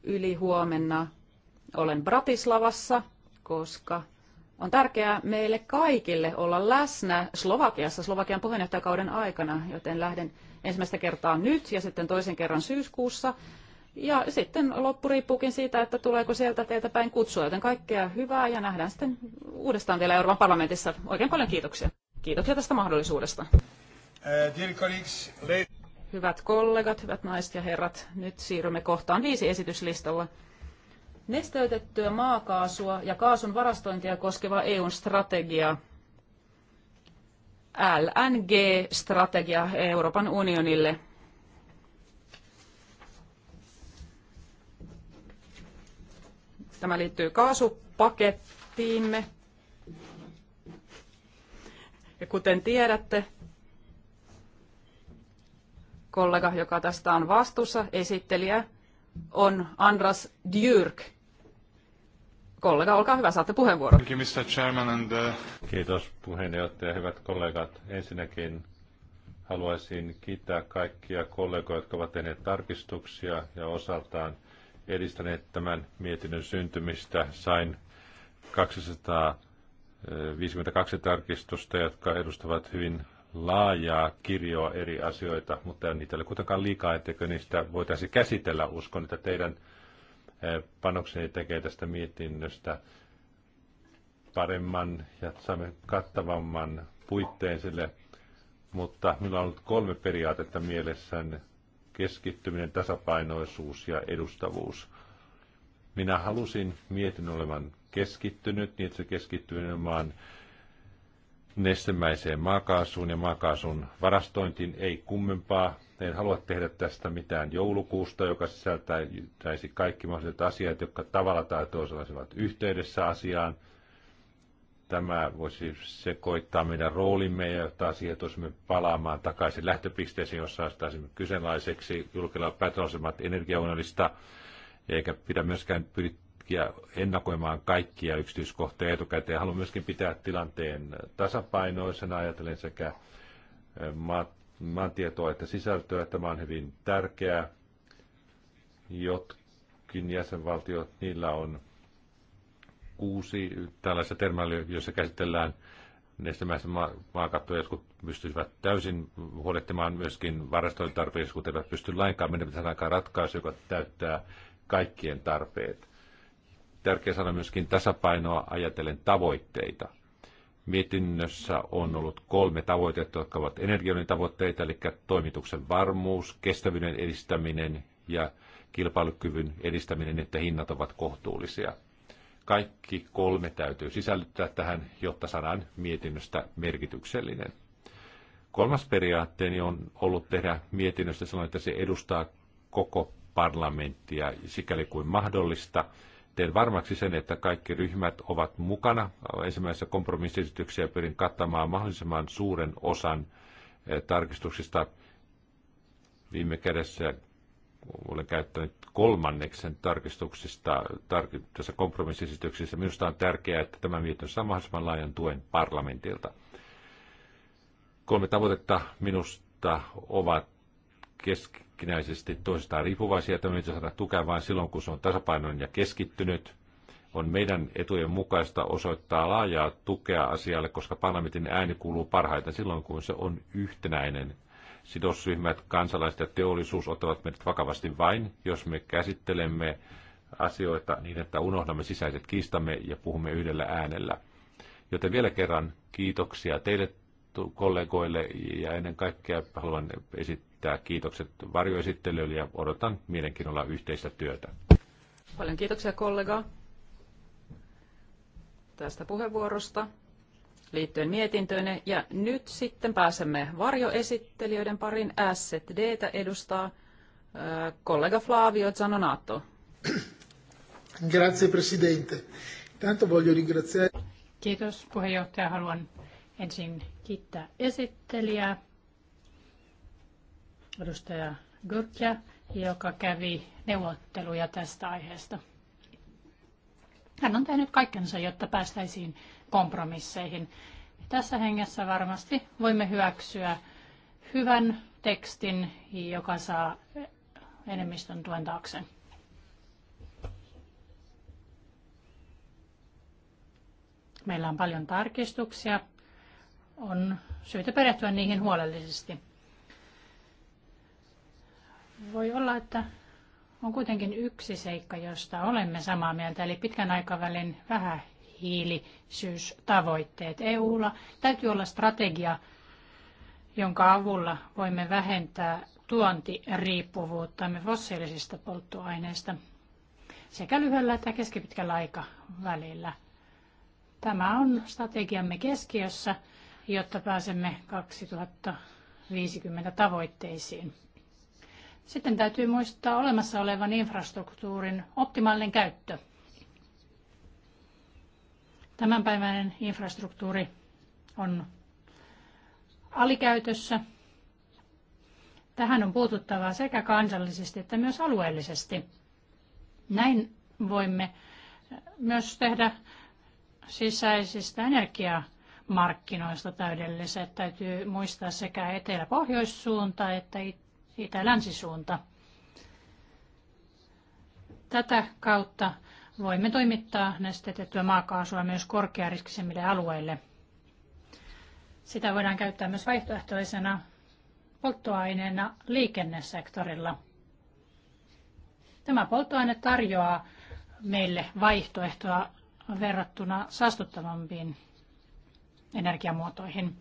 Yli huomenna olen Bratislavassa, koska on tärkeää meille kaikille olla läsnä Slovakiassa Slovakian puheenjohtajakauden aikana, joten lähden ensimmäistä kertaa nyt ja sitten toisen kerran syyskuussa. Ja sitten loppu riippuukin siitä, että tuleeko sieltä teiltä päin kutsua, joten kaikkea hyvää ja nähdään sitten uudestaan vielä Euroopan parlamentissa. Oikein paljon kiitoksia. Kiitoksia tästä mahdollisuudesta. Eh, hyvät kollegat, hyvät naiset ja herrat, nyt siirrymme kohtaan viisi esityslistalla. Nesteytettyä maakaasua ja kaasun varastointia koskeva EUn strategia LNG-strategia Euroopan unionille. Tämä liittyy kaasupakettiimme. Ja kuten tiedätte, kollega, joka tästä on vastuussa, esittelijä, on Andras Djurk. Kollega, olkaa hyvä, saatte puheenvuoron. Uh, Kiitos puheenjohtaja, hyvät kollegat. Ensinnäkin haluaisin kiittää kaikkia kollegoja, jotka ovat tehneet tarkistuksia ja osaltaan edistäneet tämän mietinnön syntymistä. Sain 252 eh, tarkistusta, jotka edustavat hyvin laajaa kirjoa eri asioita, mutta niitä ei ole kuitenkaan liikaa, etteikö niistä voitaisiin käsitellä. Uskon, että teidän eh, panokseni tekee tästä mietinnöstä paremman ja saamme kattavamman puitteen sille, mutta minulla on ollut kolme periaatetta mielessään, keskittyminen, tasapainoisuus ja edustavuus. Minä halusin mietin olevan keskittynyt, niin että se keskittyy nimenomaan nestemäiseen maakaasuun ja maakaasun varastointiin ei kummempaa. En halua tehdä tästä mitään joulukuusta, joka sisältäisi kaikki mahdolliset asiat, jotka tavalla tai toisella ovat yhteydessä asiaan. Tämä voisi sekoittaa meidän roolimme ja johtaa siihen, että olisimme palaamaan takaisin lähtöpisteeseen, jossa saastaisimme kyseenalaiseksi julkilla päätösasemat energiaunionista, eikä pidä myöskään pyrkiä ennakoimaan kaikkia yksityiskohtia etukäteen. Haluan myöskin pitää tilanteen tasapainoisena ajatellen sekä eh, maantietoa että sisältöä. Tämä on hyvin tärkeää. Jotkin jäsenvaltiot, niillä on kuusi tällaisessa termaalia, joissa käsitellään nestemäisen ma- maakattoja, jotkut pystyisivät täysin huolehtimaan myöskin varastointitarpeista, kun eivät pysty lainkaan menemään aikaan ratkaisu, joka täyttää kaikkien tarpeet tärkeä sana myöskin tasapainoa ajatellen tavoitteita. Mietinnössä on ollut kolme tavoitetta, jotka ovat energioiden tavoitteita, eli toimituksen varmuus, kestävyyden edistäminen ja kilpailukyvyn edistäminen, että hinnat ovat kohtuullisia. Kaikki kolme täytyy sisällyttää tähän, jotta saadaan mietinnöstä merkityksellinen. Kolmas periaatteeni on ollut tehdä mietinnöstä sellainen, että se edustaa koko parlamenttia sikäli kuin mahdollista – teen varmaksi sen, että kaikki ryhmät ovat mukana. Ensimmäisessä kompromissiesityksessä pyrin kattamaan mahdollisimman suuren osan eh, tarkistuksista. Viime kädessä olen käyttänyt kolmanneksen tarkistuksista tar- tässä kompromissiesityksessä. Minusta on tärkeää, että tämä mietintö saa mahdollisimman laajan tuen parlamentilta. Kolme tavoitetta minusta ovat keski- keskinäisesti toisistaan riippuvaisia, että me saada tukea vain silloin, kun se on tasapainoinen ja keskittynyt. On meidän etujen mukaista osoittaa laajaa tukea asialle, koska parlamentin ääni kuuluu parhaiten silloin, kun se on yhtenäinen. Sidosryhmät, kansalaiset ja teollisuus ottavat meidät vakavasti vain, jos me käsittelemme asioita niin, että unohdamme sisäiset kiistamme ja puhumme yhdellä äänellä. Joten vielä kerran kiitoksia teille kollegoille ja ennen kaikkea haluan esittää esittää kiitokset varjoesittelijöille ja odotan mielenkiinnolla yhteistä työtä. Paljon kiitoksia kollega tästä puheenvuorosta liittyen mietintöön. Ja nyt sitten pääsemme varjoesittelijöiden parin SZDtä edustaa kollega Flavio Zanonato. Grazie Presidente. Tanto voglio ringraziare... Kiitos puheenjohtaja. Haluan ensin kiittää esittelijää edustaja Gyrkjä, joka kävi neuvotteluja tästä aiheesta. Hän on tehnyt kaikkensa, jotta päästäisiin kompromisseihin. Tässä hengessä varmasti voimme hyväksyä hyvän tekstin, joka saa enemmistön tuen taakse. Meillä on paljon tarkistuksia. On syytä perehtyä niihin huolellisesti voi olla, että on kuitenkin yksi seikka, josta olemme samaa mieltä, eli pitkän aikavälin vähähiilisyystavoitteet. EUlla täytyy olla strategia, jonka avulla voimme vähentää tuontiriippuvuuttamme fossiilisista polttoaineista sekä lyhyellä että keskipitkällä aikavälillä. Tämä on strategiamme keskiössä, jotta pääsemme 2050 tavoitteisiin. Sitten täytyy muistaa olemassa olevan infrastruktuurin optimaalinen käyttö. Tämänpäiväinen infrastruktuuri on alikäytössä. Tähän on puututtava sekä kansallisesti että myös alueellisesti. Näin voimme myös tehdä sisäisistä energiamarkkinoista täydelliset. Täytyy muistaa sekä etelä-pohjoissuunta että itä-länsisuunta. Tätä kautta voimme toimittaa nestetettyä maakaasua myös korkeariskisemmille alueille. Sitä voidaan käyttää myös vaihtoehtoisena polttoaineena liikennesektorilla. Tämä polttoaine tarjoaa meille vaihtoehtoa verrattuna saastuttavampiin energiamuotoihin.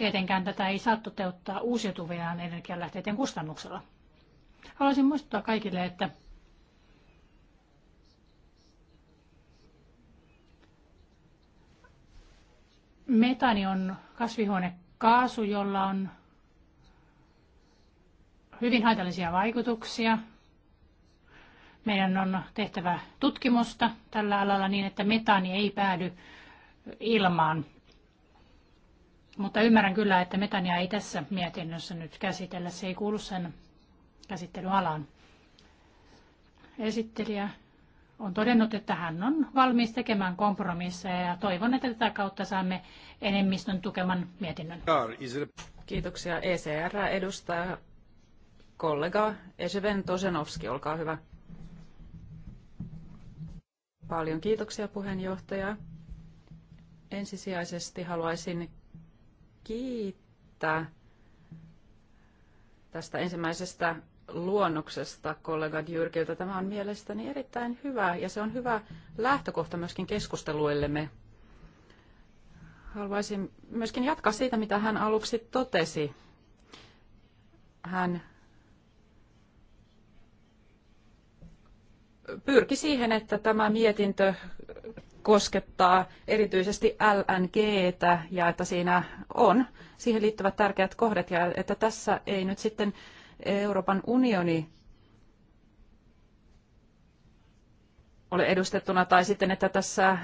Tietenkään tätä ei saa toteuttaa uusiutuvia energialähteiden kustannuksella. Haluaisin muistuttaa kaikille, että metani on kasvihuonekaasu, jolla on hyvin haitallisia vaikutuksia. Meidän on tehtävä tutkimusta tällä alalla niin, että metaani ei päädy ilmaan. Mutta ymmärrän kyllä, että metania ei tässä mietinnössä nyt käsitellä. Se ei kuulu sen käsittelyalaan. Esittelijä on todennut, että hän on valmis tekemään kompromisseja ja toivon, että tätä kautta saamme enemmistön tukeman mietinnön. Kiitoksia. ECR edustaja kollega Eseven Tosenovski, olkaa hyvä. Paljon kiitoksia puheenjohtaja. Ensisijaisesti haluaisin kiittää tästä ensimmäisestä luonnoksesta kollega Jyrkiltä. Tämä on mielestäni erittäin hyvä ja se on hyvä lähtökohta myöskin keskusteluillemme. Haluaisin myöskin jatkaa siitä, mitä hän aluksi totesi. Hän pyrki siihen, että tämä mietintö koskettaa erityisesti LNGtä ja että siinä on siihen liittyvät tärkeät kohdat ja että tässä ei nyt sitten Euroopan unioni ole edustettuna tai sitten, että tässä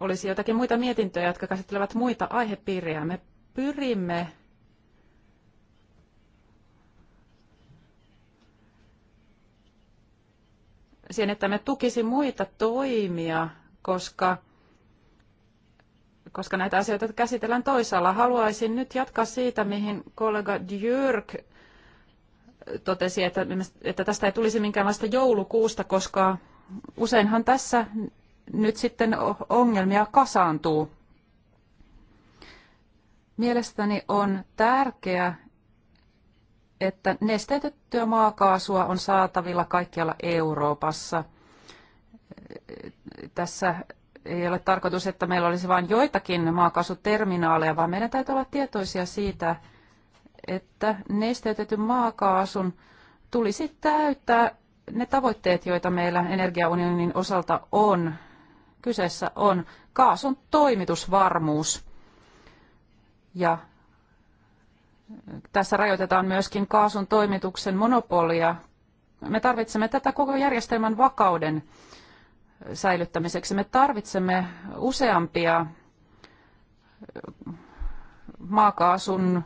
olisi jotakin muita mietintöjä, jotka käsittelevät muita aihepiirejä. Me pyrimme siihen, että me tukisi muita toimia, koska, koska näitä asioita käsitellään toisaalla. Haluaisin nyt jatkaa siitä, mihin kollega Djörk totesi, että, että tästä ei tulisi minkäänlaista joulukuusta, koska useinhan tässä nyt sitten ongelmia kasaantuu. Mielestäni on tärkeää, että nesteytettyä maakaasua on saatavilla kaikkialla Euroopassa tässä ei ole tarkoitus, että meillä olisi vain joitakin maakaasuterminaaleja, vaan meidän täytyy olla tietoisia siitä, että nesteytetyn maakaasun tulisi täyttää ne tavoitteet, joita meillä energiaunionin osalta on. Kyseessä on kaasun toimitusvarmuus. Ja tässä rajoitetaan myöskin kaasun toimituksen monopolia. Me tarvitsemme tätä koko järjestelmän vakauden säilyttämiseksi. Me tarvitsemme useampia maakaasun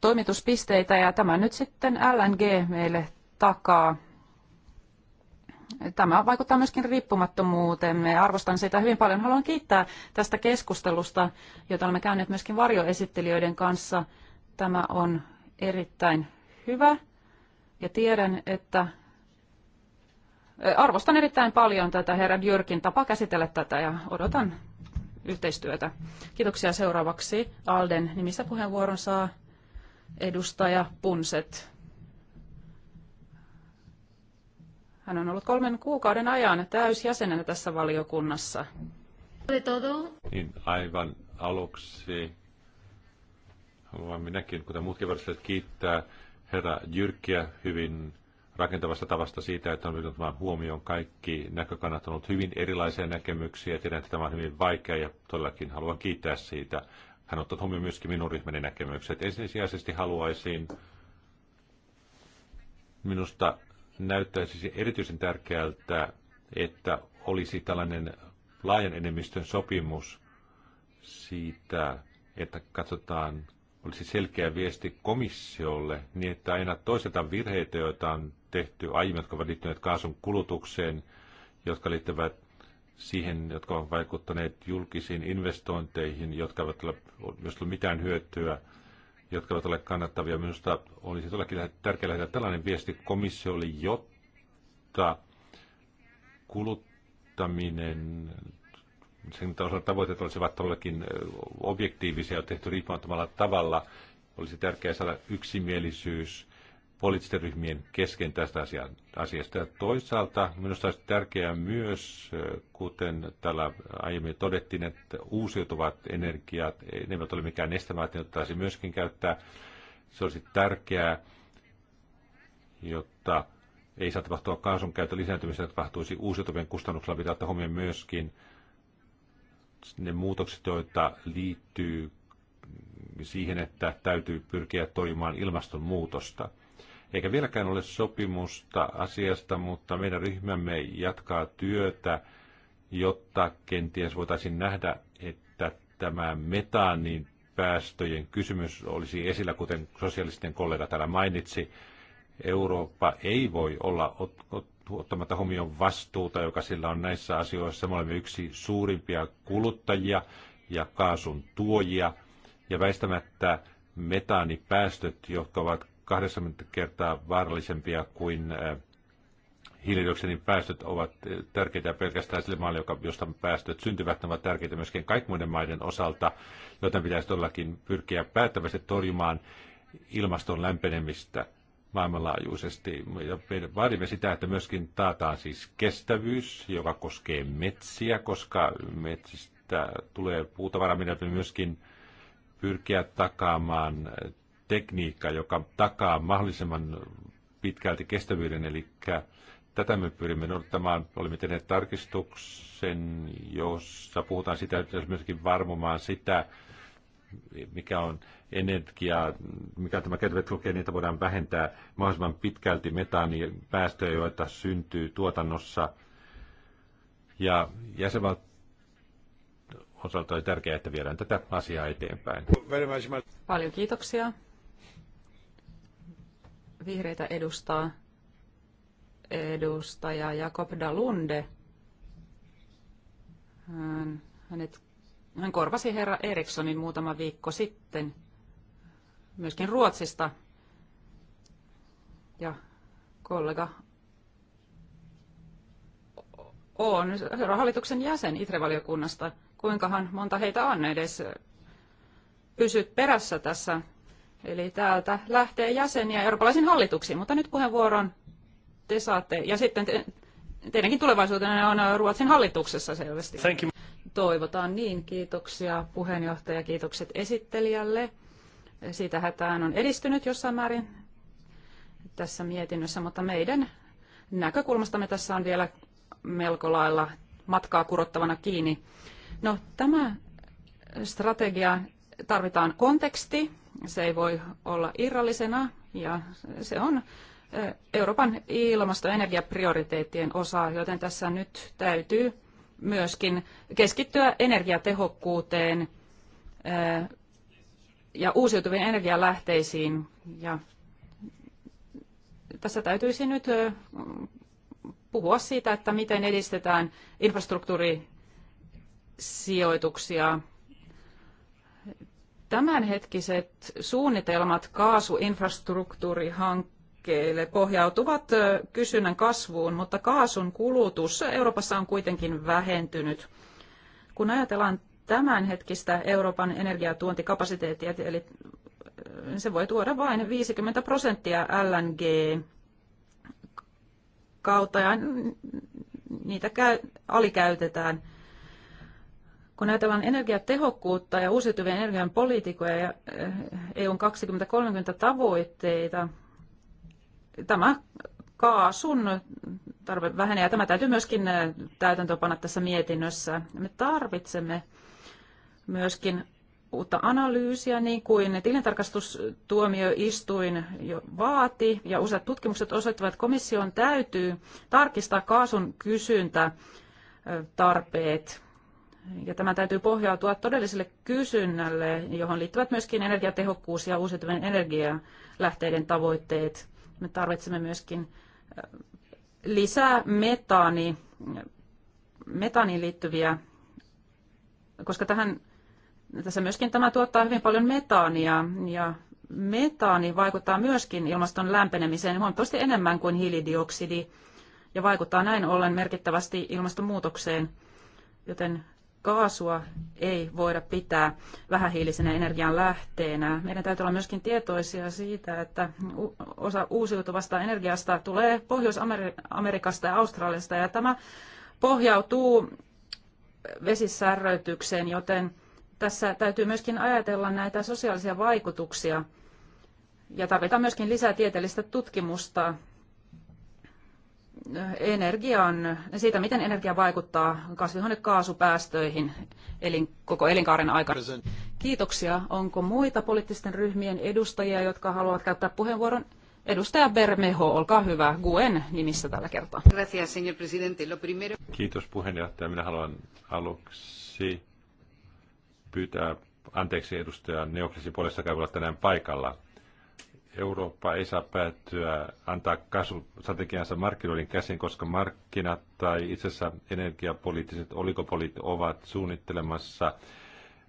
toimituspisteitä ja tämä nyt sitten LNG meille takaa. Tämä vaikuttaa myöskin riippumattomuuteemme. Arvostan sitä hyvin paljon. Haluan kiittää tästä keskustelusta, jota olemme käyneet myöskin varjoesittelijöiden kanssa. Tämä on erittäin hyvä ja tiedän, että arvostan erittäin paljon tätä herra Jyrkin tapaa käsitellä tätä ja odotan yhteistyötä. Kiitoksia seuraavaksi. Alden nimissä puheenvuoron saa edustaja Punset. Hän on ollut kolmen kuukauden ajan täysjäsenenä tässä valiokunnassa. Niin, aivan aluksi haluan minäkin, kuten muutkin varsinaiset, kiittää herra Jyrkkiä hyvin rakentavasta tavasta siitä, että on otettava huomioon kaikki näkökannat. On ollut hyvin erilaisia näkemyksiä. Tiedän, että tämä on hyvin vaikea ja todellakin haluan kiittää siitä. Hän ottaa huomioon myöskin minun ryhmäni näkemykset. Ensisijaisesti haluaisin, minusta näyttäisi erityisen tärkeältä, että olisi tällainen laajan enemmistön sopimus siitä, että katsotaan, olisi selkeä viesti komissiolle, niin että aina toiseta virheitä, joita on tehty aiemmin, jotka ovat liittyneet kaasun kulutukseen, jotka liittyvät siihen, jotka ovat vaikuttaneet julkisiin investointeihin, jotka eivät ole myös ollut mitään hyötyä, jotka eivät ole kannattavia. Minusta olisi todellakin tärkeää lähettää tällainen viesti komissiolle, jotta kuluttaminen, sen osa tavoitteet olisivat todellakin objektiivisia ja tehty riippumattomalla tavalla. Olisi tärkeää saada yksimielisyys poliittisten ryhmien kesken tästä asiasta. Ja toisaalta minusta olisi tärkeää myös, kuten täällä aiemmin todettiin, että uusiutuvat energiat, ne eivät ole mikään estämään, että ne ottaisi myöskin käyttää. Se olisi tärkeää, jotta ei saa tapahtua kaasun käytön lisääntymistä, tapahtuisi uusiutuvien kustannuksella, pitää ottaa huomioon myöskin ne muutokset, joita liittyy siihen, että täytyy pyrkiä toimimaan ilmastonmuutosta. Eikä vieläkään ole sopimusta asiasta, mutta meidän ryhmämme jatkaa työtä, jotta kenties voitaisiin nähdä, että tämä metaanin päästöjen kysymys olisi esillä, kuten sosiaalisten kollega täällä mainitsi. Eurooppa ei voi olla ottamatta huomioon vastuuta, joka sillä on näissä asioissa. Me olemme yksi suurimpia kuluttajia ja kaasun tuojia, ja väistämättä metaanipäästöt, jotka ovat 80 kertaa vaarallisempia kuin äh, hiilidioksidin päästöt ovat äh, tärkeitä pelkästään sille maalle, joka, josta päästöt syntyvät, ne ovat tärkeitä myöskin kaikki muiden maiden osalta, joten pitäisi todellakin pyrkiä päättävästi torjumaan ilmaston lämpenemistä maailmanlaajuisesti. Ja vaadimme sitä, että myöskin taataan siis kestävyys, joka koskee metsiä, koska metsistä tulee puutavara, myöskin pyrkiä takaamaan tekniikka, joka takaa mahdollisimman pitkälti kestävyyden, eli tätä me pyrimme noudattamaan. Olemme tehneet tarkistuksen, jossa puhutaan sitä, että myöskin varmomaan sitä, mikä on energia, mikä on tämä kevyet lukee, niitä voidaan vähentää mahdollisimman pitkälti metaanipäästöjä, joita syntyy tuotannossa. Ja jäsenvalt osalta oli tärkeää, että viedään tätä asiaa eteenpäin. Paljon kiitoksia vihreitä edustaa edustaja Jakob Dalunde. Hän, hänet, hän korvasi herra Erikssonin muutama viikko sitten myöskin Ruotsista. Ja kollega on hallituksen jäsen Itrevaliokunnasta. Kuinkahan monta heitä on edes? Pysyt perässä tässä Eli täältä lähtee jäseniä eurooppalaisiin hallituksiin, mutta nyt puheenvuoron te saatte. Ja sitten te, teidänkin tulevaisuutena on Ruotsin hallituksessa selvästi. Thank you. Toivotaan niin. Kiitoksia puheenjohtaja, kiitokset esittelijälle. Siitä hätään on edistynyt jossain määrin tässä mietinnössä, mutta meidän näkökulmastamme tässä on vielä melko lailla matkaa kurottavana kiinni. No, tämä strategia tarvitaan konteksti, se ei voi olla irrallisena ja se on Euroopan ilmasto- ja energiaprioriteettien osa, joten tässä nyt täytyy myöskin keskittyä energiatehokkuuteen ja uusiutuviin energialähteisiin. Ja tässä täytyisi nyt puhua siitä, että miten edistetään infrastruktuurisijoituksia Tämänhetkiset suunnitelmat kaasuinfrastruktuurihankkeille pohjautuvat kysynnän kasvuun, mutta kaasun kulutus Euroopassa on kuitenkin vähentynyt. Kun ajatellaan tämänhetkistä Euroopan energiatuontikapasiteettia, eli se voi tuoda vain 50 prosenttia LNG kautta ja niitä alikäytetään – kun ajatellaan energiatehokkuutta ja uusiutuvien energian poliitikoja ja EUn eh, e 2030 tavoitteita, tämä kaasun tarve vähenee ja tämä täytyy myöskin eh, täytäntöönpanna tässä mietinnössä. Me tarvitsemme myöskin uutta analyysiä, niin kuin tilintarkastustuomioistuin jo vaati, ja useat tutkimukset osoittavat, että komission täytyy tarkistaa kaasun kysyntä tarpeet ja tämä täytyy pohjautua todelliselle kysynnälle, johon liittyvät myöskin energiatehokkuus ja uusiutuvien energialähteiden tavoitteet. Me tarvitsemme myöskin lisää metaani, metaaniin liittyviä, koska tähän, tässä myöskin tämä tuottaa hyvin paljon metaania ja metaani vaikuttaa myöskin ilmaston lämpenemiseen huomattavasti enemmän kuin hiilidioksidi ja vaikuttaa näin ollen merkittävästi ilmastonmuutokseen, joten kaasua ei voida pitää vähähiilisenä energian lähteenä. Meidän täytyy olla myöskin tietoisia siitä, että osa uusiutuvasta energiasta tulee Pohjois-Amerikasta ja Australiasta, ja tämä pohjautuu vesisärröitykseen, joten tässä täytyy myöskin ajatella näitä sosiaalisia vaikutuksia, ja tarvitaan myöskin lisää tieteellistä tutkimusta energian, siitä, miten energia vaikuttaa kasvihuonekaasupäästöihin elin, koko elinkaaren aikana. Kiitoksia. Onko muita poliittisten ryhmien edustajia, jotka haluavat käyttää puheenvuoron? Edustaja Bermeho? olkaa hyvä, Guen nimissä tällä kertaa. Gracias, señor presidente. Lo primero... Kiitos puheenjohtaja. Minä haluan aluksi pyytää anteeksi edustaja Neoklisin puolesta käyvällä tänään paikalla. Eurooppa ei saa päättyä antaa kasvustrategiansa markkinoiden käsin, koska markkinat tai itse asiassa energiapoliittiset oligopolit ovat suunnittelemassa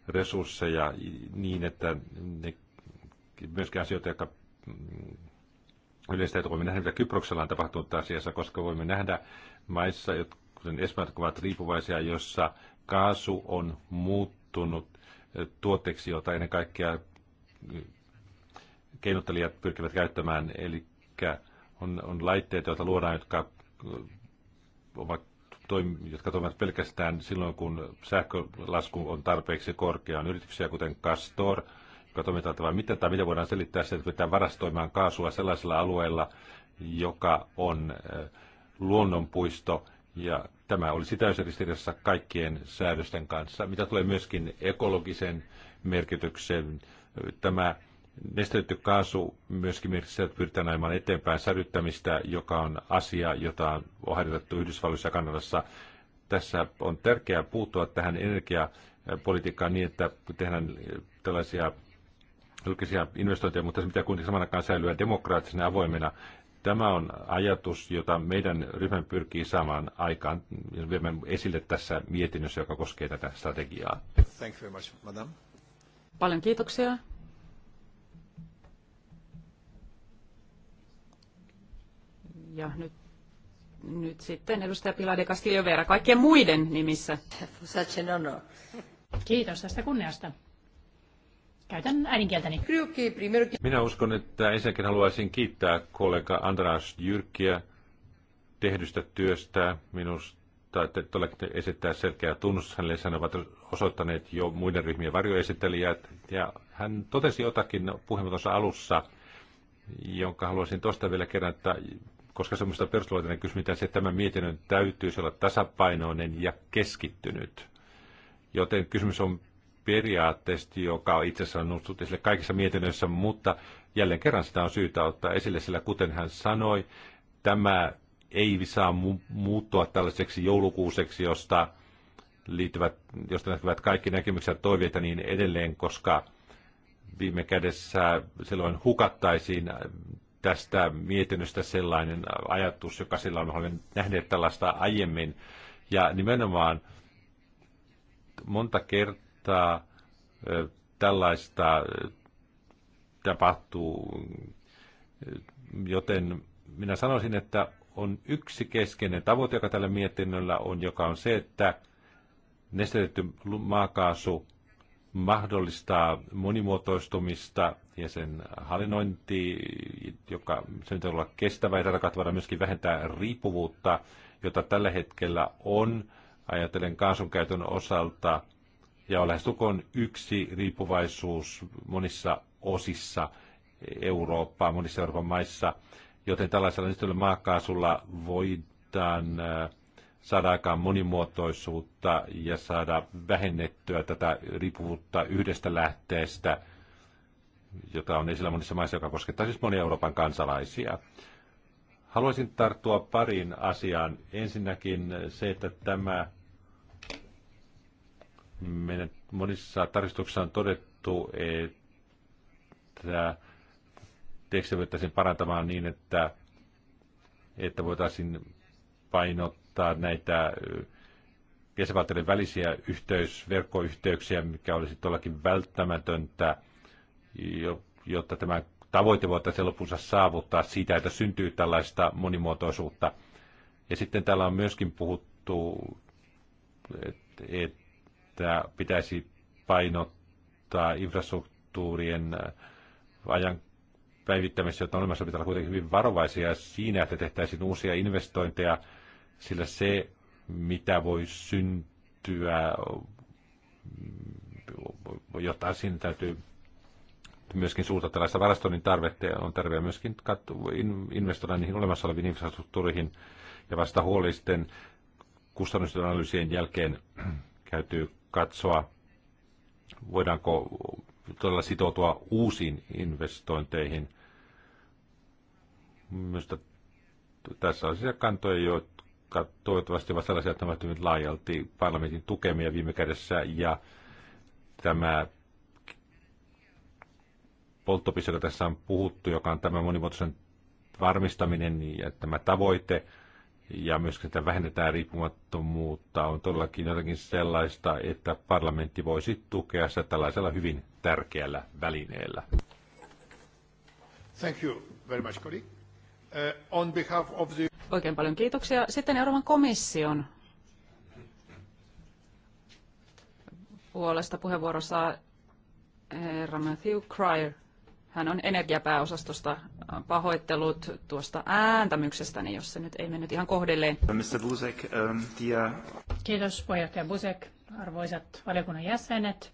resursseja niin, että ne myöskin asioita, jotka mm, yleistä, että voimme nähdä, mitä Kyproksella on tapahtunut asiassa, koska voimme nähdä maissa, kuten Espanjat, ovat riippuvaisia, jossa kaasu on muuttunut eh, tuotteeksi, jota ennen kaikkea mm, keinottelijat pyrkivät käyttämään. Eli on, on laitteet, joita luodaan, jotka ovat toim, jotka toimivat pelkästään silloin, kun sähkölasku on tarpeeksi korkea. On yrityksiä kuten Castor, joka toimitaan vain miten tai mitä voidaan selittää se, että pitää varastoimaan kaasua sellaisella alueella, joka on luonnonpuisto, ja tämä olisi täysin ristiriidassa kaikkien säädösten kanssa. Mitä tulee myöskin ekologisen merkityksen, tämä Nesteytetty kaasu myöskin merkitsee, että pyritään ajamaan eteenpäin sädyttämistä, joka on asia, jota on harjoitettu Yhdysvalloissa ja Kanadassa. Tässä on tärkeää puuttua tähän energiapolitiikkaan niin, että tehdään tällaisia julkisia investointeja, mutta se pitää kuitenkin samanakaan säilyä demokraattisena avoimena. Tämä on ajatus, jota meidän ryhmän pyrkii saamaan aikaan ja viemään esille tässä mietinnössä, joka koskee tätä strategiaa. Thank you very much, madam. Paljon kiitoksia. Ja nyt, nyt sitten edustaja Pilade Castillo Vera kaikkien muiden nimissä. Kiitos tästä kunniasta. Käytän äidinkieltäni. Minä uskon, että ensinnäkin haluaisin kiittää kollega Andras Jyrkkiä tehdystä työstä. Minusta että olette esittää selkeää tunnus. Hänelle sen ovat osoittaneet jo muiden ryhmien varjoesittelijät. Ja hän totesi jotakin puheenvuoronsa alussa, jonka haluaisin tuosta vielä kerran, että koska semmoista on minusta perustuslaillinen kysymys, että se, tämän mietinnön täytyisi olla tasapainoinen ja keskittynyt. Joten kysymys on periaatteesta, joka on itse asiassa noussut esille kaikissa mietinnöissä, mutta jälleen kerran sitä on syytä ottaa esille, sillä kuten hän sanoi, tämä ei saa mu- muuttua tällaiseksi joulukuuseksi, josta liittyvät, josta näkyvät kaikki näkemyksiä toiveita niin edelleen, koska viime kädessä silloin hukattaisiin tästä mietinnöstä sellainen ajatus, joka sillä on, olen nähnyt tällaista aiemmin. Ja nimenomaan monta kertaa tällaista tapahtuu, joten minä sanoisin, että on yksi keskeinen tavoite, joka tällä mietinnöllä on, joka on se, että nestetetty maakaasu mahdollistaa monimuotoistumista ja sen hallinnointi, joka sen olla kestävä ja tätä kautta voidaan myöskin vähentää riippuvuutta, jota tällä hetkellä on, ajatellen kaasun käytön osalta, ja on lähestulkoon yksi riippuvaisuus monissa osissa Eurooppaa, monissa Euroopan maissa, joten tällaisella nyt maakaasulla voidaan äh, saada aikaan monimuotoisuutta ja saada vähennettyä tätä riippuvuutta yhdestä lähteestä, jota on esillä monissa maissa, joka koskettaa siis monia Euroopan kansalaisia. Haluaisin tarttua pariin asiaan. Ensinnäkin se, että tämä monissa tarkistuksissa on todettu, että tekstiä voitaisiin parantamaan niin, että, että voitaisiin painottaa vahvistaa näitä jäsenvaltioiden välisiä yhteys, verkkoyhteyksiä, mikä olisi todellakin välttämätöntä, jotta tämä tavoite voitaisiin lopussa saavuttaa siitä, että syntyy tällaista monimuotoisuutta. Ja sitten täällä on myöskin puhuttu, että pitäisi painottaa infrastruktuurien ajan päivittämisessä, jotta on olemassa pitää olla kuitenkin hyvin varovaisia siinä, että tehtäisiin uusia investointeja, sillä se, mitä voi syntyä, jotta siinä täytyy myöskin suurta tällaista varastoinnin tarvetta ja on tarve myöskin investoida niihin olemassa oleviin infrastruktuuriin ja vasta huolisten kustannusten analyysien jälkeen käytyy (clears throat) katsoa, voidaanko todella sitoutua uusiin investointeihin. Minusta tässä on sellaisia kantoja, joita jotka toivottavasti ovat sellaisia, että ovat hyvin laajalti parlamentin tukemia viime kädessä, ja tämä polttopiste, joka tässä on puhuttu, joka on tämä monimuotoisen varmistaminen ja tämä tavoite, ja myöskin sitä vähennetään riippumattomuutta, on todellakin jotakin sellaista, että parlamentti voisi tukea sitä tällaisella hyvin tärkeällä välineellä. Thank you very much, colleague. Uh, on behalf of the... Oikein paljon kiitoksia. Sitten Euroopan komission puolesta puheenvuoro saa herra Matthew Cryer. Hän on energiapääosastosta pahoittelut tuosta ääntämyksestäni, jos se nyt ei mennyt ihan kohdilleen. Mr. Buzek, um, dia... Kiitos puheenjohtaja Busek, arvoisat valiokunnan jäsenet.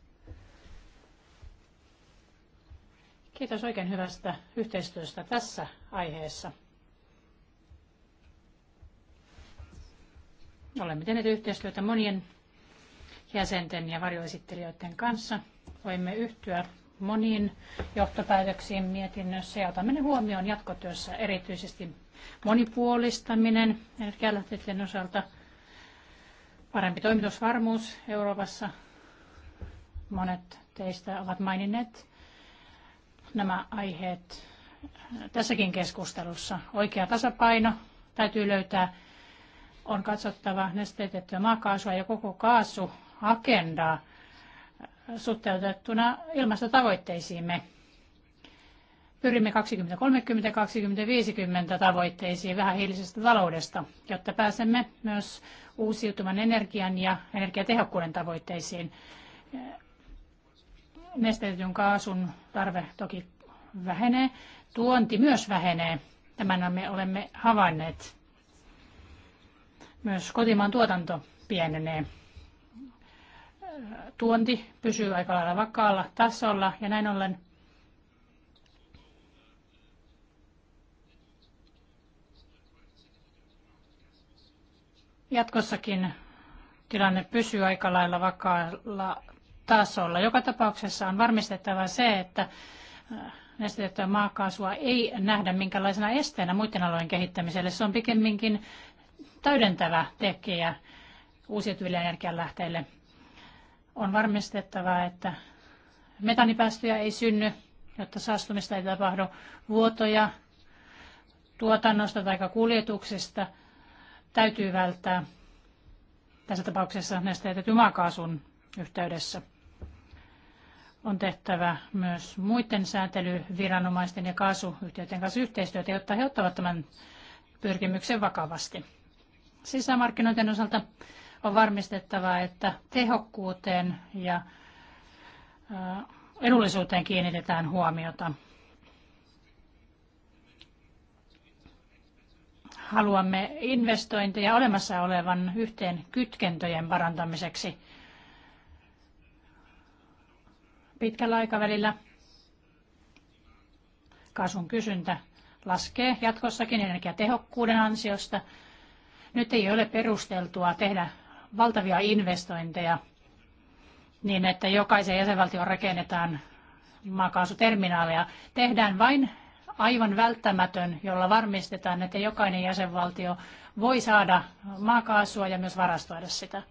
Kiitos oikein hyvästä yhteistyöstä tässä aiheessa. Olemme tehneet yhteistyötä monien jäsenten ja varjoesittelijöiden kanssa. Voimme yhtyä moniin johtopäätöksiin mietinnössä ja otamme ne huomioon jatkotyössä erityisesti monipuolistaminen energialähteiden osalta, parempi toimitusvarmuus Euroopassa. Monet teistä ovat maininneet nämä aiheet tässäkin keskustelussa. Oikea tasapaino täytyy löytää on katsottava nesteytettyä maakaasua ja koko kaasuagendaa suhteutettuna ilmastotavoitteisiimme. Pyrimme 2030-2050 tavoitteisiin vähähiilisestä taloudesta, jotta pääsemme myös uusiutuvan energian ja energiatehokkuuden tavoitteisiin. Nesteytetyn kaasun tarve toki vähenee. Tuonti myös vähenee. Tämän me olemme havainneet myös kotimaan tuotanto pienenee. Tuonti pysyy aika lailla vakaalla tasolla ja näin ollen jatkossakin tilanne pysyy aika lailla vakaalla tasolla. Joka tapauksessa on varmistettava se, että äh, nestetettyä maakaasua ei nähdä minkälaisena esteenä muiden alojen kehittämiselle. Se on pikemminkin täydentävä tekijä uusiutuville energianlähteille. On varmistettava, että metanipäästöjä ei synny, jotta saastumista ei tapahdu vuotoja tuotannosta tai kuljetuksesta. Täytyy välttää tässä tapauksessa näistä jätetyn maakaasun yhteydessä. On tehtävä myös muiden sääntelyviranomaisten ja kaasuyhtiöiden kanssa yhteistyötä, jotta he ottavat tämän pyrkimyksen vakavasti sisämarkkinoiden osalta on varmistettava, että tehokkuuteen ja edullisuuteen kiinnitetään huomiota. Haluamme investointeja olemassa olevan yhteen kytkentöjen parantamiseksi pitkällä aikavälillä. Kasun kysyntä laskee jatkossakin energiatehokkuuden ansiosta – nyt ei ole perusteltua tehdä valtavia investointeja niin, että jokaisen jäsenvaltion rakennetaan maakaasuterminaaleja. Tehdään vain aivan välttämätön, jolla varmistetaan, että jokainen jäsenvaltio voi saada maakaasua ja myös varastoida sitä.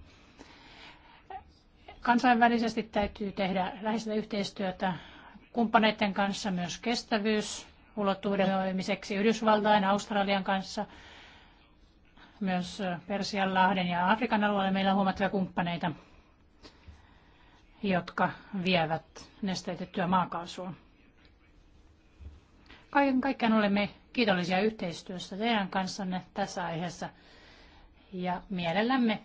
Kansainvälisesti täytyy tehdä läheistä yhteistyötä kumppaneiden kanssa myös kestävyys ulottuvuuden Yhdysvaltain, Australian kanssa – myös Persianlahden ja Afrikan alueella meillä on huomattavia kumppaneita, jotka vievät nesteytettyä maakaasua. Kaiken kaikkiaan olemme kiitollisia yhteistyöstä teidän kanssanne tässä aiheessa ja mielellämme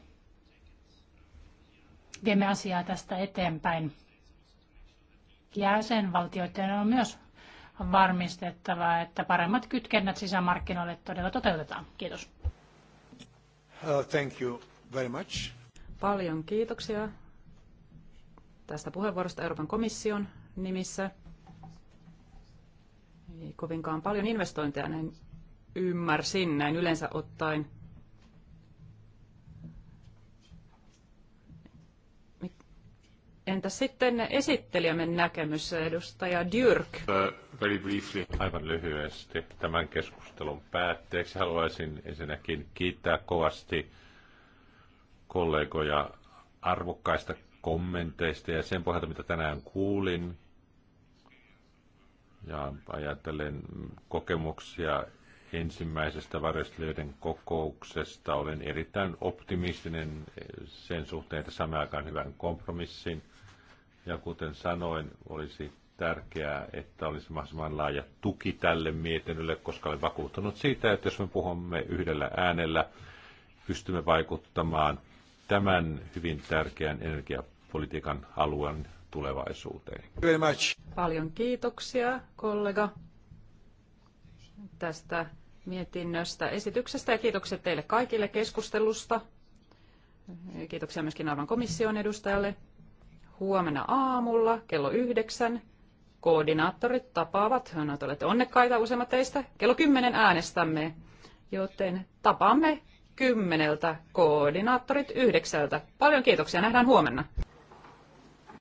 viemme asiaa tästä eteenpäin. Jäsenvaltioiden on myös varmistettava, että paremmat kytkennät sisämarkkinoille todella toteutetaan. Kiitos. Uh, thank you very much. Paljon kiitoksia tästä puheenvuorosta Euroopan komission nimissä. Ei kovinkaan paljon investointeja, näin ymmärsin, näin yleensä ottaen. Entä sitten esittelijämme näkemys, edustaja Dyrk? Very briefly. Aivan lyhyesti tämän keskustelun päätteeksi haluaisin ensinnäkin kiittää kovasti kollegoja arvokkaista kommenteista ja sen pohjalta, mitä tänään kuulin. Ja ajattelen kokemuksia ensimmäisestä varjostelijoiden kokouksesta. Olen erittäin optimistinen sen suhteen, että saamme aikaan hyvän kompromissin – ja kuten sanoin, olisi tärkeää, että olisi mahdollisimman laaja tuki tälle mietinnölle, koska olen vakuuttunut siitä, että jos me puhumme yhdellä äänellä, pystymme vaikuttamaan tämän hyvin tärkeän energiapolitiikan alueen tulevaisuuteen. Paljon kiitoksia kollega tästä mietinnöstä, esityksestä ja kiitokset teille kaikille keskustelusta. Kiitoksia myöskin aivan komission edustajalle huomenna aamulla kello yhdeksän koordinaattorit tapaavat, no, no te olette onnekkaita useimmat teistä, kello kymmenen äänestämme, joten tapaamme kymmeneltä koordinaattorit yhdeksältä. Paljon kiitoksia, nähdään huomenna.